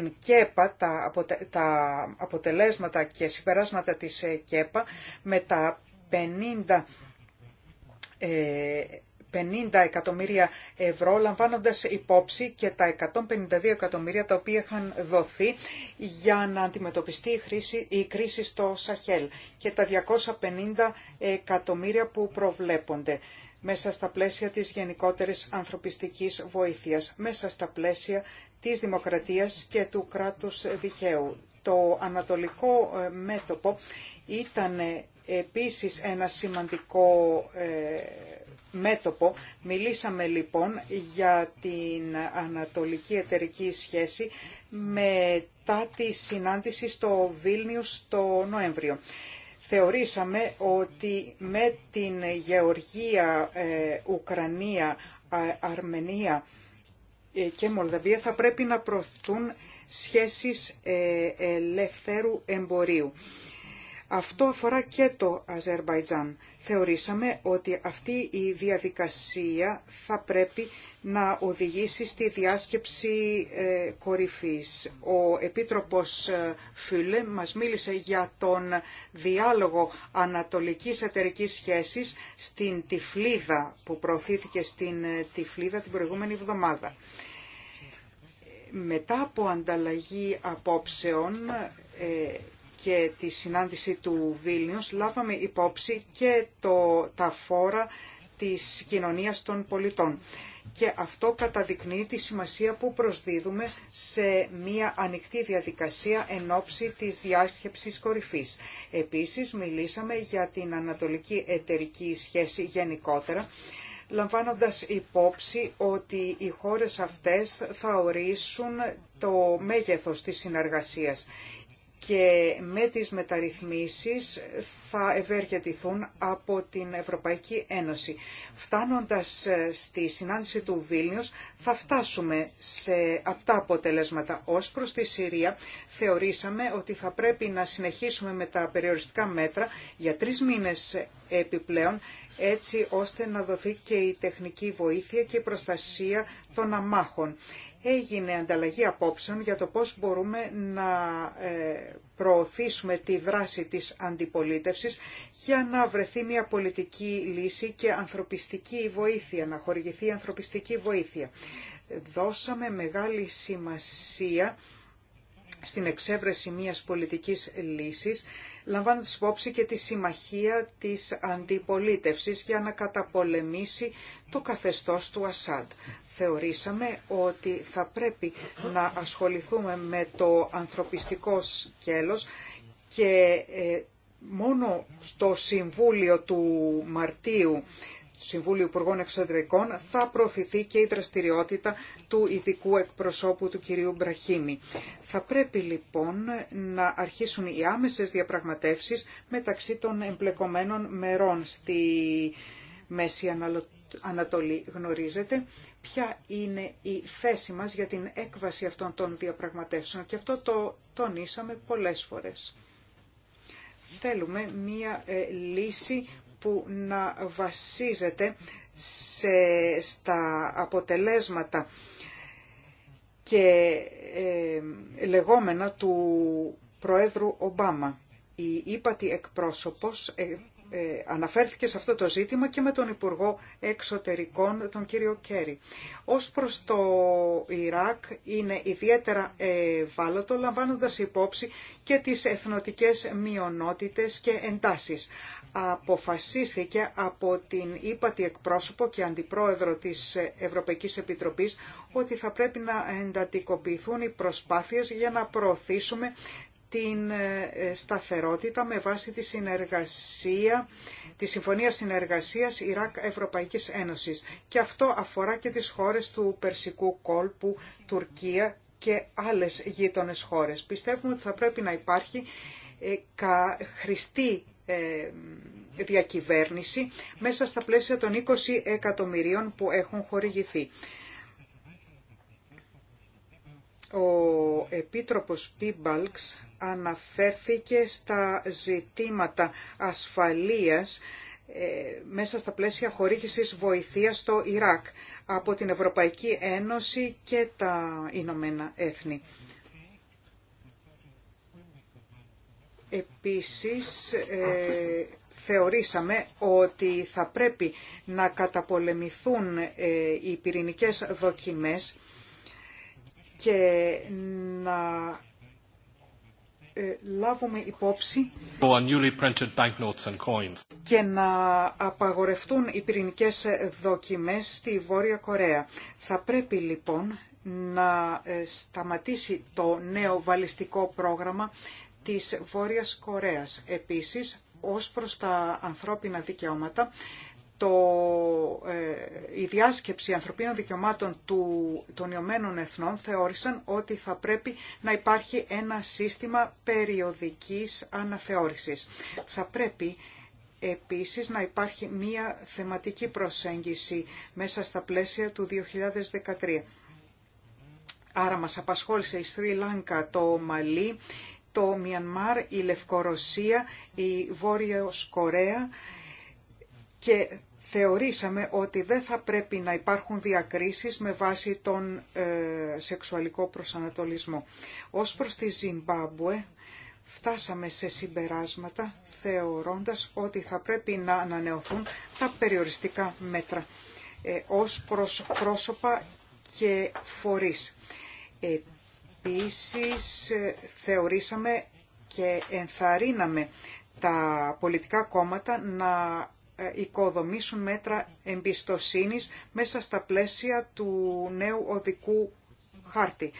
ΚΕΠΑ, τα, τα αποτελέσματα και συμπεράσματα της ε, ΚΕΠΑ με τα 50 50 ε, εκατομμύρια ευρώ, λαμβάνοντας υπόψη και τα 152 εκατομμύρια τα οποία είχαν δοθεί για να αντιμετωπιστεί η, χρήση, η κρίση στο Σαχέλ και τα 250 εκατομμύρια που προβλέπονται μέσα στα πλαίσια της γενικότερης ανθρωπιστικής βοήθειας, μέσα στα πλαίσια της δημοκρατίας και του κράτους δικαίου. Το ανατολικό ε, μέτωπο ήταν ε, επίσης ένα σημαντικό ε, μέτωπο. Μιλήσαμε λοιπόν για την ανατολική εταιρική σχέση μετά τη συνάντηση στο Βίλνιους το Νοέμβριο. Θεωρήσαμε ότι με την Γεωργία, Ουκρανία, Αρμενία ε, και Μολδαβία θα πρέπει να προωθούν σχέσεις ε, ελεύθερου εμπορίου αυτό αφορά και το Αζερβαϊτζάν. Θεωρήσαμε ότι αυτή η διαδικασία θα πρέπει να οδηγήσει στη διάσκεψη ε, κορυφής. Ο Επίτροπος ε, Φούλε μας μίλησε για τον διάλογο ανατολικής εταιρικής σχέσης στην Τυφλίδα που προωθήθηκε στην ε, Τυφλίδα την προηγούμενη εβδομάδα. Μετά από ανταλλαγή απόψεων και τη συνάντηση του Βίλνιους λάβαμε υπόψη και το, τα φόρα της κοινωνίας των πολιτών. Και αυτό καταδεικνύει τη σημασία που προσδίδουμε σε μια ανοιχτή διαδικασία εν ώψη της διάσκεψης κορυφής. Επίσης, μιλήσαμε για την ανατολική εταιρική σχέση γενικότερα, λαμβάνοντας υπόψη ότι οι χώρες αυτές θα ορίσουν το μέγεθος της συνεργασίας και με τις μεταρρυθμίσεις θα ευεργετηθούν από την Ευρωπαϊκή Ένωση. Φτάνοντας ε, στη συνάντηση του Βίλνιους θα φτάσουμε σε αυτά αποτελέσματα. Ως προς τη Συρία θεωρήσαμε ότι θα πρέπει να συνεχίσουμε με τα περιοριστικά μέτρα για τρεις μήνες επιπλέον έτσι ώστε να δοθεί και η τεχνική βοήθεια και η προστασία των αμάχων έγινε ανταλλαγή απόψεων για το πώς μπορούμε να ε, προωθήσουμε τη δράση της αντιπολίτευσης για να βρεθεί μια πολιτική λύση και ανθρωπιστική βοήθεια, να χορηγηθεί ανθρωπιστική βοήθεια. Δώσαμε μεγάλη σημασία στην εξέβρεση μιας πολιτικής λύσης, λαμβάνοντας υπόψη και τη συμμαχία της αντιπολίτευσης για να καταπολεμήσει το καθεστώς του Ασάντ θεωρήσαμε ότι θα πρέπει να ασχοληθούμε με το ανθρωπιστικό σκέλος και ε, μόνο στο Συμβούλιο του Μαρτίου Συμβούλιο Υπουργών Εξωτερικών θα προωθηθεί και η δραστηριότητα του ειδικού εκπροσώπου του κυρίου Μπραχίνη. Θα πρέπει λοιπόν να αρχίσουν οι άμεσες διαπραγματεύσεις μεταξύ των εμπλεκομένων μερών στη μέση Ανατολή γνωρίζετε ποια είναι η θέση μας για την έκβαση αυτών των διαπραγματεύσεων και αυτό το τονίσαμε πολλές φορές. Θέλουμε μία ε, λύση που να βασίζεται σε, στα αποτελέσματα και ε, λεγόμενα του Προέδρου Ομπάμα. Η ύπατη εκπρόσωπος ε, ε, αναφέρθηκε σε αυτό το ζήτημα και με τον Υπουργό Εξωτερικών, τον κύριο Κέρι. Ως προς το Ιράκ είναι ιδιαίτερα βάλωτο λαμβάνοντας υπόψη και τις εθνοτικές μειονότητες και εντάσεις. Αποφασίστηκε από την ύπατη εκπρόσωπο και αντιπρόεδρο της Ευρωπαϊκής Επιτροπής ότι θα πρέπει να εντατικοποιηθούν οι προσπάθειες για να προωθήσουμε την ε, ε, σταθερότητα με βάση τη συνεργασία, τη Συμφωνία Συνεργασίας Ιράκ-Ευρωπαϊκής Ένωσης. Και αυτό αφορά και τις χώρες του Περσικού κόλπου, Τουρκία και άλλες γείτονες χώρες. Πιστεύουμε ότι θα πρέπει να υπάρχει ε, χρηστή διακυβέρνηση μέσα στα πλαίσια των 20 εκατομμυρίων που έχουν χορηγηθεί. Ο Επίτροπος Πίμπαλξ αναφέρθηκε στα ζητήματα ασφαλείας ε, μέσα στα πλαίσια χορήγησης βοηθείας στο Ιράκ από την Ευρωπαϊκή Ένωση και τα Ηνωμένα Έθνη. Επίσης, ε, θεωρήσαμε ότι θα πρέπει να καταπολεμηθούν ε, οι πυρηνικές δοκιμές και να ε, λάβουμε υπόψη και να απαγορευτούν οι πυρηνικές δοκιμές στη Βόρεια Κορέα. Θα πρέπει λοιπόν να ε, σταματήσει το νέο βαλιστικό πρόγραμμα της Βόρειας Κορέας. Επίσης, ως προς τα ανθρώπινα δικαιώματα, το, ε, η διάσκεψη ανθρωπίνων δικαιωμάτων του, των Ηνωμένων Εθνών θεώρησαν ότι θα πρέπει να υπάρχει ένα σύστημα περιοδικής αναθεώρησης. Θα πρέπει επίσης να υπάρχει μία θεματική προσέγγιση μέσα στα πλαίσια του 2013. Άρα μας απασχόλησε η Σρι Λάνκα, το Μαλί, το Μιανμάρ, η Λευκορωσία, η Βόρειος Κορέα και θεωρήσαμε ότι δεν θα πρέπει να υπάρχουν διακρίσεις με βάση τον ε, σεξουαλικό προσανατολισμό. Ως προς τη Ζιμπάμπουε φτάσαμε σε συμπεράσματα θεωρώντας ότι θα πρέπει να ανανεωθούν τα περιοριστικά μέτρα ε, ως πρόσωπα και φορείς. Επίσης ε, θεωρήσαμε και ενθαρρύναμε τα πολιτικά κόμματα να οικοδομήσουν μέτρα εμπιστοσύνης μέσα στα πλαίσια του νέου οδικού χάρτη.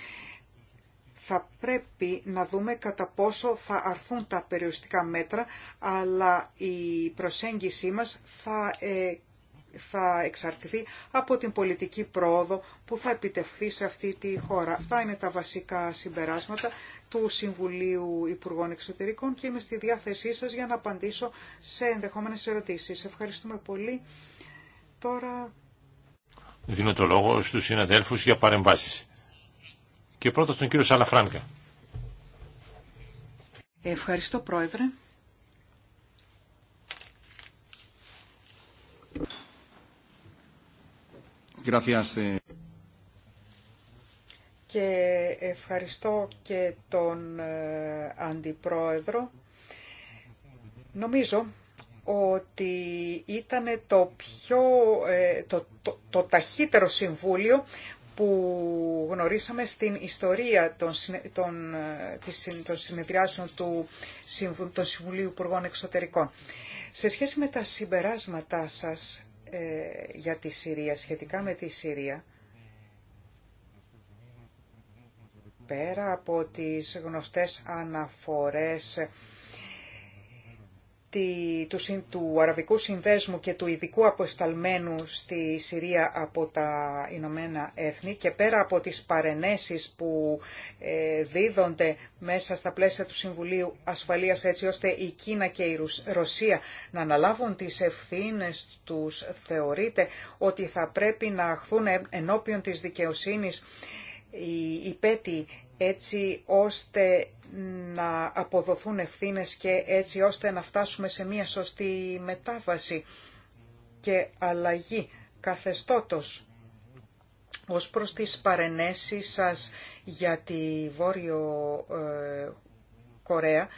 Θα πρέπει να δούμε κατά πόσο θα αρθούν τα περιοριστικά μέτρα, αλλά η προσέγγιση μας θα ε, θα εξαρτηθεί από την πολιτική πρόοδο που θα επιτευχθεί σε αυτή τη χώρα. Αυτά είναι τα βασικά συμπεράσματα του Συμβουλίου Υπουργών Εξωτερικών και είμαι στη διάθεσή σας για να απαντήσω σε ενδεχόμενες ερωτήσεις. Ευχαριστούμε πολύ. Τώρα... Δίνω το λόγο στους συναδέλφους για παρεμβάσεις. Και πρώτα στον κύριο Σαλαφράνκα. Ευχαριστώ Πρόεδρε. Eh. Και ευχαριστώ και τον ε, Αντιπρόεδρο. Νομίζω ότι ήταν το, πιο, ε, το, το, ταχύτερο συμβούλιο που γνωρίσαμε στην ιστορία των, των, ε, των συνεδριάσεων του των Συμβουλίου Υπουργών Εξωτερικών. Σε σχέση με τα συμπεράσματά σας, ε, για τη Συρία, σχετικά με τη Συρία, πέρα από τις γνωστές αναφορές του Αραβικού Συνδέσμου και του ειδικού αποσταλμένου στη Συρία από τα Ηνωμένα Έθνη και πέρα από τις παρενέσεις που ε, δίδονται μέσα στα πλαίσια του Συμβουλίου Ασφαλείας έτσι ώστε η Κίνα και η Ρωσία να αναλάβουν τις ευθύνες τους θεωρείται ότι θα πρέπει να αχθούν ενώπιον της δικαιοσύνης οι πέτοι έτσι ώστε να αποδοθούν ευθύνες και έτσι ώστε να φτάσουμε σε μια σωστή μετάβαση και αλλαγή καθεστώτος. Ως προς τις παρενέσεις σας για τη Βόρειο ε, Κορέα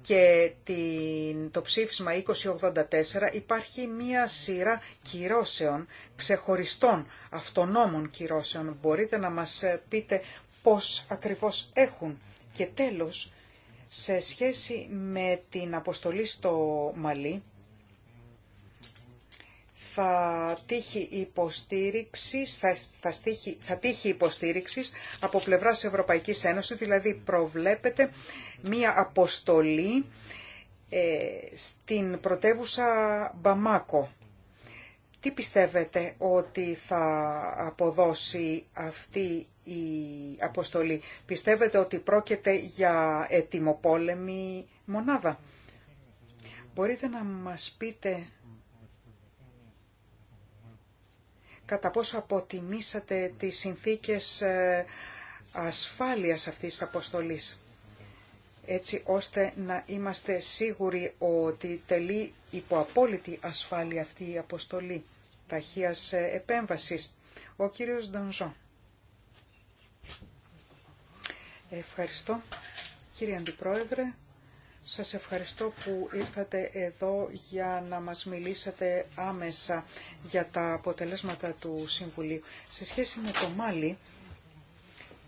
και την, το ψήφισμα 2084 υπάρχει μία σειρά κυρώσεων, ξεχωριστών, αυτονόμων κυρώσεων. Μπορείτε να μας ε, πείτε πώς ακριβώς έχουν. Και τέλος, σε σχέση με την αποστολή στο Μαλί, θα τύχει υποστήριξη θα, θα, θα τύχει υποστήριξης από πλευράς Ευρωπαϊκής Ένωσης, δηλαδή προβλέπεται μία αποστολή ε, στην πρωτεύουσα Μπαμάκο. Τι πιστεύετε ότι θα αποδώσει αυτή η αποστολή. Πιστεύετε ότι πρόκειται για ετοιμοπόλεμη μονάδα. Μπορείτε να μας πείτε κατά πόσο αποτιμήσατε τις συνθήκες ε, ασφάλειας αυτής της αποστολής έτσι ώστε να είμαστε σίγουροι ότι τελεί υπό απόλυτη ασφάλεια αυτή η αποστολή ταχείας ε, επέμβασης. Ο κύριος Ντονζόν. Ευχαριστώ. Κύριε Αντιπρόεδρε, σας ευχαριστώ που ήρθατε εδώ για να μας μιλήσετε άμεσα για τα αποτελέσματα του Συμβουλίου. Σε σχέση με το Μάλι,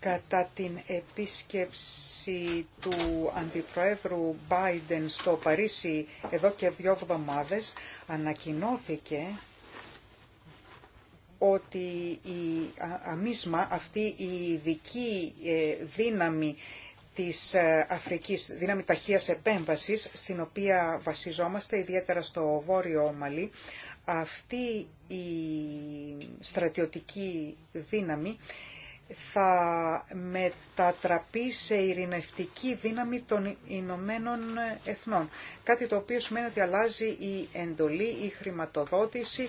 κατά την επίσκεψη του Αντιπροέδρου Μπάιντεν στο Παρίσι εδώ και δύο εβδομάδες, ανακοινώθηκε ότι η αμίσμα, αυτή η ειδική ε, δύναμη της ε, Αφρικής, δύναμη ταχείας επέμβασης, στην οποία βασιζόμαστε ιδιαίτερα στο Βόρειο Μαλί, αυτή η στρατιωτική δύναμη θα μετατραπεί σε ειρηνευτική δύναμη των Ηνωμένων Εθνών. Κάτι το οποίο σημαίνει ότι αλλάζει η εντολή, η χρηματοδότηση,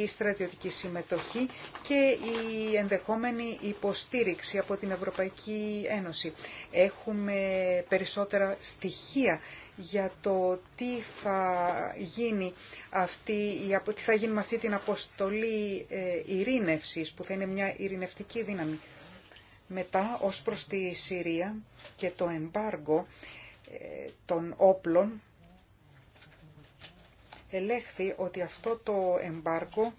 η στρατιωτική συμμετοχή και η ενδεχόμενη υποστήριξη από την Ευρωπαϊκή Ένωση. Έχουμε περισσότερα στοιχεία για το τι θα γίνει, αυτή, τι θα γίνει με αυτή την αποστολή ε, ειρήνευσης που θα είναι μια ειρηνευτική δύναμη. Μετά ως προς τη Συρία και το εμπάργο ε, των όπλων ελέγχθη ότι αυτό το εμπάργο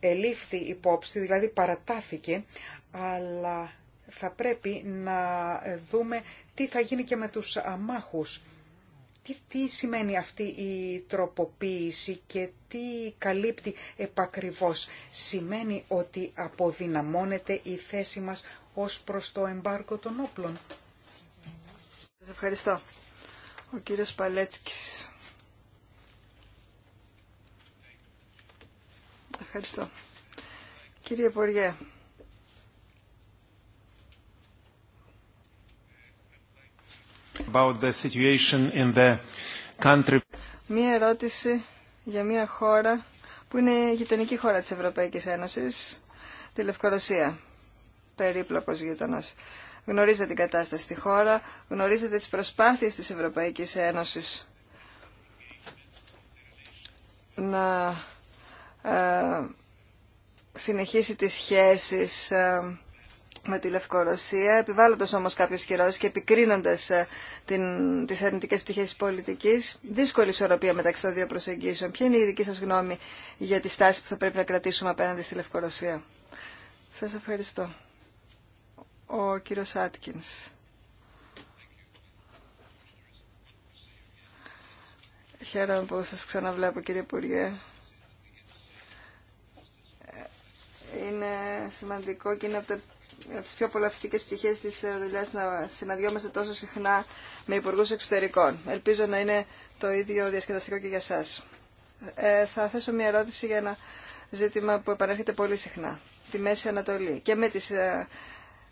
ελήφθη υπόψη, δηλαδή παρατάθηκε, αλλά θα πρέπει να ε, δούμε τι θα γίνει και με τους αμάχους. Τι, τι σημαίνει αυτή η τροποποίηση και τι καλύπτει επακριβώς. Σημαίνει ότι αποδυναμώνεται η θέση μας ως προς το εμπάρκο των όπλων. Σας ευχαριστώ. Ο κύριος Παλέτσκης. Ευχαριστώ. Κύριε Ποριέ, Μία ερώτηση για μία χώρα που είναι η γειτονική χώρα της Ευρωπαϊκής Ένωσης, τη Λευκορωσία, περίπλοκος γείτονας. Γνωρίζετε την κατάσταση στη χώρα, γνωρίζετε τις προσπάθειες της Ευρωπαϊκής Ένωσης να ε, συνεχίσει τις σχέσεις ε, με τη Λευκορωσία, επιβάλλοντας όμως κάποιες κυρώσεις και επικρίνοντας ε, την, τις αρνητικές πτυχές της πολιτικής. Δύσκολη ισορροπία μεταξύ των δύο προσεγγίσεων. Ποια είναι η δική σας γνώμη για τη στάση που θα πρέπει να κρατήσουμε απέναντι στη Λευκορωσία. Σας ευχαριστώ. Ο κύριος Άτκινς. Χαίρομαι που σας ξαναβλέπω κύριε Υπουργέ. Ε, είναι σημαντικό και είναι από τα από τις πιο απολαυστικές πτυχέ τη ε, δουλειά να συναντιόμαστε τόσο συχνά με υπουργού εξωτερικών. Ελπίζω να είναι το ίδιο διασκεδαστικό και για εσά. Ε, θα θέσω μια ερώτηση για ένα ζήτημα που επανέρχεται πολύ συχνά. Τη Μέση Ανατολή. Και με τι ε,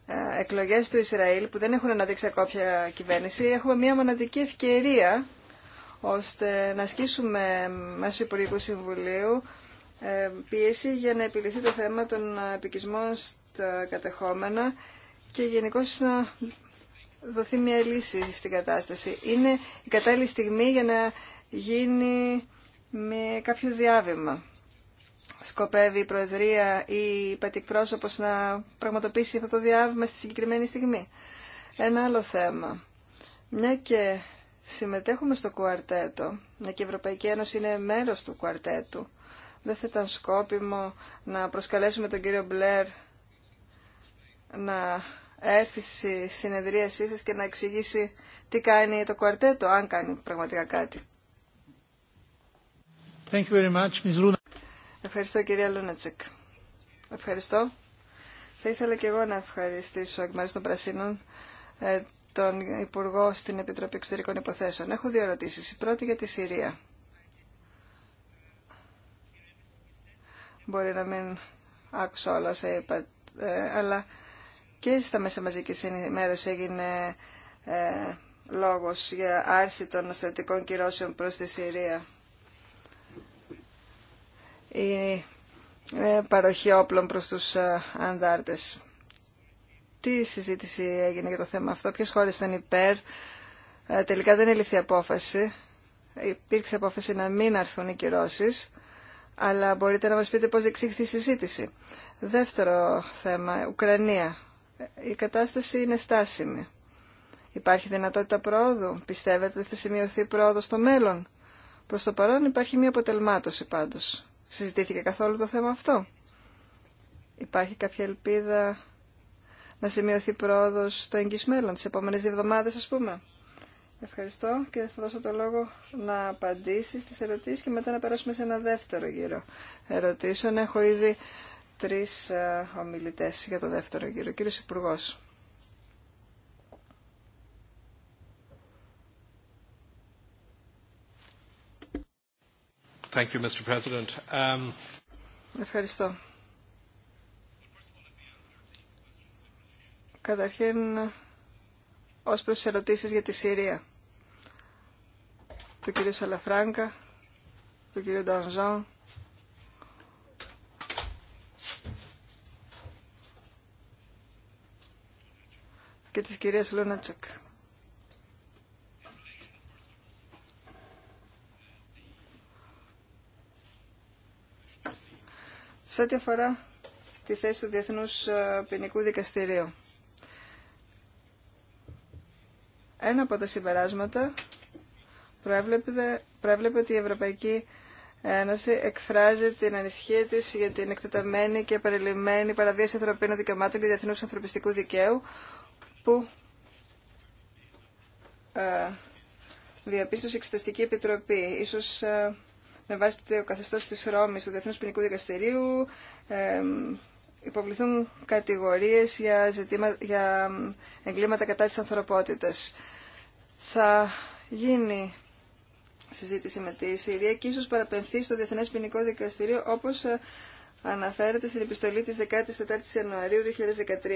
ε, εκλογές του Ισραήλ που δεν έχουν αναδείξει ακόμα κυβέρνηση, έχουμε μια μοναδική ευκαιρία ώστε να ασκήσουμε μέσω Υπουργικού Συμβουλίου ε, πίεση για να επιληθεί το θέμα των επικισμών τα ε, κατεχόμενα και γενικώ να δοθεί μια λύση στην κατάσταση. Είναι η κατάλληλη στιγμή για να γίνει με κάποιο διάβημα. Σκοπεύει η Προεδρία ή η η πρόσωπος να πραγματοποιήσει αυτό το διάβημα στη συγκεκριμένη στιγμή. Ένα άλλο θέμα. Μια και συμμετέχουμε στο κουαρτέτο, μια και η Ευρωπαϊκή Ένωση είναι μέρος του κουαρτέτου, δεν θα ήταν σκόπιμο να προσκαλέσουμε τον κύριο Μπλερ να έρθει στη συνεδρίασή σας και να εξηγήσει τι κάνει το κουαρτέτο, αν κάνει πραγματικά κάτι. Ευχαριστώ κυρία Λούνατσεκ. Ευχαριστώ. Θα ήθελα και εγώ να ευχαριστήσω εκ μέρους των Πρασίνων ε, τον Υπουργό στην Επιτροπή Εξωτερικών Υποθέσεων. Έχω δύο ερωτήσεις. Η πρώτη για τη Συρία. Μπορεί να μην άκουσα όλα όσα είπα, ε, αλλά και στα μέσα μαζικής ενημέρωσης έγινε ε, λόγος για άρση των αστρατικών κυρώσεων προς τη Συρία. Η ε, παροχή όπλων προς τους ε, ανδάρτες. Τι συζήτηση έγινε για το θέμα αυτό, ποιες χώρες ήταν υπέρ. Ε, τελικά δεν έληφθη απόφαση. Υπήρξε απόφαση να μην αρθούν οι κυρώσεις, αλλά μπορείτε να μας πείτε πώς διεξήχθη η συζήτηση. Δεύτερο θέμα, Ουκρανία η κατάσταση είναι στάσιμη. Υπάρχει δυνατότητα πρόοδου. Πιστεύετε ότι θα σημειωθεί πρόοδο στο μέλλον. Προ το παρόν υπάρχει μία αποτελμάτωση πάντω. Συζητήθηκε καθόλου το θέμα αυτό. Υπάρχει κάποια ελπίδα να σημειωθεί πρόοδο στο εγγύ μέλλον, τις επόμενε δύο εβδομάδες ας πούμε. Ευχαριστώ και θα δώσω το λόγο να απαντήσει στις ερωτήσει και μετά να περάσουμε σε ένα δεύτερο γύρο ερωτήσεων. Έχω ήδη τρεις ε, ομιλητές για το δεύτερο γύρο. Κύριος Υπουργός. Um, Ευχαριστώ. Καταρχήν, ως προς ερωτήσεις για τη Συρία. Του κύριο Σαλαφράγκα, του κύριο Ντανζόν, και της κυρίας Λούνατσεκ. Σε ό,τι αφορά τη θέση του Διεθνούς ε, Ποινικού Δικαστηρίου. Ένα από τα συμπεράσματα προέβλεπε, προέβλεπε ότι η Ευρωπαϊκή Ένωση εκφράζει την ανησυχία της για την εκτεταμένη και παρελειμμένη παραβίαση ανθρωπίνων δικαιωμάτων και Διεθνούς ανθρωπιστικού δικαίου, που ε, διαπίστωσε η Εξεταστική Επιτροπή. Ίσως ε, με βάση το καθεστώς της Ρώμης του Διεθνούς Ποινικού Δικαστηρίου ε, υποβληθούν κατηγορίες για, για εγκλήματα κατά της ανθρωπότητας. Θα γίνει συζήτηση με τη Συρία και ίσως παραπενθεί στο Διεθνές Ποινικό Δικαστηρίο όπως αναφέρεται στην επιστολή της 14ης Ιανουαρίου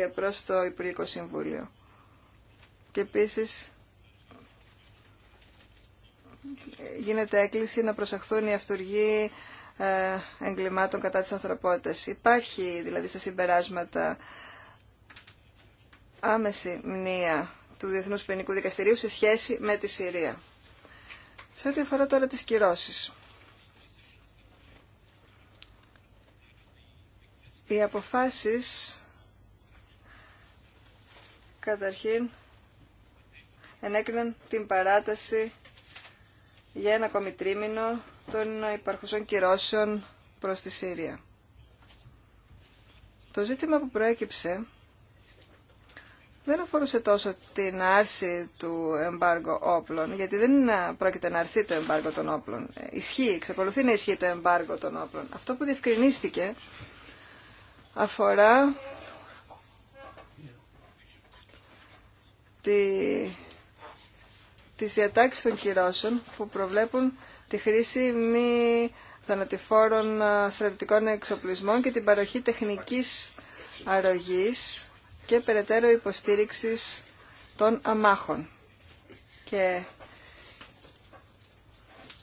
2013 προς το Υπουργικό Συμβούλιο. Και επίσης γίνεται έκκληση να προσαχθούν οι αυτοργοί ε, εγκλημάτων κατά της ανθρωπότητας. Υπάρχει δηλαδή στα συμπεράσματα άμεση μνήα του Διεθνούς Ποινικού Δικαστηρίου σε σχέση με τη Συρία. Σε ό,τι αφορά τώρα τις κυρώσεις. Οι αποφάσεις καταρχήν ενέκριναν την παράταση για ένα ακόμη τρίμηνο των υπαρχουσών κυρώσεων προς τη Σύρια. Το ζήτημα που προέκυψε δεν αφορούσε τόσο την άρση του εμπάργου όπλων, γιατί δεν πρόκειται να αρθεί το εμπάργο των όπλων. Ισχύει, εξακολουθεί να ισχύει το εμπάργο των όπλων. Αυτό που διευκρινίστηκε αφορά τη, τις διατάξεις των κυρώσεων που προβλέπουν τη χρήση μη θανατηφόρων στρατητικών εξοπλισμών και την παροχή τεχνικής αρρωγής και περαιτέρω υποστήριξης των αμάχων. Και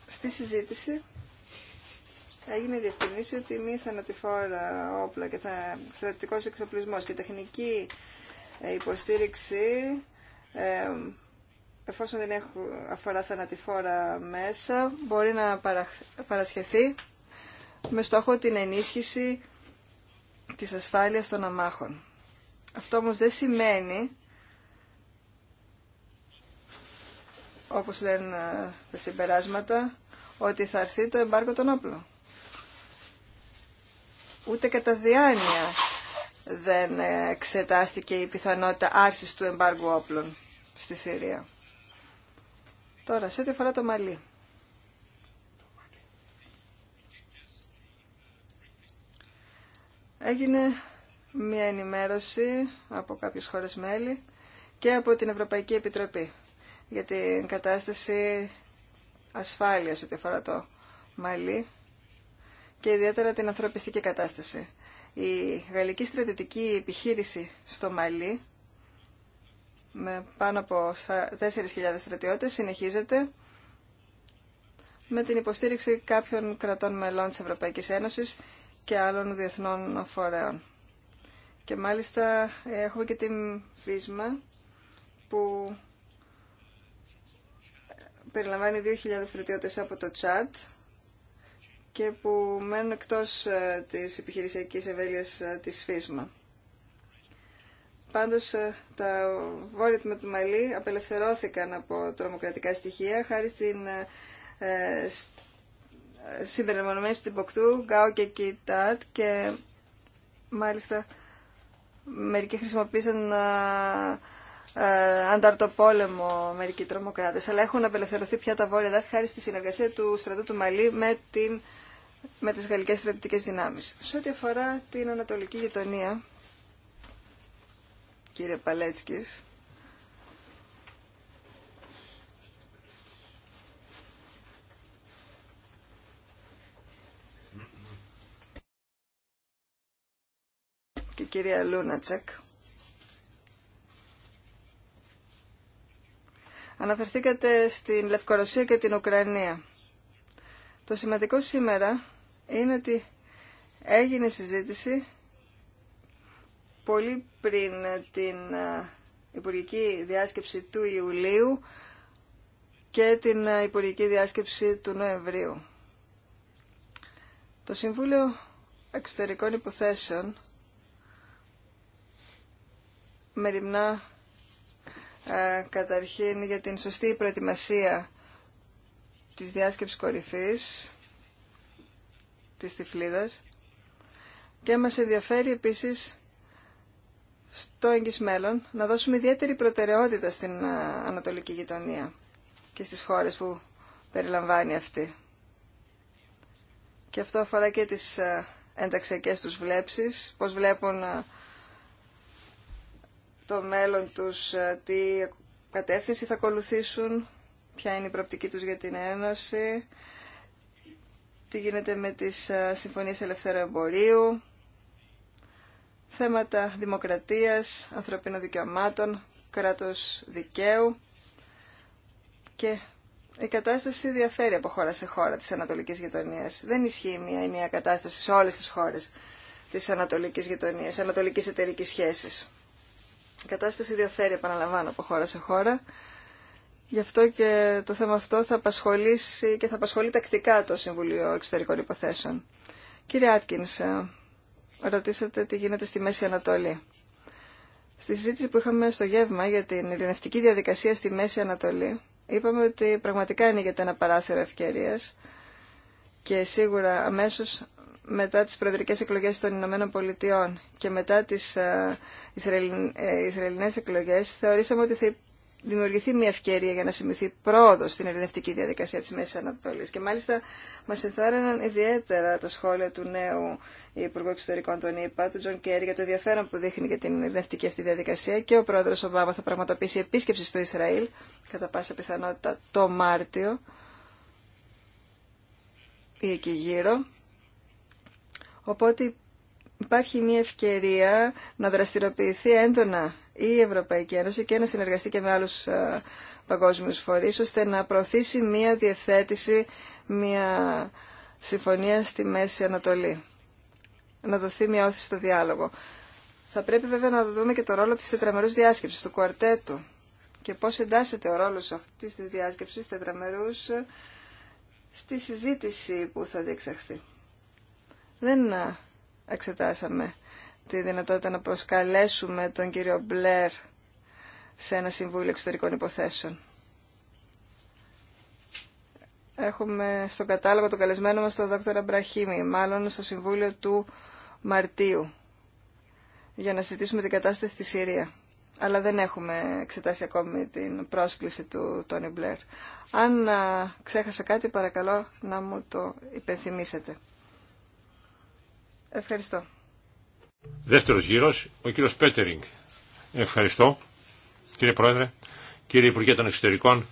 στη συζήτηση έγινε διευκρινήση ότι μη θανατηφόρα όπλα και θα, στρατιωτικός εξοπλισμός και τεχνική ε, υποστήριξη ε, εφόσον δεν έχουν, αφορά θανατηφόρα μέσα μπορεί να παρα, παρασχεθεί με στόχο την ενίσχυση της ασφάλειας των αμάχων. Αυτό όμως δεν σημαίνει όπως λένε τα συμπεράσματα, ότι θα έρθει το εμπάρκο των όπλων ούτε κατά διάνοια δεν εξετάστηκε η πιθανότητα άρσης του εμπάργου όπλων στη Συρία. Τώρα, σε ό,τι αφορά το Μαλί. Έγινε μία ενημέρωση από κάποιες χώρες μέλη και από την Ευρωπαϊκή Επιτροπή για την κατάσταση ασφάλειας ό,τι αφορά το Μαλί και ιδιαίτερα την ανθρωπιστική κατάσταση. Η γαλλική στρατιωτική επιχείρηση στο Μαλί με πάνω από 4.000 στρατιώτες συνεχίζεται με την υποστήριξη κάποιων κρατών μελών της Ευρωπαϊκής Ένωσης και άλλων διεθνών φορέων. Και μάλιστα ε, έχουμε και την ΦΙΣΜΑ που περιλαμβάνει 2.000 στρατιώτες από το Τσάτ και που μένουν εκτός ε, της επιχειρησιακής ευέλειας ε, της ΦΥΣΜΑ. Πάντως ε, τα βόρεια του Μαλή απελευθερώθηκαν από τρομοκρατικά στοιχεία χάρη στην ε, στην Ποκτού, Γκάο και Κιτάτ και μάλιστα μερικοί χρησιμοποίησαν ε, ανταρτοπόλεμο μερικοί τρομοκράτες αλλά έχουν απελευθερωθεί πια τα βόρεια χάρη στη συνεργασία του στρατού του Μαλή με την με τις γαλλικές στρατιωτικές δυνάμεις. Σε ό,τι αφορά την Ανατολική Γειτονία, κύριε Παλέτσκης, και κυρία Λούνατσεκ, αναφερθήκατε στην Λευκορωσία και την Ουκρανία. Το σημαντικό σήμερα είναι ότι έγινε συζήτηση πολύ πριν την Υπουργική Διάσκεψη του Ιουλίου και την Υπουργική Διάσκεψη του Νοεμβρίου. Το Συμβούλιο Εξωτερικών Υποθέσεων μεριμνά καταρχήν για την σωστή προετοιμασία της διάσκεψης κορυφής της Τυφλίδας και μας ενδιαφέρει επίσης στο εγγύς μέλλον να δώσουμε ιδιαίτερη προτεραιότητα στην ε, Ανατολική Γειτονία και στις χώρες που περιλαμβάνει αυτή. Και αυτό αφορά και τις ε, ενταξιακές τους βλέψεις, πώς βλέπουν ε, το μέλλον τους, τι κατεύθυνση θα ακολουθήσουν ποια είναι η προοπτική τους για την Ένωση, τι γίνεται με τις ε, συμφωνίες ελευθέρου εμπορίου, θέματα δημοκρατίας, ανθρωπίνων δικαιωμάτων, κράτος δικαίου και η κατάσταση διαφέρει από χώρα σε χώρα της Ανατολικής Γειτονίας. Δεν ισχύει μια ενιαία κατάσταση σε όλες τις χώρες της Ανατολικής Γειτονίας, Ανατολικής Εταιρικής Σχέσης. Η κατάσταση διαφέρει, επαναλαμβάνω, από χώρα σε χώρα Γι' αυτό και το θέμα αυτό θα απασχολήσει και θα απασχολεί τακτικά το Συμβουλίο Εξωτερικών Υποθέσεων. Κύριε Άτκινς, ε, ρωτήσατε τι γίνεται στη Μέση Ανατολή. Στη συζήτηση που είχαμε στο γεύμα για την ειρηνευτική διαδικασία στη Μέση Ανατολή, είπαμε ότι πραγματικά ανοίγεται ένα παράθυρο ευκαιρία και σίγουρα αμέσω μετά τι προεδρικέ εκλογέ των Ηνωμένων Πολιτειών και μετά τι ε, ε, Ισραηλινές εκλογέ, θεωρήσαμε ότι θα δημιουργηθεί μια ευκαιρία για να σημειωθεί πρόοδο στην ειρηνευτική διαδικασία τη Μέσης Ανατολή. Και μάλιστα μα ενθάρρυναν ιδιαίτερα τα σχόλια του νέου Υπουργού Εξωτερικών τον ΙΠΑ, του Τζον Κέρι, για το ενδιαφέρον που δείχνει για την ειρηνευτική αυτή διαδικασία και ο πρόεδρος Ομπάμα θα πραγματοποιήσει επίσκεψη στο Ισραήλ, κατά πάσα πιθανότητα το Μάρτιο ή εκεί γύρω. Οπότε υπάρχει μια ευκαιρία να δραστηριοποιηθεί έντονα η Ευρωπαϊκή Ένωση και να συνεργαστεί και με άλλους ε, παγκόσμιους φορείς ώστε να προωθήσει μία διευθέτηση, μία συμφωνία στη Μέση Ανατολή. Να δοθεί μία όθηση στο διάλογο. Θα πρέπει βέβαια να δούμε και το ρόλο της τετραμερούς διάσκεψης, του κουαρτέτου και πώς εντάσσεται ο ρόλος αυτής της διάσκεψης τετραμερούς ε, στη συζήτηση που θα διεξαχθεί. Δεν ε, εξετάσαμε τη δυνατότητα να προσκαλέσουμε τον κύριο Μπλερ σε ένα Συμβούλιο Εξωτερικών Υποθέσεων. Έχουμε στο κατάλογο τον καλεσμένο μας τον δόκτωρα Αμπραχήμι, μάλλον στο Συμβούλιο του Μαρτίου, για να συζητήσουμε την κατάσταση στη Συρία. Αλλά δεν έχουμε εξετάσει ακόμη την πρόσκληση του Τόνι Μπλερ. Αν ξέχασα κάτι, παρακαλώ να μου το υπενθυμίσετε. Ευχαριστώ. Δεύτερος γύρος, ο κύριος Πέτερινγκ. Ευχαριστώ, κύριε Πρόεδρε, κύριε Υπουργέ των Εξωτερικών.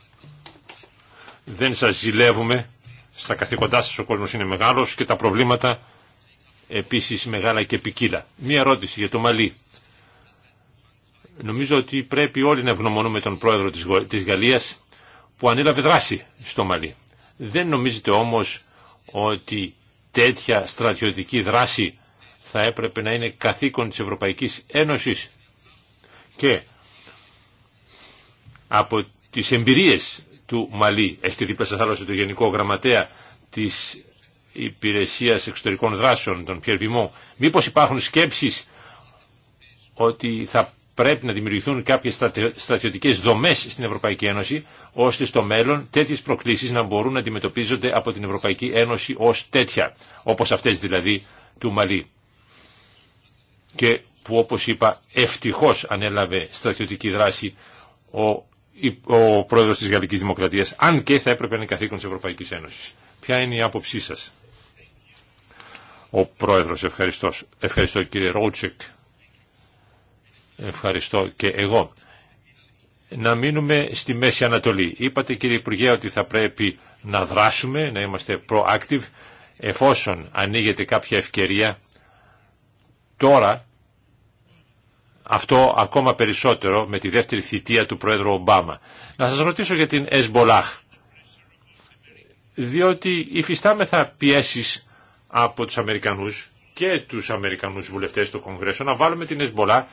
Δεν σας ζηλεύουμε. Στα καθήκοντά σας ο κόσμος είναι μεγάλος και τα προβλήματα επίσης μεγάλα και ποικίλα. Μία ερώτηση για το Μαλί. Νομίζω ότι πρέπει όλοι να ευγνωμονούμε τον πρόεδρο της Γαλλίας που ανέλαβε δράση στο Μαλί. Δεν νομίζετε όμως ότι τέτοια στρατιωτική δράση θα έπρεπε να είναι καθήκον της Ευρωπαϊκής Ένωσης και από τις εμπειρίες του Μαλή. Έχετε δει πέσα άλλωστε το Γενικό Γραμματέα της Υπηρεσίας Εξωτερικών Δράσεων, τον Πιερ Βιμό. Μήπως υπάρχουν σκέψεις ότι θα πρέπει να δημιουργηθούν κάποιες στρατιωτικές δομές στην Ευρωπαϊκή Ένωση, ώστε στο μέλλον τέτοιες προκλήσεις να μπορούν να αντιμετωπίζονται από την Ευρωπαϊκή Ένωση ως τέτοια, όπως αυτές δηλαδή του Μαλή και που όπως είπα ευτυχώς ανέλαβε στρατιωτική δράση ο, ο πρόεδρος της Γαλλικής Δημοκρατίας αν και θα έπρεπε να είναι καθήκον της Ευρωπαϊκής Ένωσης. Ποια είναι η άποψή σας. Ο πρόεδρος ευχαριστώ, ευχαριστώ κύριε Ρότσεκ. Ευχαριστώ και εγώ. Να μείνουμε στη Μέση Ανατολή. Είπατε κύριε Υπουργέ ότι θα πρέπει να δράσουμε, να είμαστε proactive εφόσον ανοίγεται κάποια ευκαιρία Τώρα αυτό ακόμα περισσότερο με τη δεύτερη θητεία του Πρόεδρου Ομπάμα. Να σας ρωτήσω για την Εσμπολάχ. Διότι υφιστάμεθα πιέσεις από τους Αμερικανούς και τους Αμερικανούς βουλευτές του Κογκρέσου να βάλουμε την Εσμπολά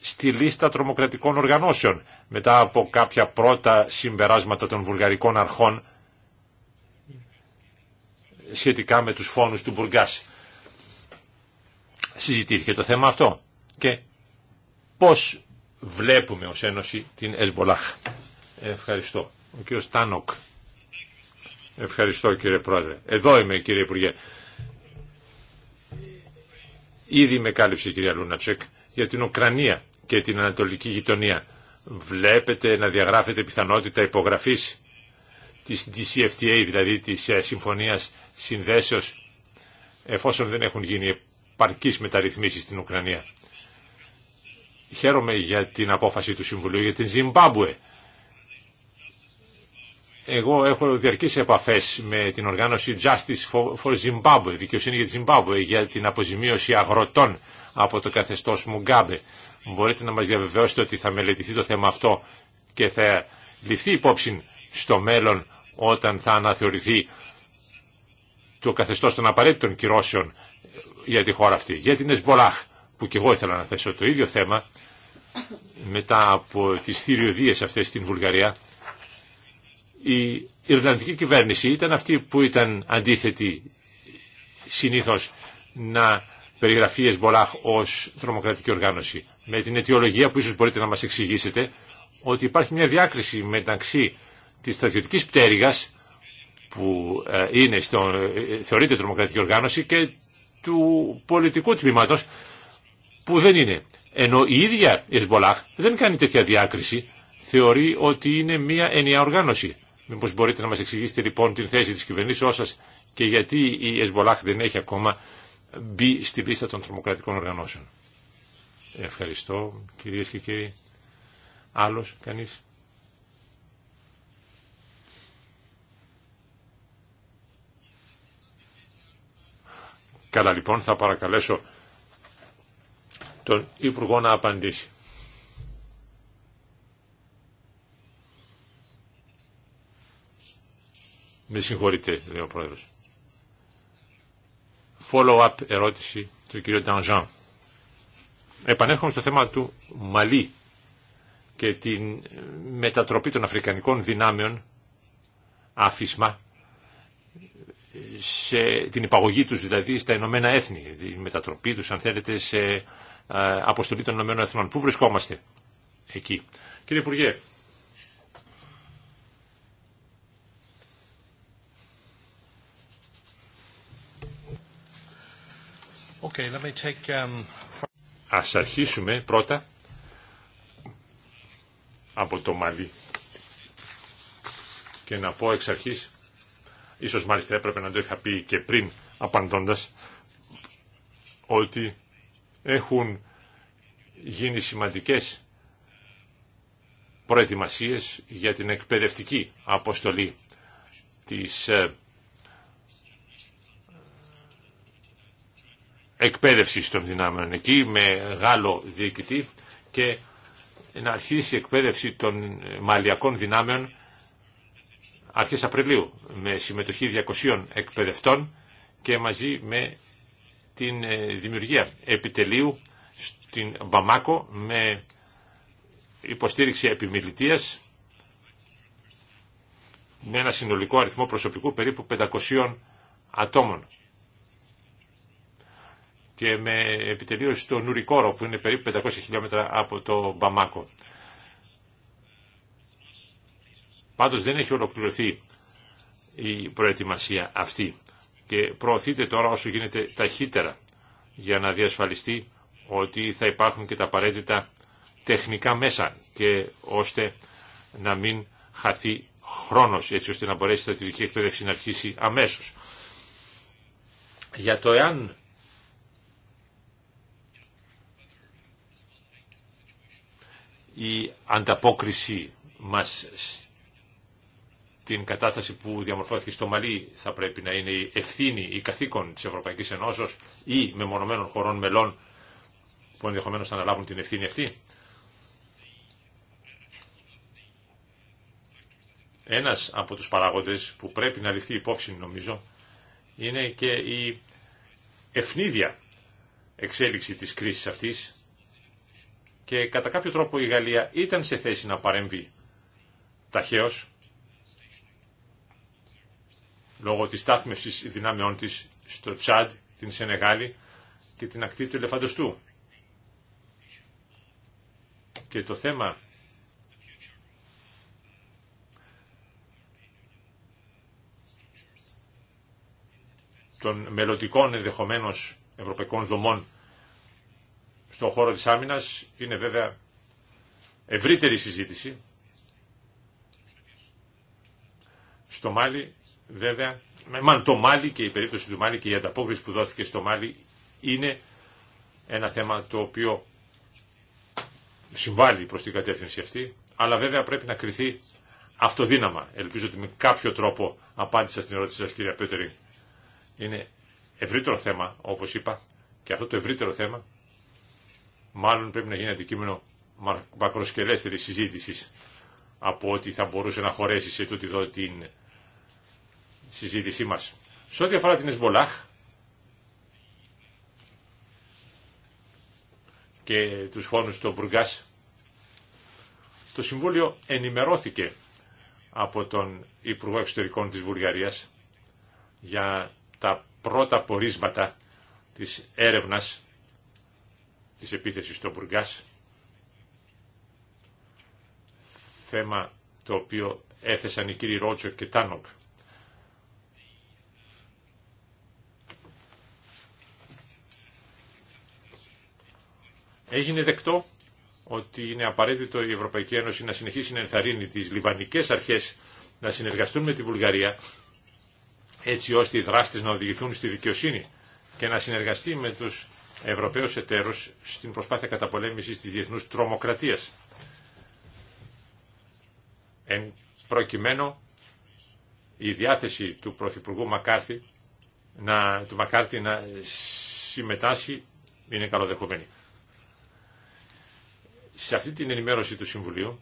στη λίστα τρομοκρατικών οργανώσεων μετά από κάποια πρώτα συμπεράσματα των βουλγαρικών αρχών σχετικά με τους φόνους του Μπουργκάς συζητήθηκε το θέμα αυτό και πώς βλέπουμε ως Ένωση την Εσμπολάχ. Ευχαριστώ. Ο κύριος Τάνοκ. Ευχαριστώ κύριε Πρόεδρε. Εδώ είμαι κύριε Υπουργέ. Ήδη με κάλυψε η κυρία Λούνατσεκ για την Ουκρανία και την Ανατολική γειτονία. Βλέπετε να διαγράφεται πιθανότητα υπογραφής της DCFTA, δηλαδή της ε, Συμφωνίας Συνδέσεως, εφόσον δεν έχουν γίνει παρκής μεταρρυθμίσεις στην Ουκρανία. Χαίρομαι για την απόφαση του Συμβουλίου για την Ζιμπάμπουε. Εγώ έχω διαρκείς επαφές με την οργάνωση Justice for Zimbabwe, δικαιοσύνη για τη Ζιμπάμπουε, για την αποζημίωση αγροτών από το καθεστώς Μουγκάμπε. Μπορείτε να μας διαβεβαιώσετε ότι θα μελετηθεί το θέμα αυτό και θα ληφθεί υπόψη στο μέλλον όταν θα αναθεωρηθεί το καθεστώς των απαραίτητων κυρώσεων για τη χώρα αυτή. Για την Εσμπολάχ, που και εγώ ήθελα να θέσω το ίδιο θέμα, μετά από τις θηριωδίες αυτές στην Βουλγαρία, η Ιρλανδική κυβέρνηση ήταν αυτή που ήταν αντίθετη συνήθως να περιγραφεί η Εσμπολάχ ως τρομοκρατική οργάνωση. Με την αιτιολογία που ίσως μπορείτε να μας εξηγήσετε, ότι υπάρχει μια διάκριση μεταξύ της στρατιωτικής πτέρυγας που ε, είναι ε, θεωρείται τρομοκρατική οργάνωση και του πολιτικού τμήματος που δεν είναι. Ενώ η ίδια η Εσμπολάχ δεν κάνει τέτοια διάκριση, θεωρεί ότι είναι μια ενιαία οργάνωση. Μήπως μπορείτε να μας εξηγήσετε λοιπόν την θέση της κυβερνήσεώς σας και γιατί η Εσμπολάχ δεν έχει ακόμα μπει στη λίστα των τρομοκρατικών οργανώσεων. Ευχαριστώ κυρίες και κύριοι. Άλλος κανείς. Καλά λοιπόν, θα παρακαλέσω τον Υπουργό να απαντήσει. Με συγχωρείτε, λέει ο Πρόεδρος. Follow-up ερώτηση του κ. Τανζάν. Επανέρχομαι στο θέμα του Μαλή και την μετατροπή των Αφρικανικών δυνάμεων, άφισμα, σε την υπαγωγή τους δηλαδή στα Ηνωμένα Έθνη, την μετατροπή τους αν θέλετε σε αποστολή των Ηνωμένων Εθνών. Πού βρισκόμαστε εκεί. Κύριε Υπουργέ. Okay, let me take, um... Ας αρχίσουμε πρώτα από το Μαλί και να πω εξ αρχής ίσως μάλιστα έπρεπε να το είχα πει και πριν απαντώντας, ότι έχουν γίνει σημαντικές προετοιμασίες για την εκπαιδευτική αποστολή της ε, εκπαίδευση των δυνάμεων εκεί με Γάλλο διοικητή και να αρχίσει η εκπαίδευση των ε, μαλιακών δυνάμεων αρχές Απριλίου με συμμετοχή 200 εκπαιδευτών και μαζί με την ε, δημιουργία επιτελείου στην Μπαμάκο με υποστήριξη επιμελητίας με ένα συνολικό αριθμό προσωπικού περίπου 500 ατόμων και με επιτελείο στο Νουρικόρο που είναι περίπου 500 χιλιόμετρα από το Μπαμάκο. Πάντως δεν έχει ολοκληρωθεί η προετοιμασία αυτή και προωθείται τώρα όσο γίνεται ταχύτερα για να διασφαλιστεί ότι θα υπάρχουν και τα απαραίτητα τεχνικά μέσα και ώστε να μην χαθεί χρόνος έτσι ώστε να μπορέσει η στρατηγική εκπαίδευση να αρχίσει αμέσως. Για το εάν η ανταπόκριση μας την κατάσταση που διαμορφώθηκε στο Μαλί θα πρέπει να είναι η ευθύνη, η καθήκον της Ευρωπαϊκής Ενώσεως ή μεμονωμένων χωρών μελών που ενδεχομένως θα αναλάβουν την ευθύνη αυτή. Ένας από τους παράγοντες που πρέπει να ληφθεί υπόψη νομίζω είναι και η ευνίδια εξέλιξη της κρίσης αυτής και κατά κάποιο τρόπο η Γαλλία ήταν σε θέση να παρέμβει ταχαίως λόγω της στάθμευσης δυνάμεών της στο Τσάντ, την Σενεγάλη και την ακτή του Ελεφαντοστού. Και το θέμα των μελλοντικών ενδεχομένω ευρωπαϊκών δομών στον χώρο της άμυνας είναι βέβαια ευρύτερη συζήτηση. Στο Μάλι βέβαια, μάλλον το Μάλι και η περίπτωση του Μάλι και η ανταπόκριση που δόθηκε στο Μάλι είναι ένα θέμα το οποίο συμβάλλει προς την κατεύθυνση αυτή, αλλά βέβαια πρέπει να κριθεί αυτοδύναμα. Ελπίζω ότι με κάποιο τρόπο απάντησα στην ερώτηση σας κυρία Πέτερη. Είναι ευρύτερο θέμα, όπως είπα, και αυτό το ευρύτερο θέμα μάλλον πρέπει να γίνει αντικείμενο μακροσκελέστερης συζήτησης από ότι θα μπορούσε να χωρέσει σε τούτη εδώ την συζήτησή μας. Σε ό,τι αφορά την Εσμπολάχ και τους φόνους του Μπουργκάς, το Συμβούλιο ενημερώθηκε από τον Υπουργό Εξωτερικών της Βουλγαρίας για τα πρώτα πορίσματα της έρευνας της επίθεσης στο Μπουργκάς. Θέμα το οποίο έθεσαν οι κύριοι Ρότσο και Τάνοκ. Έγινε δεκτό ότι είναι απαραίτητο η Ευρωπαϊκή Ένωση να συνεχίσει να ενθαρρύνει τις λιβανικές αρχές να συνεργαστούν με τη Βουλγαρία έτσι ώστε οι δράστες να οδηγηθούν στη δικαιοσύνη και να συνεργαστεί με τους Ευρωπαίους εταίρους στην προσπάθεια καταπολέμησης της διεθνούς τρομοκρατίας. Εν προκειμένου η διάθεση του Πρωθυπουργού να, του να συμμετάσχει είναι καλοδεχομένη. Σε αυτή την ενημέρωση του Συμβουλίου,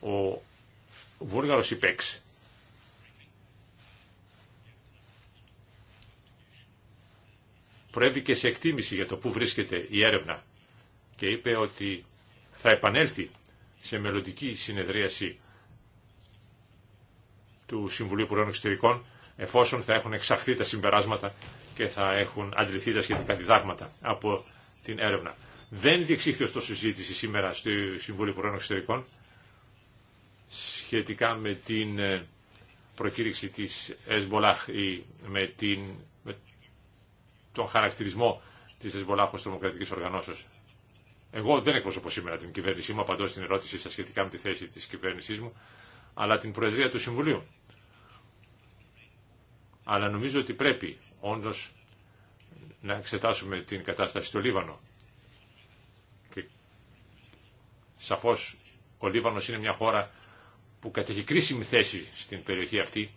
ο Βούργαρος υπέξ προέβηκε και σε εκτίμηση για το πού βρίσκεται η έρευνα και είπε ότι θα επανέλθει σε μελλοντική συνεδρίαση του Συμβουλίου Υπουργών Εξωτερικών εφόσον θα έχουν εξαχθεί τα συμπεράσματα και θα έχουν αντληθεί τα σχετικά διδάγματα από την έρευνα. Δεν διεξήχθη ωστόσο συζήτηση σήμερα στο Συμβούλιο Υπουργών Εξωτερικών σχετικά με την ε, προκήρυξη της Εσμπολάχ ή με, την, τον χαρακτηρισμό της Εσμπολάχ ως τρομοκρατικής οργανώσεως. Εγώ δεν εκπροσωπώ σήμερα την κυβέρνησή μου, απαντώ στην ερώτησή σας σχετικά με τη θέση της κυβέρνησής μου, αλλά την Προεδρία του Συμβουλίου. Αλλά νομίζω ότι πρέπει όντως να εξετάσουμε την κατάσταση στο Λίβανο. Σαφώς ο Λίβανο είναι μια χώρα που κατέχει κρίσιμη θέση στην περιοχή αυτή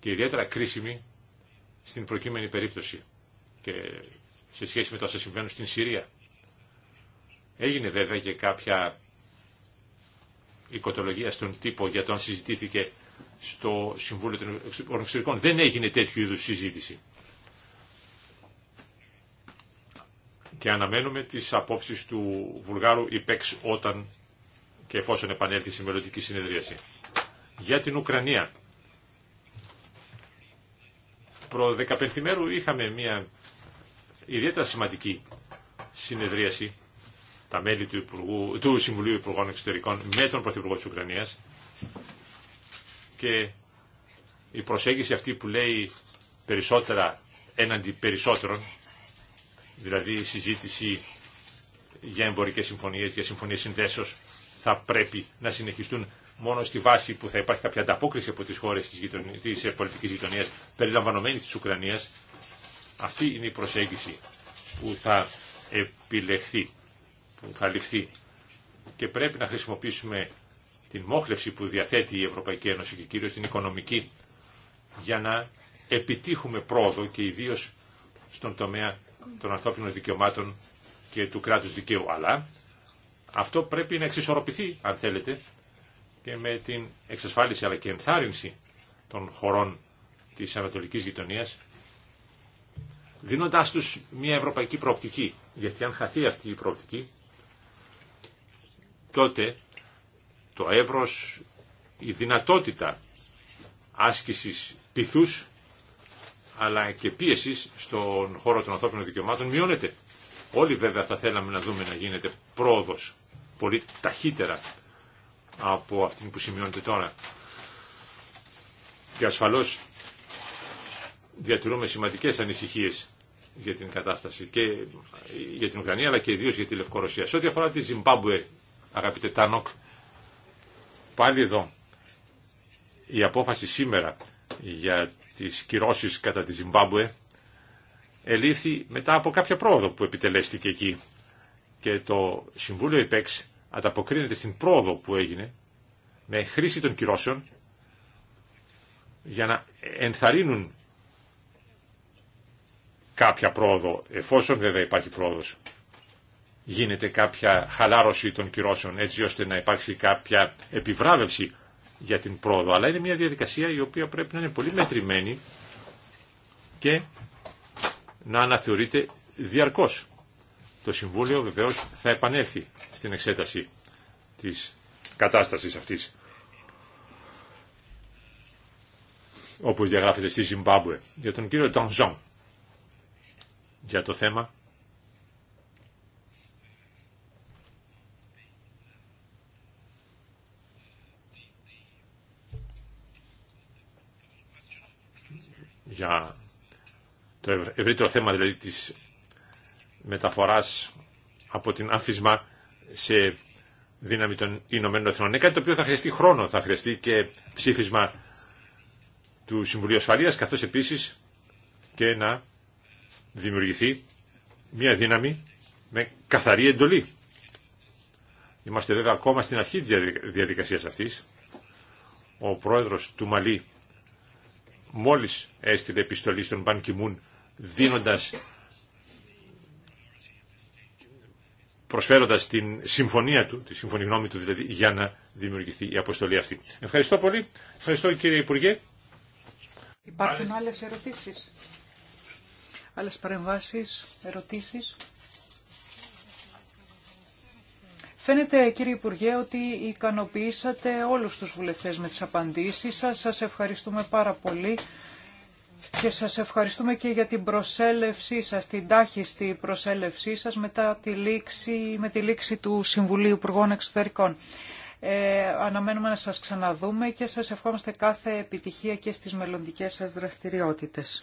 και ιδιαίτερα κρίσιμη στην προκείμενη περίπτωση και σε σχέση με το όσα συμβαίνουν στην Συρία. Έγινε βέβαια και κάποια οικοτολογία στον τύπο για το αν συζητήθηκε στο Συμβούλιο των Εξωτερικών. Δεν έγινε τέτοιου είδους συζήτηση. και αναμένουμε τις απόψεις του Βουλγάρου υπέξ όταν και εφόσον επανέλθει η μελλοντική συνεδρίαση. Για την Ουκρανία. Προ 15 μέρου είχαμε μια ιδιαίτερα σημαντική συνεδρίαση τα μέλη του, του Συμβουλίου Υπουργών Εξωτερικών με τον Πρωθυπουργό της Ουκρανίας και η προσέγγιση αυτή που λέει περισσότερα έναντι περισσότερων δηλαδή η συζήτηση για εμπορικές συμφωνίες, για συμφωνίες συνδέσεως θα πρέπει να συνεχιστούν μόνο στη βάση που θα υπάρχει κάποια ανταπόκριση από τις χώρες της, πολιτική της πολιτικής γειτονίας περιλαμβανομένης της Ουκρανίας. Αυτή είναι η προσέγγιση που θα επιλεχθεί, που θα ληφθεί και πρέπει να χρησιμοποιήσουμε την μόχλευση που διαθέτει η Ευρωπαϊκή Ένωση και κυρίως την οικονομική για να επιτύχουμε πρόοδο και ιδίως στον τομέα των ανθρώπινων δικαιωμάτων και του κράτους δικαίου. Αλλά αυτό πρέπει να εξισορροπηθεί, αν θέλετε, και με την εξασφάλιση αλλά και ενθάρρυνση των χωρών της Ανατολικής Γειτονίας, δίνοντάς τους μια ευρωπαϊκή προοπτική. Γιατί αν χαθεί αυτή η προοπτική, τότε το εύρος, η δυνατότητα άσκησης πυθούς αλλά και πίεση στον χώρο των ανθρώπινων δικαιωμάτων μειώνεται. Όλοι βέβαια θα θέλαμε να δούμε να γίνεται πρόοδο πολύ ταχύτερα από αυτήν που σημειώνεται τώρα. Και ασφαλώς διατηρούμε σημαντικές ανησυχίες για την κατάσταση και για την Ουκρανία αλλά και ιδίω για τη Λευκορωσία. Σε ό,τι αφορά τη Ζιμπάμπουε, αγαπητέ Τάνοκ, πάλι εδώ η απόφαση σήμερα για τις κυρώσεις κατά τη Ζιμπάμπουε ελήφθη μετά από κάποια πρόοδο που επιτελέστηκε εκεί και το Συμβούλιο ΕΠΕΞ ανταποκρίνεται στην πρόοδο που έγινε με χρήση των κυρώσεων για να ενθαρρύνουν κάποια πρόοδο, εφόσον βέβαια υπάρχει πρόοδος. Γίνεται κάποια χαλάρωση των κυρώσεων έτσι ώστε να υπάρξει κάποια επιβράβευση για την πρόοδο, αλλά είναι μια διαδικασία η οποία πρέπει να είναι πολύ μετρημένη και να αναθεωρείται διαρκώς. Το Συμβούλιο βεβαίως θα επανέλθει στην εξέταση της κατάστασης αυτής, όπως διαγράφεται στη Ζιμπάμπουε, για τον κύριο Τανζόν, για το θέμα για το ευρύτερο θέμα δηλαδή της μεταφοράς από την άφισμα σε δύναμη των Ηνωμένων Εθνών. Είναι κάτι το οποίο θα χρειαστεί χρόνο, θα χρειαστεί και ψήφισμα του Συμβουλίου Ασφαλείας, καθώς επίσης και να δημιουργηθεί μια δύναμη με καθαρή εντολή. Είμαστε βέβαια ακόμα στην αρχή της διαδικασίας αυτής. Ο πρόεδρος του Μαλή μόλις έστειλε επιστολή στον Πανκιμούν Κιμούν δίνοντας προσφέροντας την συμφωνία του, τη συμφωνή γνώμη του δηλαδή, για να δημιουργηθεί η αποστολή αυτή. Ευχαριστώ πολύ. Ευχαριστώ κύριε Υπουργέ. Υπάρχουν άλλες, ερωτήσεις. Άλλες παρεμβάσεις, ερωτήσεις. Φαίνεται κύριε Υπουργέ ότι ικανοποιήσατε όλους τους βουλευτές με τις απαντήσεις σας. Σας ευχαριστούμε πάρα πολύ και σας ευχαριστούμε και για την προσέλευσή σας, την τάχιστη προσέλευσή σας μετά τη λήξη, με τη λήξη του Συμβουλίου Υπουργών Εξωτερικών. Ε, αναμένουμε να σας ξαναδούμε και σας ευχόμαστε κάθε επιτυχία και στις μελλοντικές σας δραστηριότητες.